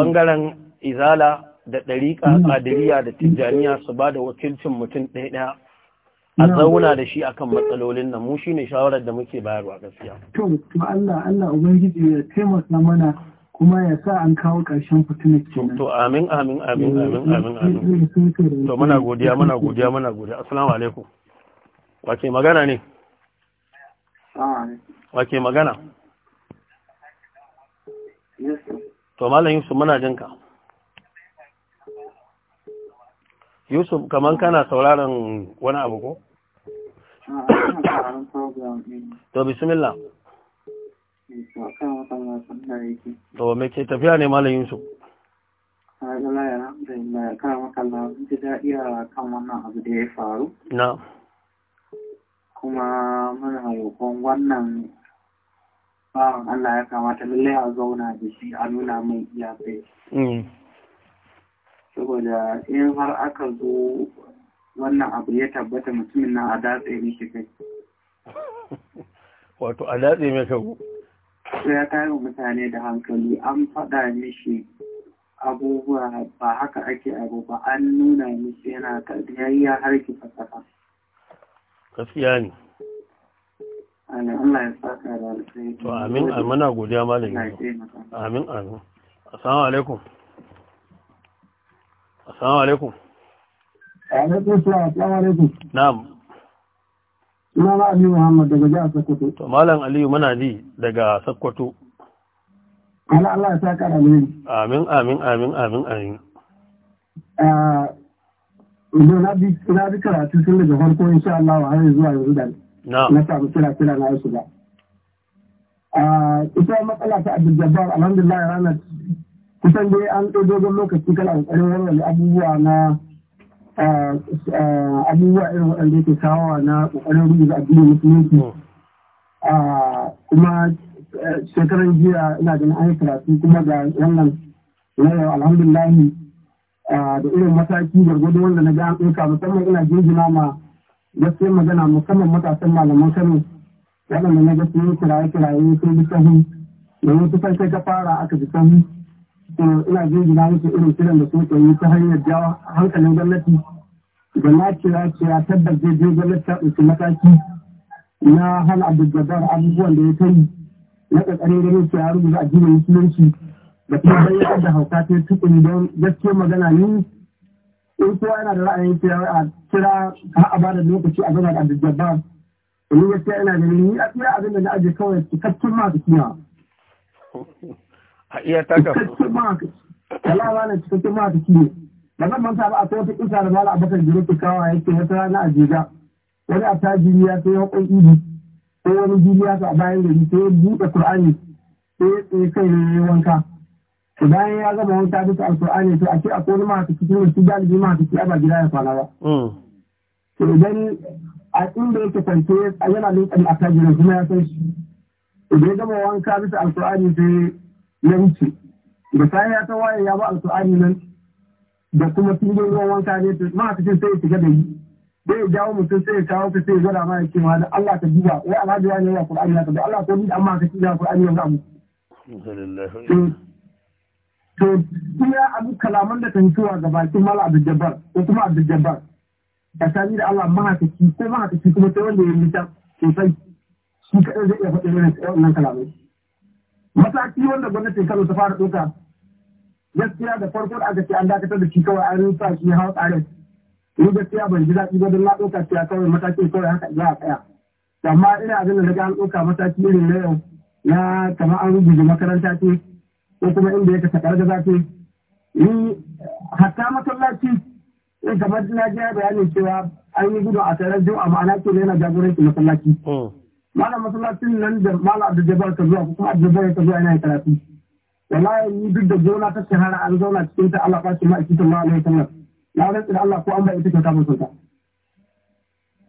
bangaren izala da ɗariƙa ƙadiriya da tijjaniya su ba da wakilcin mutum ɗaya ɗaya a zauna da shi akan matsalolin nan mu shine shawarar da muke bayarwa gaskiya to to Allah Allah ubangiji ya taimaka mana kuma ya sa an kawo ƙarshen fitina kenan. To amin amin amin eh, amin amin eh, amin. Eh, to muna godiya muna godiya muna godiya. Assalamu alaikum. Wake magana ne? Wake magana? To Malam Yusuf muna jin ka. Yusuf kamar kana sauraron wani abu ko? Ah, to bismillah. to me ke tafiya ne malam yusuf alhamdulillah alhamdulillah kan makalla ji daɗi a kan wannan abu da ya faru na kuma mana roƙon wannan bawan Allah ya kamata lallai a zauna da shi a nuna mai iya iyakai mm. saboda in har aka zo wannan abu ya tabbata mutumin na a datse mishi kai *laughs* wato a datse mai kagu ya tayo mutane da hankali an faɗa mishi abubuwa ba haka ake abu ba an nuna mishi yana kadiyayya har ki fasaka gaskiya ne Allah ya saka da alkhairi to amin muna godiya malam amin amin assalamu alaikum assalamu alaikum alaikum assalam alaikum na'am Sunana Aliyu Muhammad daga jihar Sokoto. To Malam Aliyu muna ji daga Sokoto. Ala Allah ya saka da mini. Amin amin amin amin amin. Ah, Ido na bi na bi karatu sun daga farko insha Allah wa har zuwa yanzu da. Na. Na samu kira kira na su ba. Ah, ita matsala ta Abdul Jabbar alhamdulillah ranar kusan dai an ɗau dogon lokaci kana ƙoƙarin warware abubuwa na abubuwa irin waɗanda ke kawowa na ƙoƙarin rubuta da addinin musulunci hmm. kuma shekaran jiya ina da na yi karatu kuma ga wannan yau alhamdulillahi da irin mataki gargwado wanda na ga an musamman ina jirgina ma gaskiyar magana musamman matasan malaman kano waɗanda na gaskiyar kiraye-kiraye sun bi sahu domin kusan sai ka fara aka bi sahu ina jirgina musu irin kiran da suka yi ta hanyar jawo hankalin gwamnati gwamnati ya ce ya tabbas zai je gwamnati ta ɗauki mataki na hana abdulgabar abubuwan da ya kai na ƙarƙarin ganin su ya rubuta addinin musulunci da kuma bayyana da hauka ta tukuni don gaske magana ni in kowa yana da ra'ayin cewa a kira har a bada lokaci a gaba da abdulgabar domin gaskiya ina ganin ni a tsira abin da na aje kawai cikakken masu kiyawa. A iya taka Allah wala cikakken ma ta kiyo ba zan manta ba akwai wata kisa da mala abakar gire ke kawo yake wata rana a jega wani a attajiri ya sai hakon idi Ko wani jiniya ta a bayan gari sai ya buɗe qur'ani sai ya tsaye kai ne wanka to bayan ya gama wanka Al-Qur'ani. to a ce a akwai wani mata cikin wani galibi mata ci ba gida ya kwana ba mm. to idan a inda yake kwance yana linkin attajirin kuma ya san shi idan ya gama wanka bisa Al-Qur'ani sai na wuce da sai ya ta waye ya ba alƙur'ani nan da kuma yi ruwan wanka ne ma su sai ya shiga da yi zai ya jawo mutum sai ya kawo ka sai ya gwada ma ya ce ma da Allah ka duba wai alhaji ya ne ya Qur'ani ya ka da Allah ko ni amma ka ci da Qur'ani yanzu mu. to kuma abu kalaman da kan fitowa ga bakin mala a dajabar ko kuma a dajabar a sami da Allah mahakaci ko mahakaci kuma sai wanda ya yi ta sosai shi kaɗai zai iya faɗi nan kalamai mataki wanda gwamnatin Kano ta fara ɗauka gaskiya da farko da aka ce an dakatar da shi kawai an sa shi hau tsarin ni gaskiya ban ji daɗi ba don na ɗauka a kawai mataki kawai haka za a tsaya amma ina abin da daga an ɗauka mataki irin na yau na kamar an rubuta makaranta ce ko kuma inda ya kasa karga za ce ni hatta masallaci in kamar na ji bayanin cewa an yi gudu a tsarar amma ma'ana ke yana jagoranci masallaci. Hmm. malam masallacin nan da malam da jabar ka zuwa kuma abu jabar ka zuwa yana karatu wallahi ni duk da zauna ta shahara an zauna cikin ta Allah fashi ma cikin ma Allah sallam na rantsi da Allah ko an bai ita kyauta ba kyauta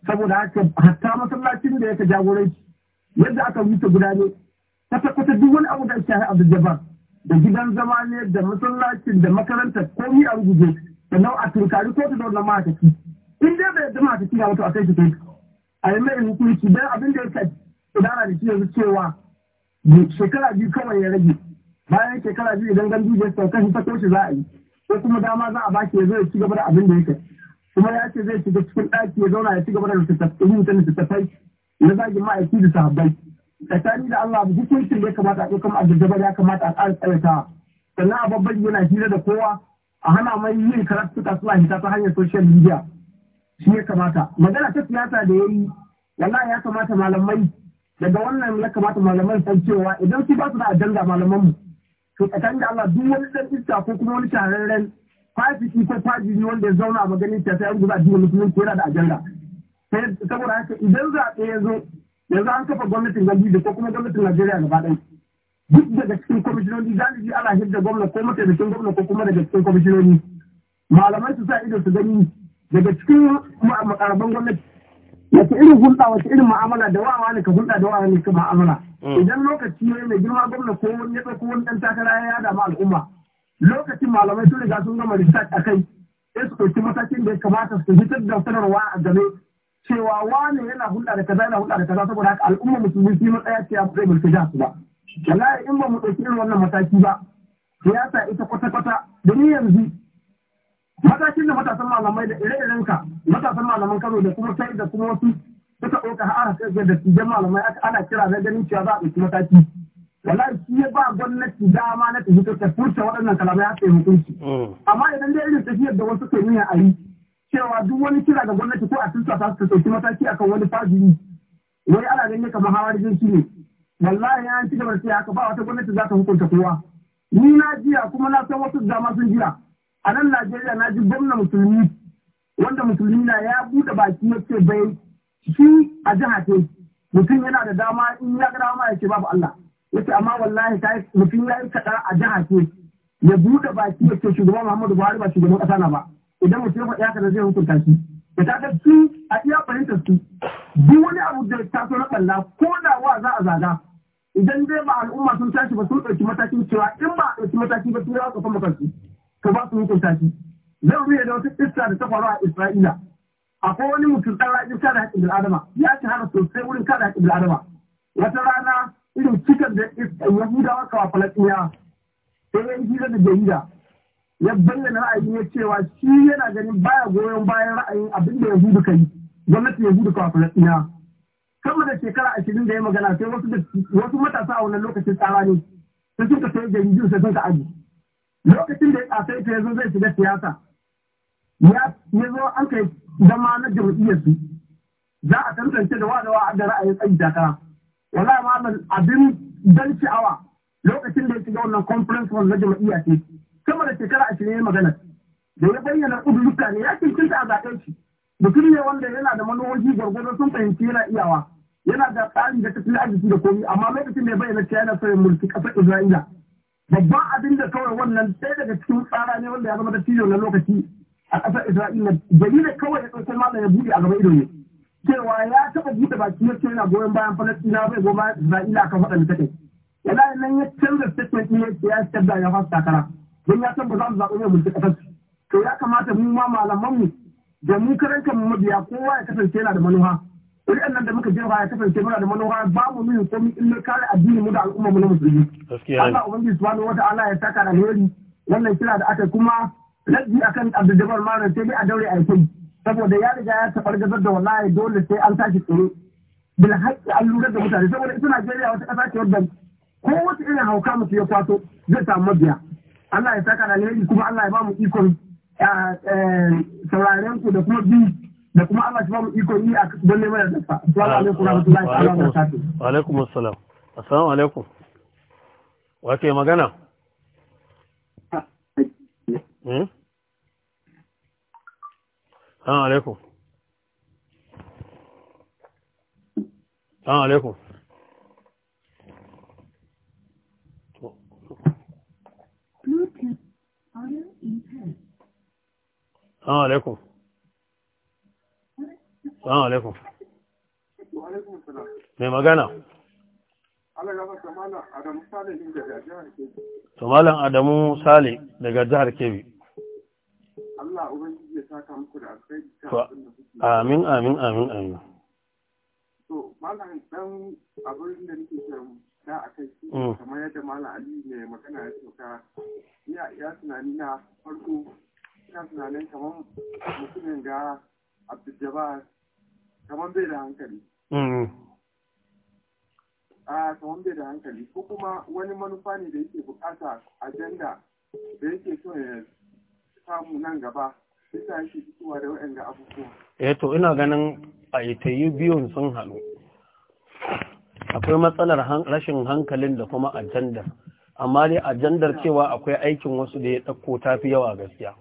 saboda haka hatta masallacin da yake jagoranci yadda aka wuce guda ne ta kwata duk wani abu da shahi abu jabar da gidan zama ne da masallacin da makaranta ko ni a rubuce sannan a turkari ko ta da wannan ma'aikaci in dai bai yadda ma'aikaci ga mutu a kai shi kai a yi mai hukunci don abin da ya idana da shi yanzu cewa shekara biyu kawai ya rage bayan shekara biyu idan gandu ya sauka shi sako shi za a yi ko kuma dama za a ba shi ya zo ya ci gaba da abin da ya kai? kuma ya ce zai shiga cikin ɗaki ya zauna ya ci gaba da rubuta tafai na zagin ma'aiki da sahabbai tsakani da Allah hukuncin da ya kamata a ɗaukar a ya kamata a ƙara sannan a babban yana hira da kowa a hana mai yin karatu ta suna hita ta hanyar social media shi ya kamata magana ta siyasa da ya yi wallahi ya kamata malamai daga wannan ya kamata malamai san cewa idan su ba su da ajanda malaman mu to tsakanin da Allah duk wani dan iska ko kuma wani tararren fasiki ko fajiri wanda ya zauna a maganin ta sai an guza wani musulunci yana da ajanda saboda haka idan zaɓe ya zo yanzu an kafa gwamnatin Gambia ko kuma gwamnatin Najeriya gaba ɗaya duk daga cikin kwamishinoni za ji ana hidda gwamna ko mataimakin gwamna ko kuma daga cikin kwamishinoni malamai su sa ido su gani daga cikin makaraban gwamnati wace irin hulɗa wace irin ma'amala da wawa ne ka hulɗa da wawa ne ka ma'amala mm. idan lokaci ne mai girma gwamna ko wani ya ko wani ɗan takara ya yada ma al'umma lokacin malamai sun riga sun gama research a kai sai su ɗauki matakin da ya kamata su fitar da sanarwa a game cewa wane yana hulɗa da kaza yana hulɗa da kaza saboda haka al'umma musulmi sun matsaya cewa zai mulki da su ba wallahi in ba mu ɗauki irin wannan mataki ba siyasa ita kwata-kwata da ni yanzu matakin da matasan malamai da ire-iren ka matasan malaman kano da kuma Sai da kuma wasu suka ɗauka har aka da tijan malamai ana kira na ganin cewa za a ɗauki mataki wallahi shi ya ba gwamnati dama na tafi ta furta waɗannan kalamai a sai hukunci mm. amma idan dai irin tafiyar da wasu ke nuna a yi cewa duk wani kira ga gwamnati ko a tunsa ta su ɗauki mataki akan wani fajiri wai ana ganin kamar hawar shi ne wallahi an ci gaba da haka ba wata gwamnati za ta hukunta kowa ni na jiya kuma na san wasu dama sun jiya a nan Najeriya na ji gwamna musulmi wanda musulmi na ya bude baki ya ce bai shi a jiha ce mutum yana da dama in ya ga dama ya ce babu Allah yace amma wallahi sai mutum ya yi kada a jiha ce ya bude baki ya ce shugaban Muhammadu Buhari ba shugaban kasa na ba idan mutum ya faɗi zai hukunta shi da ta ga su a iya fahimtar su duk wani abu da ta so na ɓalla ko da wa za a zaga idan dai ba al'umma sun tashi ba sun ɗauki matakin cewa in ba a ɗauki matakin ba sun yawa tsofan makarantu. ka ba su hukunta shi zan ruye da wata iska da ta faru a Isra'ila akwai wani mutum ɗan ra'ayin kada haƙƙin bil'adama ya ci hana sosai wurin kada haƙƙin bil'adama wata rana irin cikin da yahudawa kawa falasɗiya sai ya yi hira da jarida ya bayyana ra'ayin ya cewa shi yana ganin baya goyon bayan ra'ayin abin da yahudu ka yi gwamnati yahudu kawa falasɗiya sama da shekara ashirin da ya magana sai wasu matasa a wannan lokacin tsara ne sai suka sai jaridu sai sun ka aji lokacin da ya ƙasa ita ya zai shiga siyasa ya zo an kai zama na jam'iyyarsu za a tantance da wadawa da ra'ayin tsayi takara wallahi ma abin dan sha'awa lokacin da ya shiga wannan conference hall na jam'iyya ce sama da shekara ashirin ya magana da ya bayyana uduluka ne ya kinkinta a zaɓe shi mutum ne wanda yana da manohoji gwargwado sun fahimci yana iyawa yana da tsari da tattalin arziki da komi amma lokacin da ya bayyana cewa yana son mulki ƙasar isra'ila babban abin da kawai wannan ɗaya daga cikin tsara ne wanda ya zama da cijo na lokaci a ƙasar isra'ila dalilin kawai ya ɗauke da ya buɗe a gaban ido ne cewa ya taɓa buɗe baki ya ce yana goyon bayan falastina bai goma isra'ila akan faɗa da take yana nan ya canza statement ɗin ya ce ya da ya fasa takara don ya san ba za mu zaɓi mai mulki ƙasar to ya kamata mu ma malaman mu da mu karanta mu mabiya kowa ya kasance yana da manufa Kuri'an nan da muka je ba ya kasance muna da manufa ba mu nuna komai illa kare addini mu da al'umma mu na musulmi. Allah ubangiji subhanahu wata'ala ya saka da alheri wannan kira da aka kuma ladi akan Abdul Malam sai dai a daure a yi saboda ya riga ya tabar gazar da wallahi dole sai an tashi tsoro. Bil haƙƙi an lura da mutane saboda ita Najeriya wata ƙasa ce wadda ko wata irin hauka mutum ya kwato zai samu mabiya. Allah ya saka da alheri kuma Allah ya ba mu ikon eh, eh, sauraren ku da kuma biyu da kuma Allah shi ba mu iko yi a don neman da dafa assalamu ah, alaikum warahmatullahi ta'ala barakatuh wa alaikum assalam assalamu alaikum wa ke magana hmm? assalamu alaikum assalamu alaikum Assalamu alaikum. Salamu alaikum. Mai magana? To Malam Adamu Sale daga jihar Kebbi. Allah Ubangiji ya saka muku da alkhairi Amin amin amin amin. so Malam dan abin da nake son da akai mm. kamar yadda Malam Ali ne magana ya soka ya ya tunani na farko ina tunanin kamar mutumin ga Abdul Jabbar kamar bai da hankali mm-hmm. a ah, kamar bai da hankali ko kuma wani manufa ne da yake bukata ajanda da yake so ya samu nan gaba bisa shi fitowa da waɗanda abubuwa eh to ina ganin a itayi biyun sun haɗu akwai matsalar rashin hankalin da kuma ajandar amma dai ajandar cewa akwai aikin wasu da ya ɗauko ta fi yawa gaskiya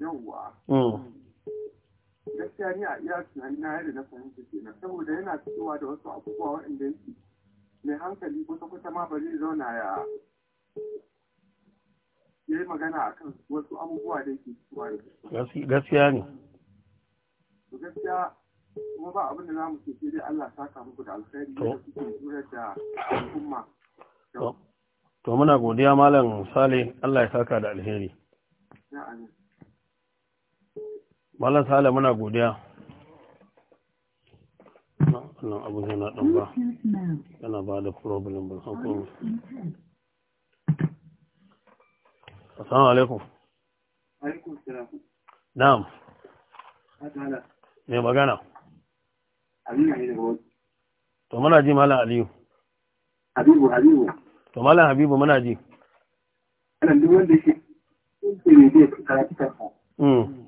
yawwa mm. gaskiya ni a iya tunani na yadda na fahimta kenan saboda yana fitowa da wasu abubuwa waɗanda yake mai hankali kusa kusa ma ba zai zauna ya yi magana a kan wasu abubuwa da yake fitowa da gaskiya ne gaskiya kuma ba abin da za mu ke sai dai Allah saka muku da alkhairi da kuke jura da al'umma to muna godiya malam Saleh Allah ya saka da alheri ya amin malar sa'ala muna godiya nan abu zai na ɗan ba yana ba da problem ba san hankali assalamu alaikum alaikum salam na'am mai magana ne to muna ji malam aliyu habibu habibu to malam habibu muna ji ana duk wanda shi ne zai karatu kansa hmm.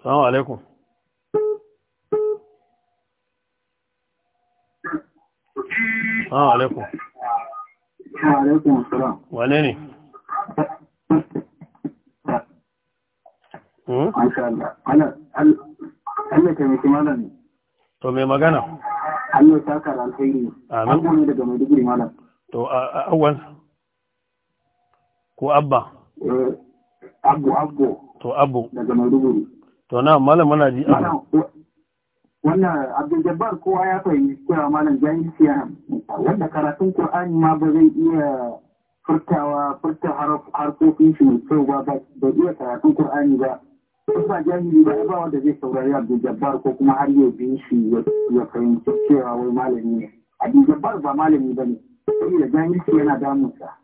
Salamu alaikum. Salamu alaikum. Salamu alaikum, Wane ne? Hmm? Masha Allah. Allah ka miki ne? To mai magana? Allah ta kara alheri. Amin. Abu ne daga Maiduguri To a awon Ko abba? Abu eh, abu. To abu. Daga Maiduguri. to na malam muna ji a wannan abin jabbar kowa ya fahimci cewa malam jahilci ya wanda karatun qur'ani ma ba zai iya furtawa furta harkokin shi mai kyau ba da iya karatun qur'ani ba in ba jahili ba ba wanda zai saurari abin jabbar ko kuma har ya bi shi ya fahimci cewa wai malami ne abin jabbar ba malami ba ne saboda jahilci yana damunsa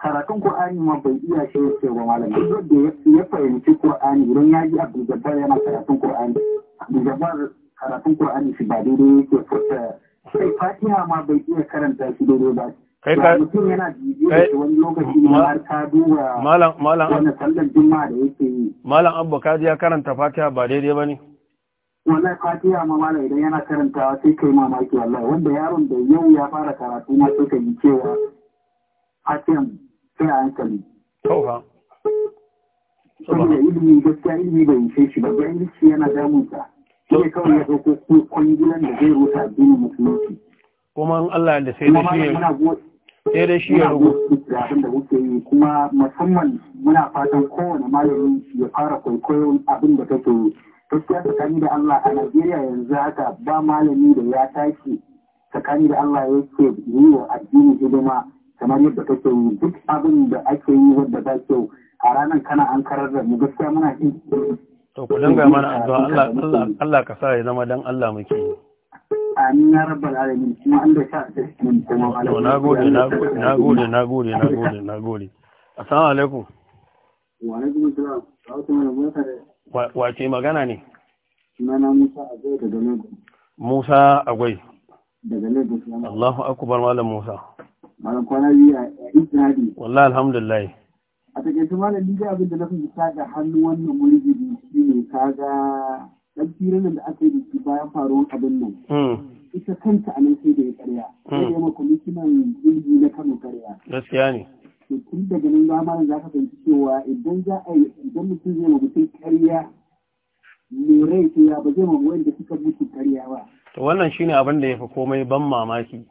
karatun Kur'ani ma bai iya shi ya ce ba malam duk ya fahimci Kur'ani, idan ya ji Abdul Jabbar yana karatun Kur'ani. Abdul Jabbar karatun Kur'ani shi ba daidai yake furta sai Fatiha ma bai iya karanta shi daidai ba kai ka mutum yana bibiyo da wani lokaci ne har ka duba malam malam wannan sallar juma'a da yake yi malam Abba kaji ya karanta Fatiha ba daidai ba ne wallahi Fatiha ma malam idan yana karantawa sai kai mamaki wallahi wanda yaron da yau ya fara karatu ma sai ka yi cewa Fatiha sai hankali tauha saboda ilimi gaskiya ilimi bai ishe shi ba bayan jahilci yana damunsa sai kawai ya dauko ko kwangilan da zai rusa addini musulunci kuma in Allah da sai da shi sai da shi ya rubuta abin da kuke yi kuma musamman muna fatan kowane malami ya fara kwaikwayon abin da kake yi gaskiya tsakani da Allah a Najeriya yanzu haka ba malami da ya tashi tsakani da Allah yake yi wa addini hidima kamar yadda kake yi duk abin da ake yi wadda ba kyau a ranar kana an karar da mu gaskiya muna yi to ku dinga mana addu'a Allah Allah ka sa ya zama dan Allah muke amin ya rabbal alamin kuma an da sha da cikin kuma Allah na gode na gode na gode na gode na gode na gode assalamu alaikum wa alaikum assalam wa ce magana ne sunana Musa Agwai daga Lagos Musa Agwai daga Lagos Allahu akbar malam Musa malam kwana biyu a ijtihadi wallahi alhamdulillah a takaice malam ni dai abin da na fahimta ga hannu wannan mulki shine kaga dan firin da aka yi da bayan faruwar abin nan hmm. ita kanta a nan sai da ya karya hmm. sai ya ma kwamishinan jirgi na kano karya gaskiya ne to tun daga nan zamanin za ka fahimci cewa idan za a yi idan mutum zai ma mutum karya ya rai ya ba zai ma wanda suka mutu karya ba to wannan shine abin da ya fi komai ban mamaki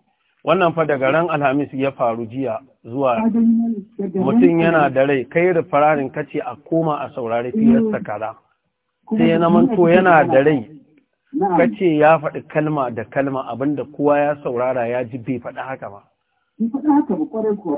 wannan fa daga ran alhamis ya faru jiya zuwa mutum yana da rai kai da fararin kace a koma a saurari eh. firarsa kara?' sai na manto yana da rai kace ya faɗi kalma da kalma abinda kowa ya saurara ya ji bai faɗi haka ba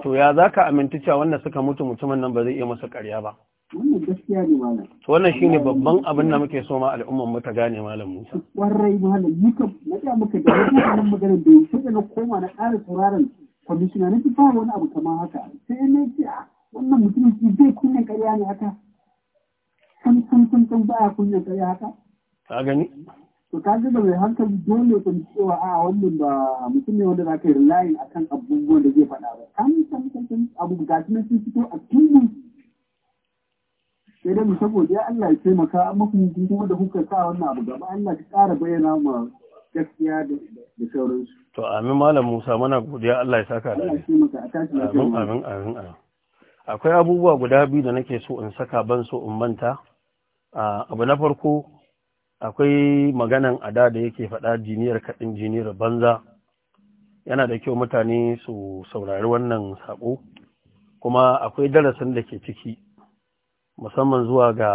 to ya zaka aminta cewa wanda suka mutu mutumin nan ba zai iya masa ƙarya ba wannan gaskiya ne to wannan shine babban abin da muke so ma al'umman mu ta gane malam Musa kwarai malam muka na da muka da wannan magana da sai da na koma na ƙara sauraron kwamishina na ba wani abu kamar haka sai na ce ah, wannan mutumin shi zai kunya ƙarya ne haka san san san san a kunya ƙarya haka ka gani to ka ji da mai hankali dole kun cewa a ah, wannan ba mutum ne wanda za ka yi a akan abubuwan da zai faɗa ba kan san san abu ga sun fito a cikin sai dai saboda ya Allah ya taimaka amma kuma kuma da kuka sa wannan abu gaba Allah ya ƙara bayyana ma gaskiya da sauransu to amin malam Musa muna godiya Allah ya saka da amin amin amin amin akwai abubuwa guda biyu da nake so in saka ban so in manta abu na farko akwai maganan ada da yake faɗa jiniyar kaɗin jiniyar banza yana da kyau mutane su saurari wannan saƙo kuma akwai darasin da ke ciki musamman zuwa ga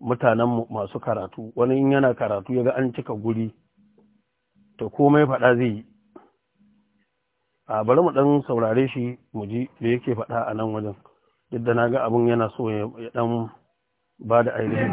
mutanen masu karatu wani in yana karatu ya ga an cika guri to komai faɗa zai yi a bari mu ɗan saurare shi mu ji da yake faɗa a nan wajen duk da na ga abin yana so ya ɗan ba da ainihin.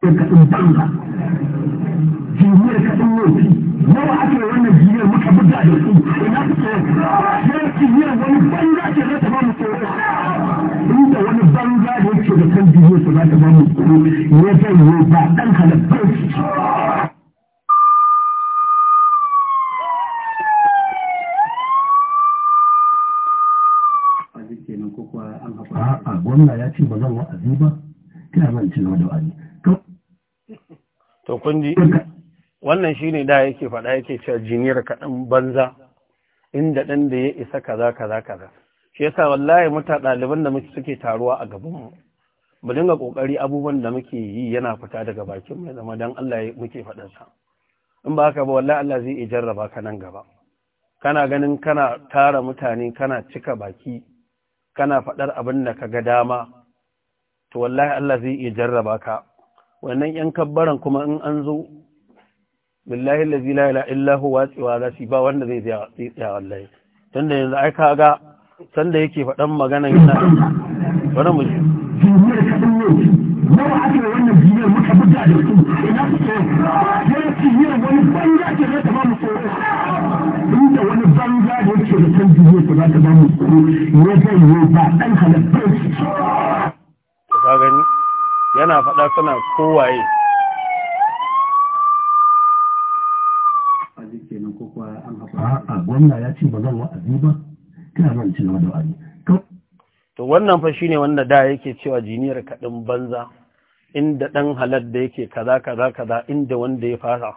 sai ka ɗin banza jirgin ka ɗin wofi nawa ake wannan jirgin muka buga da su ina su ke sai jirgin wani banza ke zai ta bamu tsoro inda wani banza da yake da kan jirgin su za ta bamu tsoro ne zai yi ba ɗan halabbar A'a, gwamna ya ce ba zan wa'azi ba, Kina zan ci gaba da wa'azi. to kun ji wannan shine da yake faɗa yake cewa jiniyar kaɗan banza inda ɗan da ya isa kaza kaza kaza shi yasa wallahi muta ɗaliban da muke suke taruwa a gaban mu mu dinga kokari abubuwan da muke yi yana fita daga bakin mai zama dan Allah muke faɗan in ba haka ba wallahi Allah zai jarraba ka nan gaba kana ganin kana tara mutane kana cika baki kana faɗar abin da ka ga dama to wallahi Allah zai iya jarraba ka wannan ‘yan kabbaran kuma in an zo billahi la illahu watsewa za su ba wanda zai tsaya wallahi tun da yanzu ai kaga san da yake faɗan magana yana wani mu ka gani yana faɗa suna kowaye to wannan fa shine wanda da yake cewa jiniyar kadin banza inda dan halal da yake kaza kaza kaza inda wanda ya fara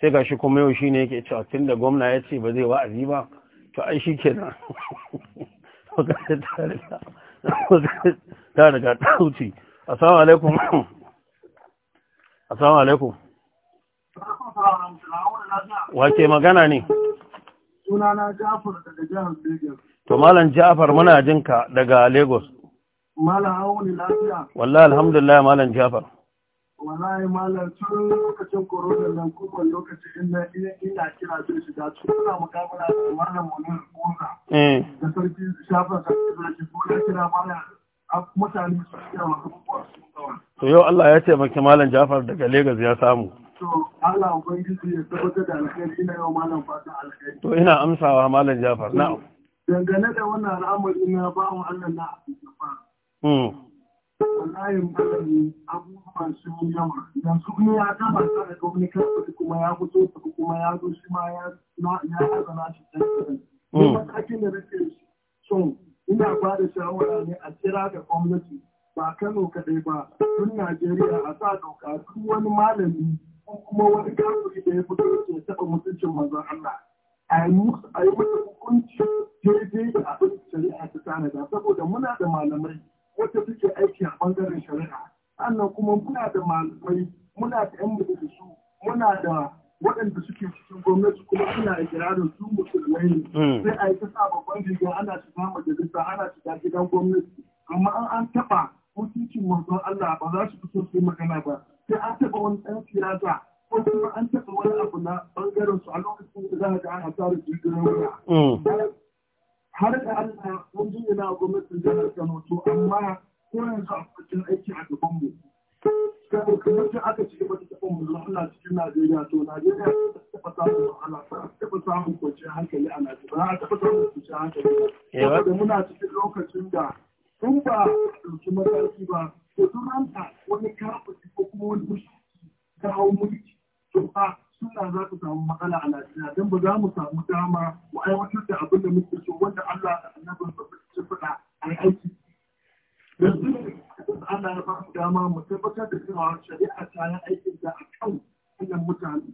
sai gashi kuma yau shine yake cewa tunda gwamna ya ce ba zai wa'azi ba to ai shikenan *laughs* ta riga ta wuce Assalamu alaikum. Assalamu alaikum. Wace magana ne? Sunana Jafar daga jihar Lagos. To Malam Jafar muna jinka daga Lagos. Malam Awuni lafiya. Wallahi alhamdulillah Malam Jafar. Wallahi Malam tun lokacin corona nan kuma lokacin ina ina kira zai shiga tuna mukamala da Malam Munir Bona. Eh. Da sarki Jafar da sarki Bona kira Malam mutane To yau Allah ya ce taimaki Malam Jafar daga Legas ya samu. To ya da ina amsawa Malam Jafar na. Dangane da wannan al'amari na bawon Allah na Hmm. Wallahi abubuwa yi yawa. Yanzu ya gama da gwamnati kuma ya fito kuma ya zo shi ma ya ya hmm. da nake son ina ba da shawara ne a kira ga gwamnati ba Kano kaɗai ba tun Najeriya a sa doka duk wani malami ko kuma wani kafiri da ya fito ke taɓa mutuncin manzon Allah a yi musu hukunci daidai da abin shari'a ta tanada saboda muna da malamai wacce suke aiki a ɓangaren shari'a sannan kuma muna da malamai muna da 'yan su muna da waɗanda suke cikin gwamnati kuma suna ikirarin su musulmai ne hmm. sai a yi ta sa babban jirgin ana shiga majalisa ana shiga gidan gwamnati amma an an taɓa mutuncin manzon Allah ba za su fito su magana ba sai an taɓa wani ɗan siyasa ko kuma an taɓa wani abu na ɓangaren su a lokacin da za ga ana tsara jirgin ruwa. Hmm. Har da Allah mun jingina a gwamnatin da Kano to amma ko yanzu a cikin aiki a gaban mu mutum aka ci gaba da taɓa wahala cikin Najeriya to Najeriya ta taɓa samun wahala ta taɓa samun kwanciyar hankali a Najeriya ta taɓa samun kwanciyar hankali eh, saboda muna cikin lokacin da tun ba ɗauki mataki ba to tun ranta wani kafin ko kuma wani mushi ta hau mulki to fa suna za su samu matsala a Najeriya don ba za mu samu dama mu aiwatar da abin da muke so wanda Allah da annabin sa suka faɗa a aiki. Allah ya ba mu dama tabbatar da cewa shari'a ta yi aikin da a kan wannan mutane.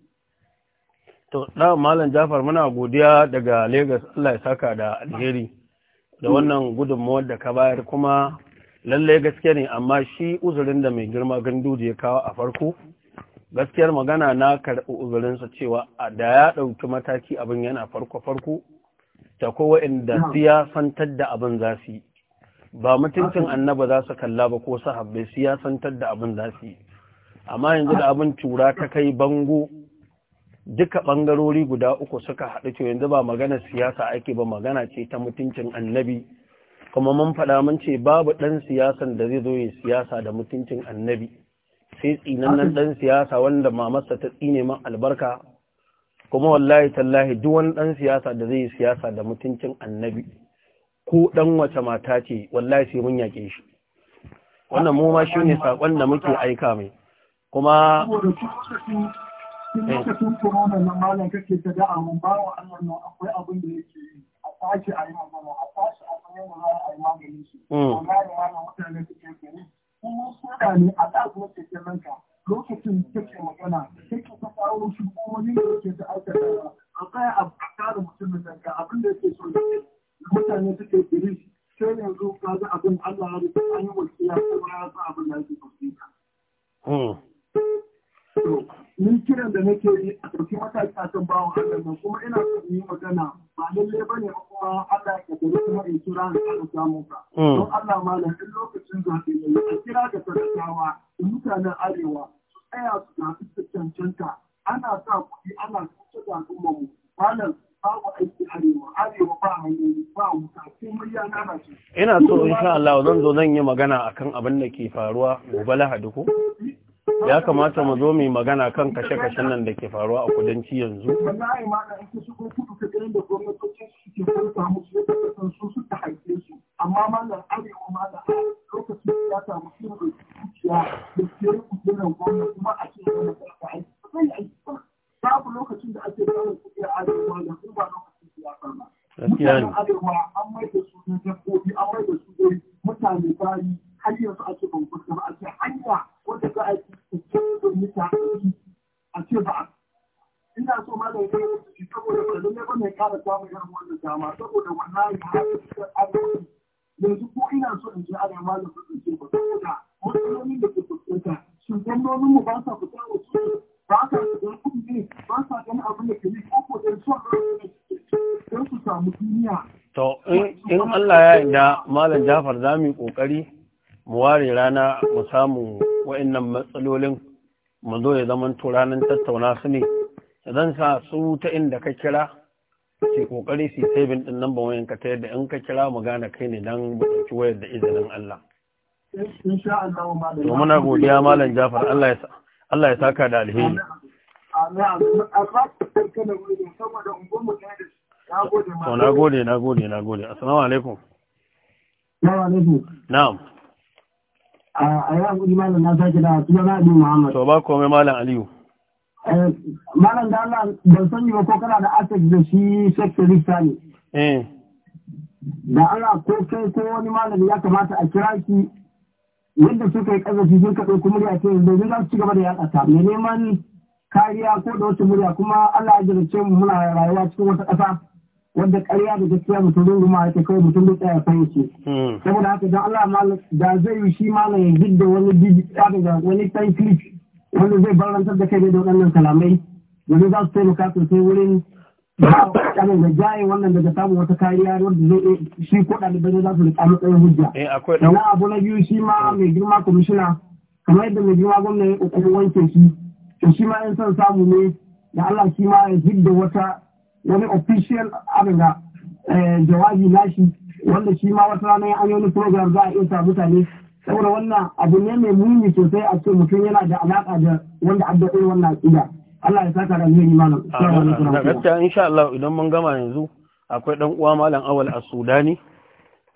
To, Malam Jafar muna godiya daga Legas Allah ya saka da alheri da wannan gudunmawar da ka bayar kuma lallai gaske ne amma shi uzurin da mai girma gandu ya kawo a farko gaskiyar magana na karɓi uzurinsa cewa da ya ɗauki mataki abin yana farko-farko ta kowa inda siya santar da abin za su yi ba mutuncin annaba za su kalla ba ko sahabbai siyasantar da abin za su yi amma yanzu da abin tura ta kai bango duka bangarori guda uku suka haɗu to yanzu ba magana siyasa ake ba magana ce ta mutuncin annabi kuma mun faɗa mun ce babu ɗan siyasan da zai zo ya siyasa da mutuncin annabi sai tsinannen ɗan siyasa wanda mamarsa ta tsine man albarka kuma wallahi tallahi duk wani ɗan siyasa da zai yi siyasa da mutuncin annabi ko ɗan wace mata ce wallahi sai mun yake shi wannan mu ma ne sakon da muke aika mai kuma lokacin eh. na malam kake da amma ba wa Allah nan akwai abin da yake yi a tashi a yi magana a tashi a san a yi mm. da ke lokacin magana take ta kawo shi ne da yake da aikata a kai a kare mutumin nan abin da yake so mutane suke biri sai yanzu ka ga abin Allah ya rubuta an yi wasiya kuma ya sa abin da yake ka. Hmm. Ni kiran da nake yi a ɗauki mataki a kan bawan Allah nan kuma ina son yi magana ba lalle ba ne kuma Allah ya gari kuma in kira da aka samu ka. Hmm. Don Allah ma na in lokacin ake yi a kira da sarakawa da mutanen arewa su tsaya su tafi su cancanta ana sa kuɗi ana cuta da mu Malam ina so insha Allah zan zo zan yi magana akan abin da ke faruwa gobe Lahadi ko ya kamata mu zo mu magana kan kashe-kashen nan da ke faruwa a kudanci yanzu wallahi ma da ake shigo da ya da haife su amma da lokacin ya samu da kuma a ce sai babu lokacin da ake kawo kudi a lokacin ya su dabbobi an mai da su dai mutane bayi har yanzu ake ban fuska ba a ce hanya wanda za a yi cikin zumunta a ce ba a ina so ma da ya kai wasu shi saboda ba zai ba mai kara samun irin wannan dama saboda wallahi har da abin yanzu ko ina so in je ana malam su ce ba saboda matsalolin da ke fuskanta shin gwamnonin mu ba sa fita wa su ba sa ganin kuɗi ne ba sa ganin abin da ke yi ko ko ɗan son don su samu duniya to in Allah ya da malam Jafar za mu yi kokari mu ware rana mu samu wa'innan matsalolin mu zo ya zama turanin ranar tattauna su ne zan sa su ta inda ka kira ke kokari su yi saving din ba wayan ka ta yadda in ka kira mu gane kai ne dan buƙaci wayar da izinin Allah To Allah muna godiya malam Jafar Allah ya saka da alheri to na gode na gode na gode assalamu alaikum na'am a yi hankali malam na sake da suna na aliyu muhammad to ba komai malam aliyu eh, malam da Allah ban sani ba ko kana da asek da shi sektorista ne eh da Allah ko kai ko wani malam ya kamata a kira shi yadda suka yi kazafi sun kaɗai kuma da ce domin za su ci gaba da yaƙa ta mai neman kariya ko da wata murya kuma Allah ya jirce mu muna rayuwa cikin wata ƙasa wanda karya da gaskiya mutum runguma ya kai mutum da tsaya fahimci. Hmm. Saboda haka don Allah da zai yi shi malam ya gidda wani bidda daga wani time clip wanda zai barantar da kai da waɗannan kalamai domin za su taimaka sosai wurin kanin da jaye wannan daga samun wata kariya wanda zai shi ko ɗalibai za su riƙa matsayin hujja. Eh, na abu na biyu shi ma mai girma kwamishina kamar yadda mai girma gwamna ya ƙoƙarin wanke shi to shi ma yan son samu ne da Allah shi ma ya hidda wata wani official abin da eh, jawabi nashi wanda shi ma wata rana ya wani program za a iya sa mutane saboda wannan abu ne mai muni sosai a ce mutum yana da alaƙa da wanda abda irin wannan aƙida Allah ya saka da alheri malam gaskiya insha Allah idan mun gama yanzu akwai dan uwa malam awal a Sudani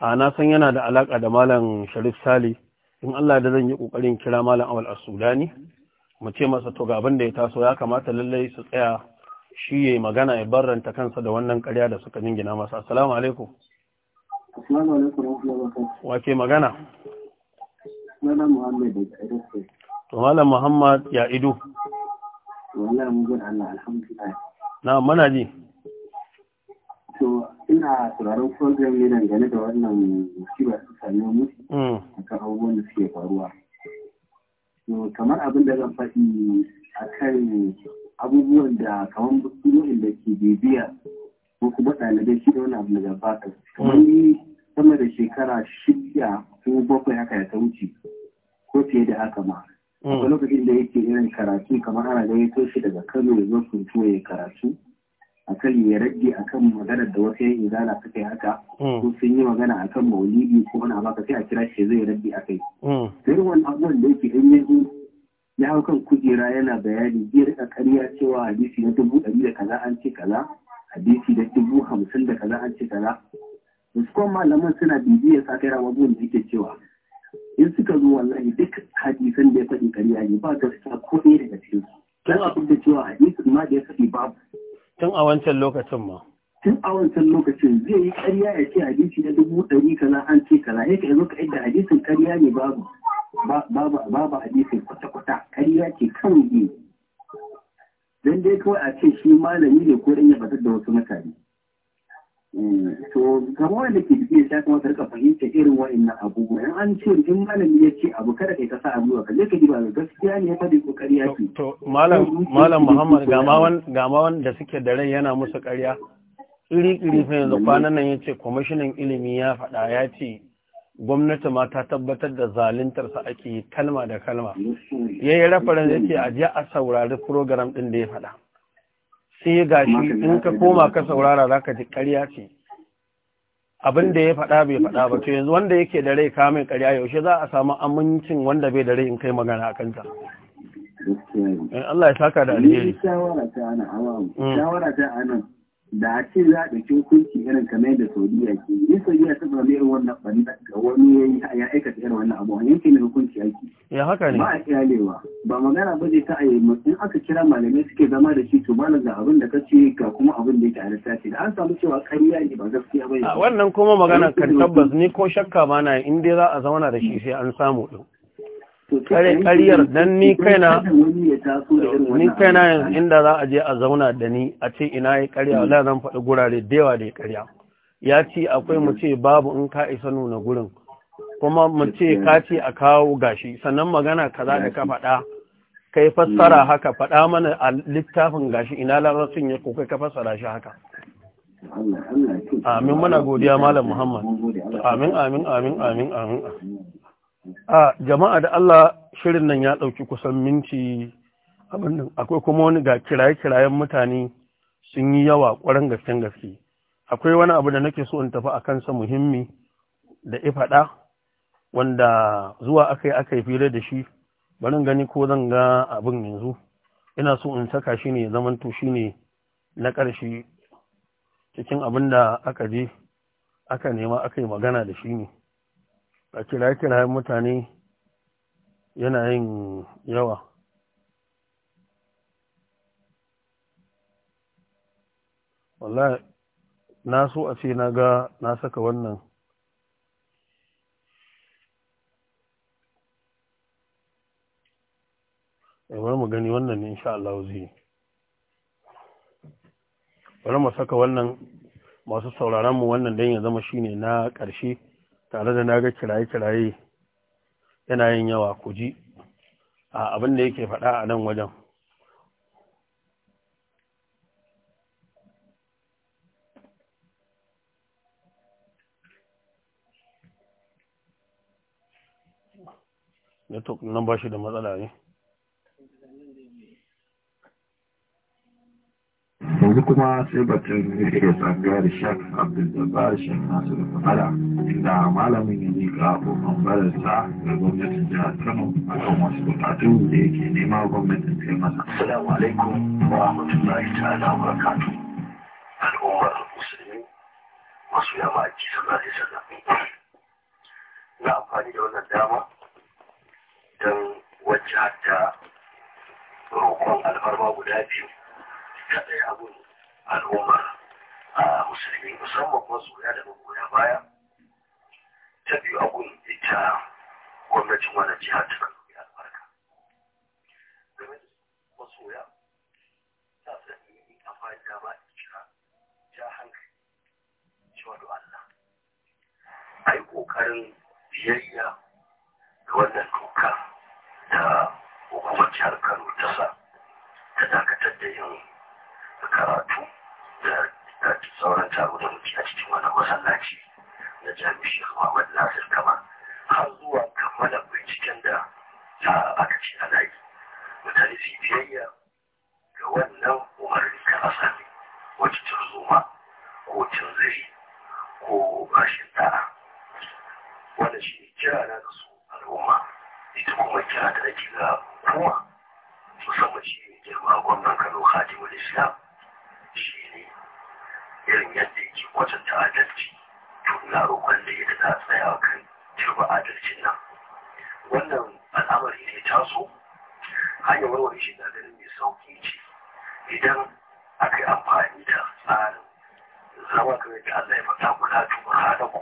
a na san yana da alaka da malam Sharif sali in Allah da zan yi kokarin kira malam awal a Sudani mu ce masa to ga abin da ya taso ya kamata lallai su tsaya shi ya yi magana ya barranta kansa da wannan ƙarya da suka jingina masu asalamu alaikum asalamu alaikum wa wace magana malam muhammad ido to malam muhammad ya ido wallahi mun gode Allah alhamdulillah na mana ji to ina sauraron program ne dangane da wannan musiba su sami mu mm. akan abubuwan da suke faruwa to kamar abin da zan faɗi akan abubuwan da kamar musulmin da ke bibiya ko kuma ɗalibai shi da wani abu da fata kamar ni sama da shekara shida ko bakwai haka ya ta wuce ko fiye da haka ma hmm. a lokacin da yake irin karatu kamar ana da ya toshe daga kano ya zo kuntuwa ya karatu a kan ya rage kan magana da wasu yan izala ta kai haka hmm. ko sun yi magana a kan maulidi ko wani abu sai a kira shi zai rage kai Sai hmm. wani abubuwan da yake in yi ya hau kan kujera yana bayani biyar rika karya cewa hadisi na dubu ɗari da kaza an ce kaza hadisi da dubu hamsin da kaza an ce kaza wasu kuma malaman suna bibiyar sa kai abubuwan da yake cewa in suka zo wallahi duk hadisan da ya faɗi karya ne ba gaskiya ko ɗaya daga cikin su dan abin da cewa hadisin ma da ya faɗi babu tun a wancan lokacin ma tun a wancan lokacin zai yi karya ya ce hadisi na dubu ɗari kaza an ce kaza yake yanzu ka yadda hadisin karya ne babu babu hadisin kwata-kwata kariya ce kan yi don dai kawai a ce shi malami ne ko ɗan batar da wasu mutane eh, to kamar wanda ke tafiya ta kuma sarka fahimta irin wa'annan abubuwa in an ce in malami ya ce abu kada kai ka sa abu ka je ka ba ga gaskiya ne ya fadi ko ƙarya ce to malam malam muhammad ga ma wanda suke da rai yana musu ƙarya iri iri fa yanzu kwanan nan yace kwamishinan ilimi ya faɗa ya ce gwamnati ma ta tabbatar da zaluntarsa ake yi kalma da kalma ya yi rafaran da ce a a saurari program ɗin da ya faɗa sai ga shi in ka koma ka saurara za ka ji ƙarya ce abin da ya faɗa bai faɗa ba to yanzu wanda yake da rai kamun ƙarya yaushe za a samu amincin wanda bai da rai in kai magana a kanta eh, Allah ya saka da alheri shawara ta ana mm. shawara ta ana da a ce za a ɗauki hukunci irin kamar da saudiya ke yi saudiya ta zama irin wannan ɓanda ga wani ya aikata irin wannan abu yanke ne hukunci aiki ya haka ne ba a kyalewa ba magana ba zai ta a yi in aka kira malamai suke zama da shi to ba ga abin da ka ce ga kuma abin da yake a lissafi da an samu cewa kariya ne ba gaskiya ba ne wannan kuma magana kan tabbas ni ko shakka ba na in dai za a zauna da shi sai an samu ɗin kare kariyar dan ni kaina ni kaina inda za a je a zauna da ni a ce ina ya kariya hmm. wala zan faɗi gurare da yawa da ya ƙarya ya ce akwai mu hmm. ce babu in ka isa nuna gurin kuma mu ce ka ce a kawo gashi sannan magana kaza da ka faɗa kai fassara hmm. haka faɗa mana a littafin gashi ina larabcin ya ko kai ka fassara shi haka amin muna godiya malam muhammad amin amin amin amin amin a jama'a da Allah shirin nan ya ɗauki kusan minti abin nan akwai kuma wani ga kiraye-kirayen mutane sun yi yawa ƙwarar gaske gaske akwai wani abu da nake so in tafi a kansa muhimmi da ifaɗa wanda zuwa aka yi aka yi fira da shi barin gani ko zan ga abin yanzu ina so in saka shi ne zaman to shi ne na ƙarshe cikin abin da aka je aka nema aka yi magana da shi ne a kira-kira mutane yana yin yawa wallahi na so a ce na ga na saka wannan eh, bari mu gani wannan ne insha Allah zai bari mu saka wannan masu sauraron mu wannan dan ya zama shine na ƙarshe tare da naga kiraye-kiraye yana yin yawa ku ji a abin da yake faɗa a nan wajen network nan ba shi da matsala ne yanzu kuma sai batun yake tsangayar shan abdulgabar shan nasu da fahara inda malamin ya miƙa ƙofan bararsa ga gwamnatin jihar kano a akan wasu bukatu da yake nema gwamnatin kai masa Salamu alaikum wa rahmatullahi ta'ala wa barakatu al'ummar musulmi masu yama a kisa na da sallam na amfani da wannan dama don wacce hatta roƙon alfarma guda biyu kaɗai abun al'umma a musulmi musamman masoya da magoya baya ta biyu abun ita gwamnatin wani jihar ta kan albarka domin masoya ta sani ne a fa'ida ba ta kira ja hankali cewa da Allah a yi ƙoƙarin biyayya da wannan doka da hukumar jihar Kano ta sa ta dakatar da yin da karatu da sauran taro da muke a cikin wani masallaci na jami'in shi Nasir Kamal har zuwa kammala binciken da aka ce ana yi mutane su biyayya ga wannan umarni ta asali wacce turzuma ko tunziri ko bashin da'a wanda shi kira na da su al'umma ita kuma kira da ake ga kuma musamman shi ne girma gwamnan Kano wani Islam shi ne irin yadda yake kwatanta adalci to na roƙon da yadda za a tsaya kan turba adalcin nan wannan al'amari ne taso hanyar warware shi na ganin mai sauƙi ce idan aka yi amfani da tsarin zama kamar da Allah ya faɗa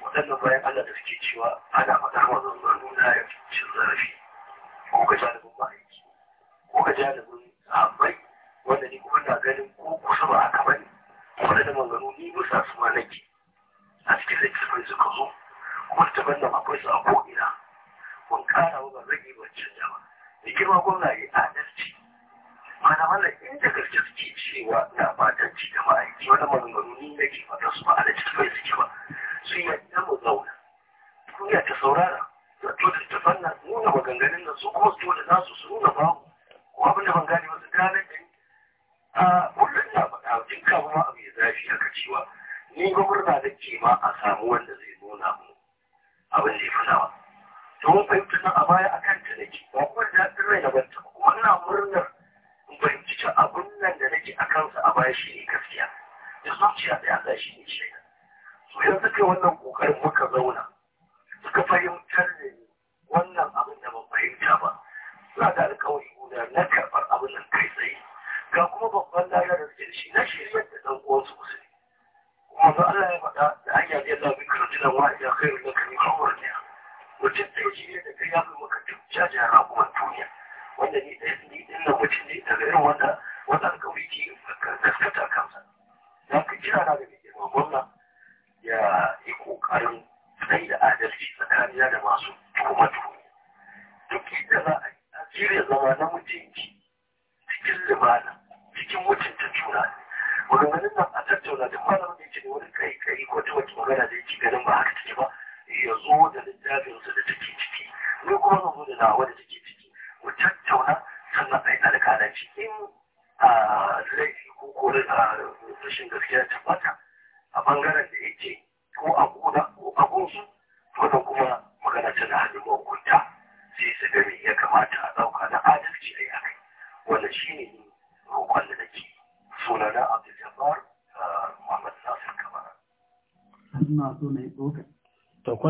kula tuba halaku waɗannan bayan Allah da suke cewa ana faɗa ma zanzanu na ya cin zarafi ko ga jalibin ma'aiki ko ga jalibin sahabbai wanda ni kuma na ganin ko kusa ba haka ne. Kuma da maganganu ni bisa su ma nake a cikin kifin suka zo kuma ta banda akwai su a ko'ina kun kara wa rage ba canja ba da girma gwamna ya adalci mana wannan inda gaske suke cewa na fatan ci da ma'aiki wani maganganu ni nake fata su ba a da cikin bai suke ba su yadda mu zauna duniya ta saurara zato da ta fanna nuna maganganun nan su kuma su da nasu su nuna babu ko abin da ban gane wasu kanan a wannan na faɗa duk kafin ma abu ya zafi aka cewa ni ba murna da ke ma a samu wanda zai nuna mu abin da ya fi nawa to mun fahimta nan a baya a kanta da ke ba kuma da rai na banta kuma ina murnar in fahimci ta abin nan da nake a kansa a baya shi ne gaskiya da zuciya ɗaya Allah shi ne shaida so yanzu kai wannan ƙoƙarin muka zauna suka fahimtar da ni wannan abin da ban fahimta ba suna da alƙawari guda na kan ga kuma babban lada da shi na shi da ɗan uwansu musulmi kuma ba Allah ya faɗa da an yaje Allah bi karatulan wa ya kai da kan kawar ne mutum da shi ne da kai ya fi maka duk jajayen raguwar duniya wanda ni ɗaya ni ɗin na mutum ne daga irin wanda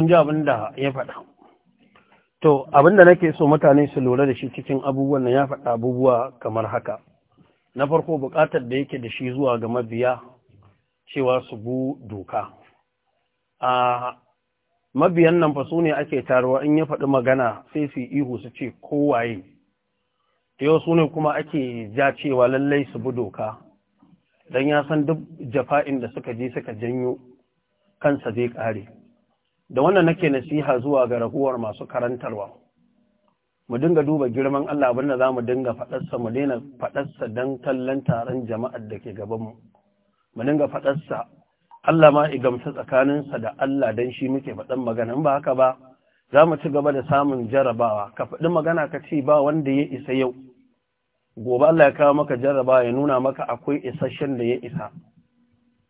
ji abin da ya faɗa to abin da nake so mutane su lura da shi cikin abubuwan ya faɗa abubuwa kamar haka na farko buƙatar da yake da shi zuwa ga mabiya cewa su bu doka a mabiyan nan fa su ne ake taruwa in ya faɗi magana sai su ihu su ce kowaye ta yau su ne kuma ake ja cewa lallai su bu doka don ya san duk jafa'in da suka je suka janyo kansa zai ƙare da wannan nake nasiha zuwa ga rahuwar masu karantarwa mu dinga duba girman Allah abinda za mu dinga faɗarsa mu daina faɗarsa don kallon taron jama'ar da ke gabanmu mu dinga faɗarsa Allah ma tsakanin tsakaninsa da Allah don shi muke faɗan magana in ba haka ba za mu ci gaba da samun jarabawa ka faɗi magana ka ce ba wanda ya isa yau gobe Allah ya kawo maka jarabawa ya nuna maka akwai isasshen da ya isa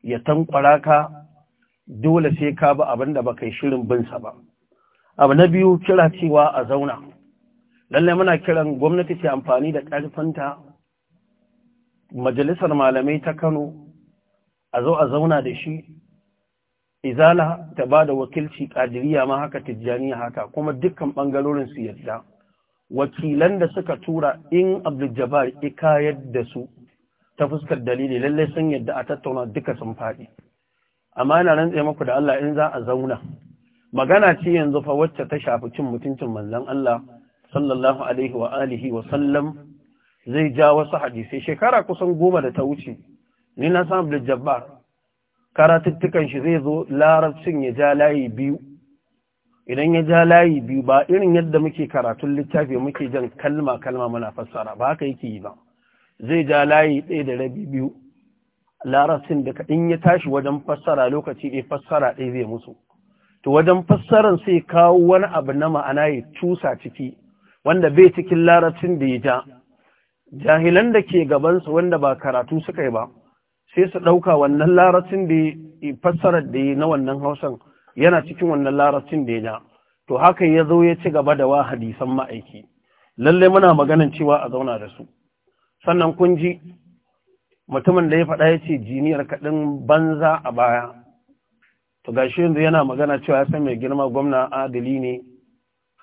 ya tankwara ka dole sai ka bi abin da baka yi shirin binsa ba abu na biyu kira cewa a zauna lallai muna kiran gwamnati ce amfani da ƙarfinta majalisar malamai ta kano a zo a zauna da shi izala ta ba da wakilci ƙadiriya ma haka tijjani haka kuma dukkan ɓangarorin su yadda wakilan da suka tura in abdul-jabbar ikayar da su ta fuskar dalili lallai sun yadda a tattauna duka sun faɗi amma yana rantse muku da Allah in za a zauna magana ce yanzu fa wacce ta shafi cin mutuncin manzon Allah sallallahu alaihi wa alihi wa sallam zai ja wasu hadisi shekara kusan goma da ta wuce ni na samu da jabbar karatuttukan shi zai zo larabcin ya ja layi biyu idan ya ja layi biyu ba irin yadda muke karatun littafi muke jan kalma kalma muna fassara ba haka yake yi ba zai ja layi ɗaya da rabi biyu larabcin da in ya tashi wajen fassara lokaci ɗaya fassara ɗaya zai musu to wajen fassaran sai kawo wani abu na ma'ana ya cusa ciki wanda bai cikin larabcin da ya ja jahilan da ke gabansu wanda ba karatu suka yi ba sai su ɗauka wannan larabcin da ya fassarar da ya na wannan hausan yana cikin wannan larabcin da ya ja to haka ya zo ya ci gaba da wa hadisan ma'aiki lallai muna maganan cewa a zauna da su sannan kun ji mutumin da ya faɗa ya ce jiniyar kaɗin banza a baya to gashi yanzu yana magana cewa ya san mai girma gwamna adali ne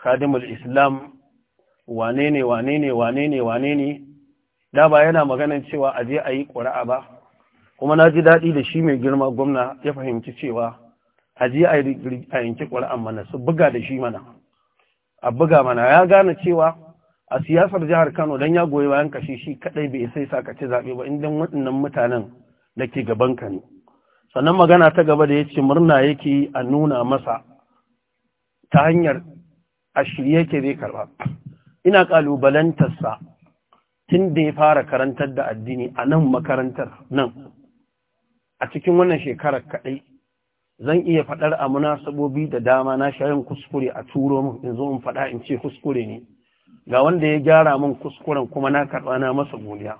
khadimul islam wane ne wane ne wane ne wane ne da ba yana maganan cewa a je a yi ƙuri'a ba kuma na ji daɗi da shi mai girma gwamna ya fahimci cewa a je a yanki ƙuri'an mana su buga da shi mana a buga mana ya gane cewa a siyasar jihar Kano dan ya goyi bayan kashi shi kadai bai sai sa ka ci zabe ba indan waɗannan mutanen da ke gaban ka ne sannan magana ta gaba da yace murna yake a nuna masa ta hanyar a shirye yake zai karba ina sa tun da ya fara karantar da addini a nan makarantar nan a cikin wannan shekarar kadai zan iya faɗar a munasabobi da dama na shayin kuskure a turo mu in zo in faɗa in ce kuskure ne ga wanda ya gyara min kuskuren kuma na karɓa na masa godiya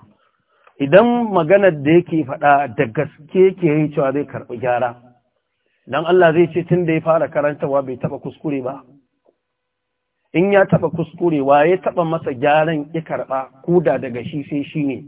idan maganar da yake faɗa da gaske yake yi cewa zai karɓi gyara don Allah zai ce tun da ya fara karantawa bai taɓa kuskure ba in ya taɓa kuskure wa ya taɓa masa gyaran ya karɓa kuda daga shi sai shi ne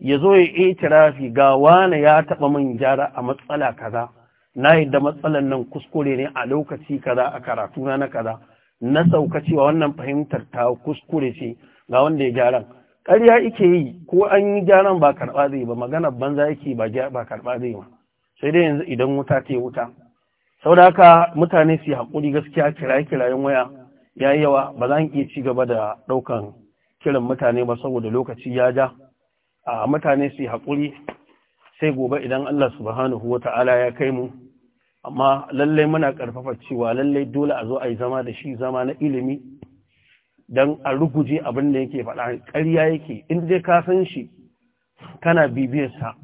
ya zo ya tirafi. ga wane ya taɓa min gyara a matsala kaza na yadda matsalan nan kuskure ne a lokaci kaza a karatuna na kaza na sauka cewa wannan fahimtar ta kuskure ce ga wanda ya gyaran ƙarya ike yi ko an yi gyaran ba karɓa zai ba magana banza yake ba ba karɓa zai ba sai dai yanzu idan wuta ta yi wuta da haka mutane su yi haƙuri gaskiya kiraye kirayen waya ya yi yawa ba za mu iya ci gaba da ɗaukan kiran mutane ba saboda lokaci ya ja a mutane su yi haƙuri sai gobe idan Allah subhanahu wa ta'ala ya kai mu amma lallai muna karfafa cewa lallai dole a zo a yi zama da shi zama na ilimi don a ruguje abin da yake faɗa ƙarya yake in dai ka san shi kana bibiyarsa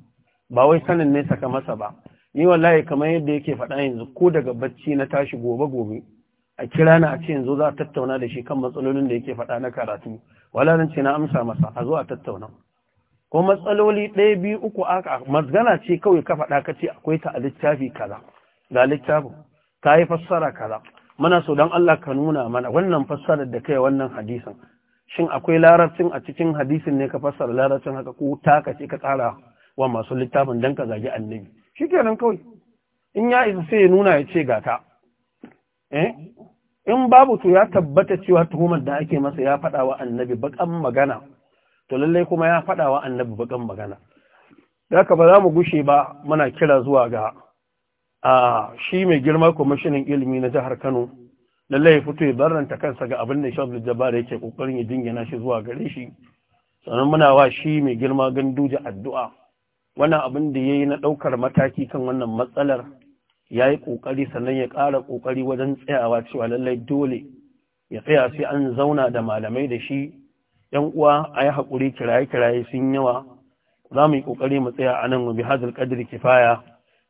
ba wai sanin ne saka masa ba ni wallahi kamar yadda yake faɗa yanzu ko daga bacci na tashi gobe gobe a kira na a ce yanzu za a tattauna da shi kan matsalolin da yake faɗa na karatu wala nan ce na amsa masa a zo a tattauna ko matsaloli ɗaya biyu uku aka magana ce kawai ka faɗa ka ce akwai ta a littafi kaza ga littafin ka yi fassara kaza muna so don Allah ka nuna mana wannan fassarar da kai wannan hadisin shin akwai larabcin a cikin hadisin ne ka fassara larabcin haka ko ta ka ce ka tsara wa masu littafin don ka zagi annabi shi kenan kawai in ya isa sai ya nuna ya ce ga ta eh? in babu to ya tabbata cewa tuhumar da ake masa ya faɗa wa annabi bakan magana to lallai kuma ya faɗa wa annabi bakan magana da ba za mu gushe ba muna kira zuwa ga A'a, shi mai girma kwamishinan ilimi na jihar Kano lallai ya fito ya barranta kansa ga abin da Shabda Jabbar yake kokarin ya dingina shi zuwa gare shi sannan muna wa shi mai girma ganduje addu'a wannan abin da yayi na daukar mataki kan wannan matsalar yayi kokari sannan ya ƙara kokari wajen tsayawa cewa lallai dole ya tsaya sai an zauna da malamai da shi ‘yan uwa a yi haƙuri kiraye-kiraye sun yawa za mu yi ƙoƙari mu tsaya anan mu bi hazal ƙadir kifaya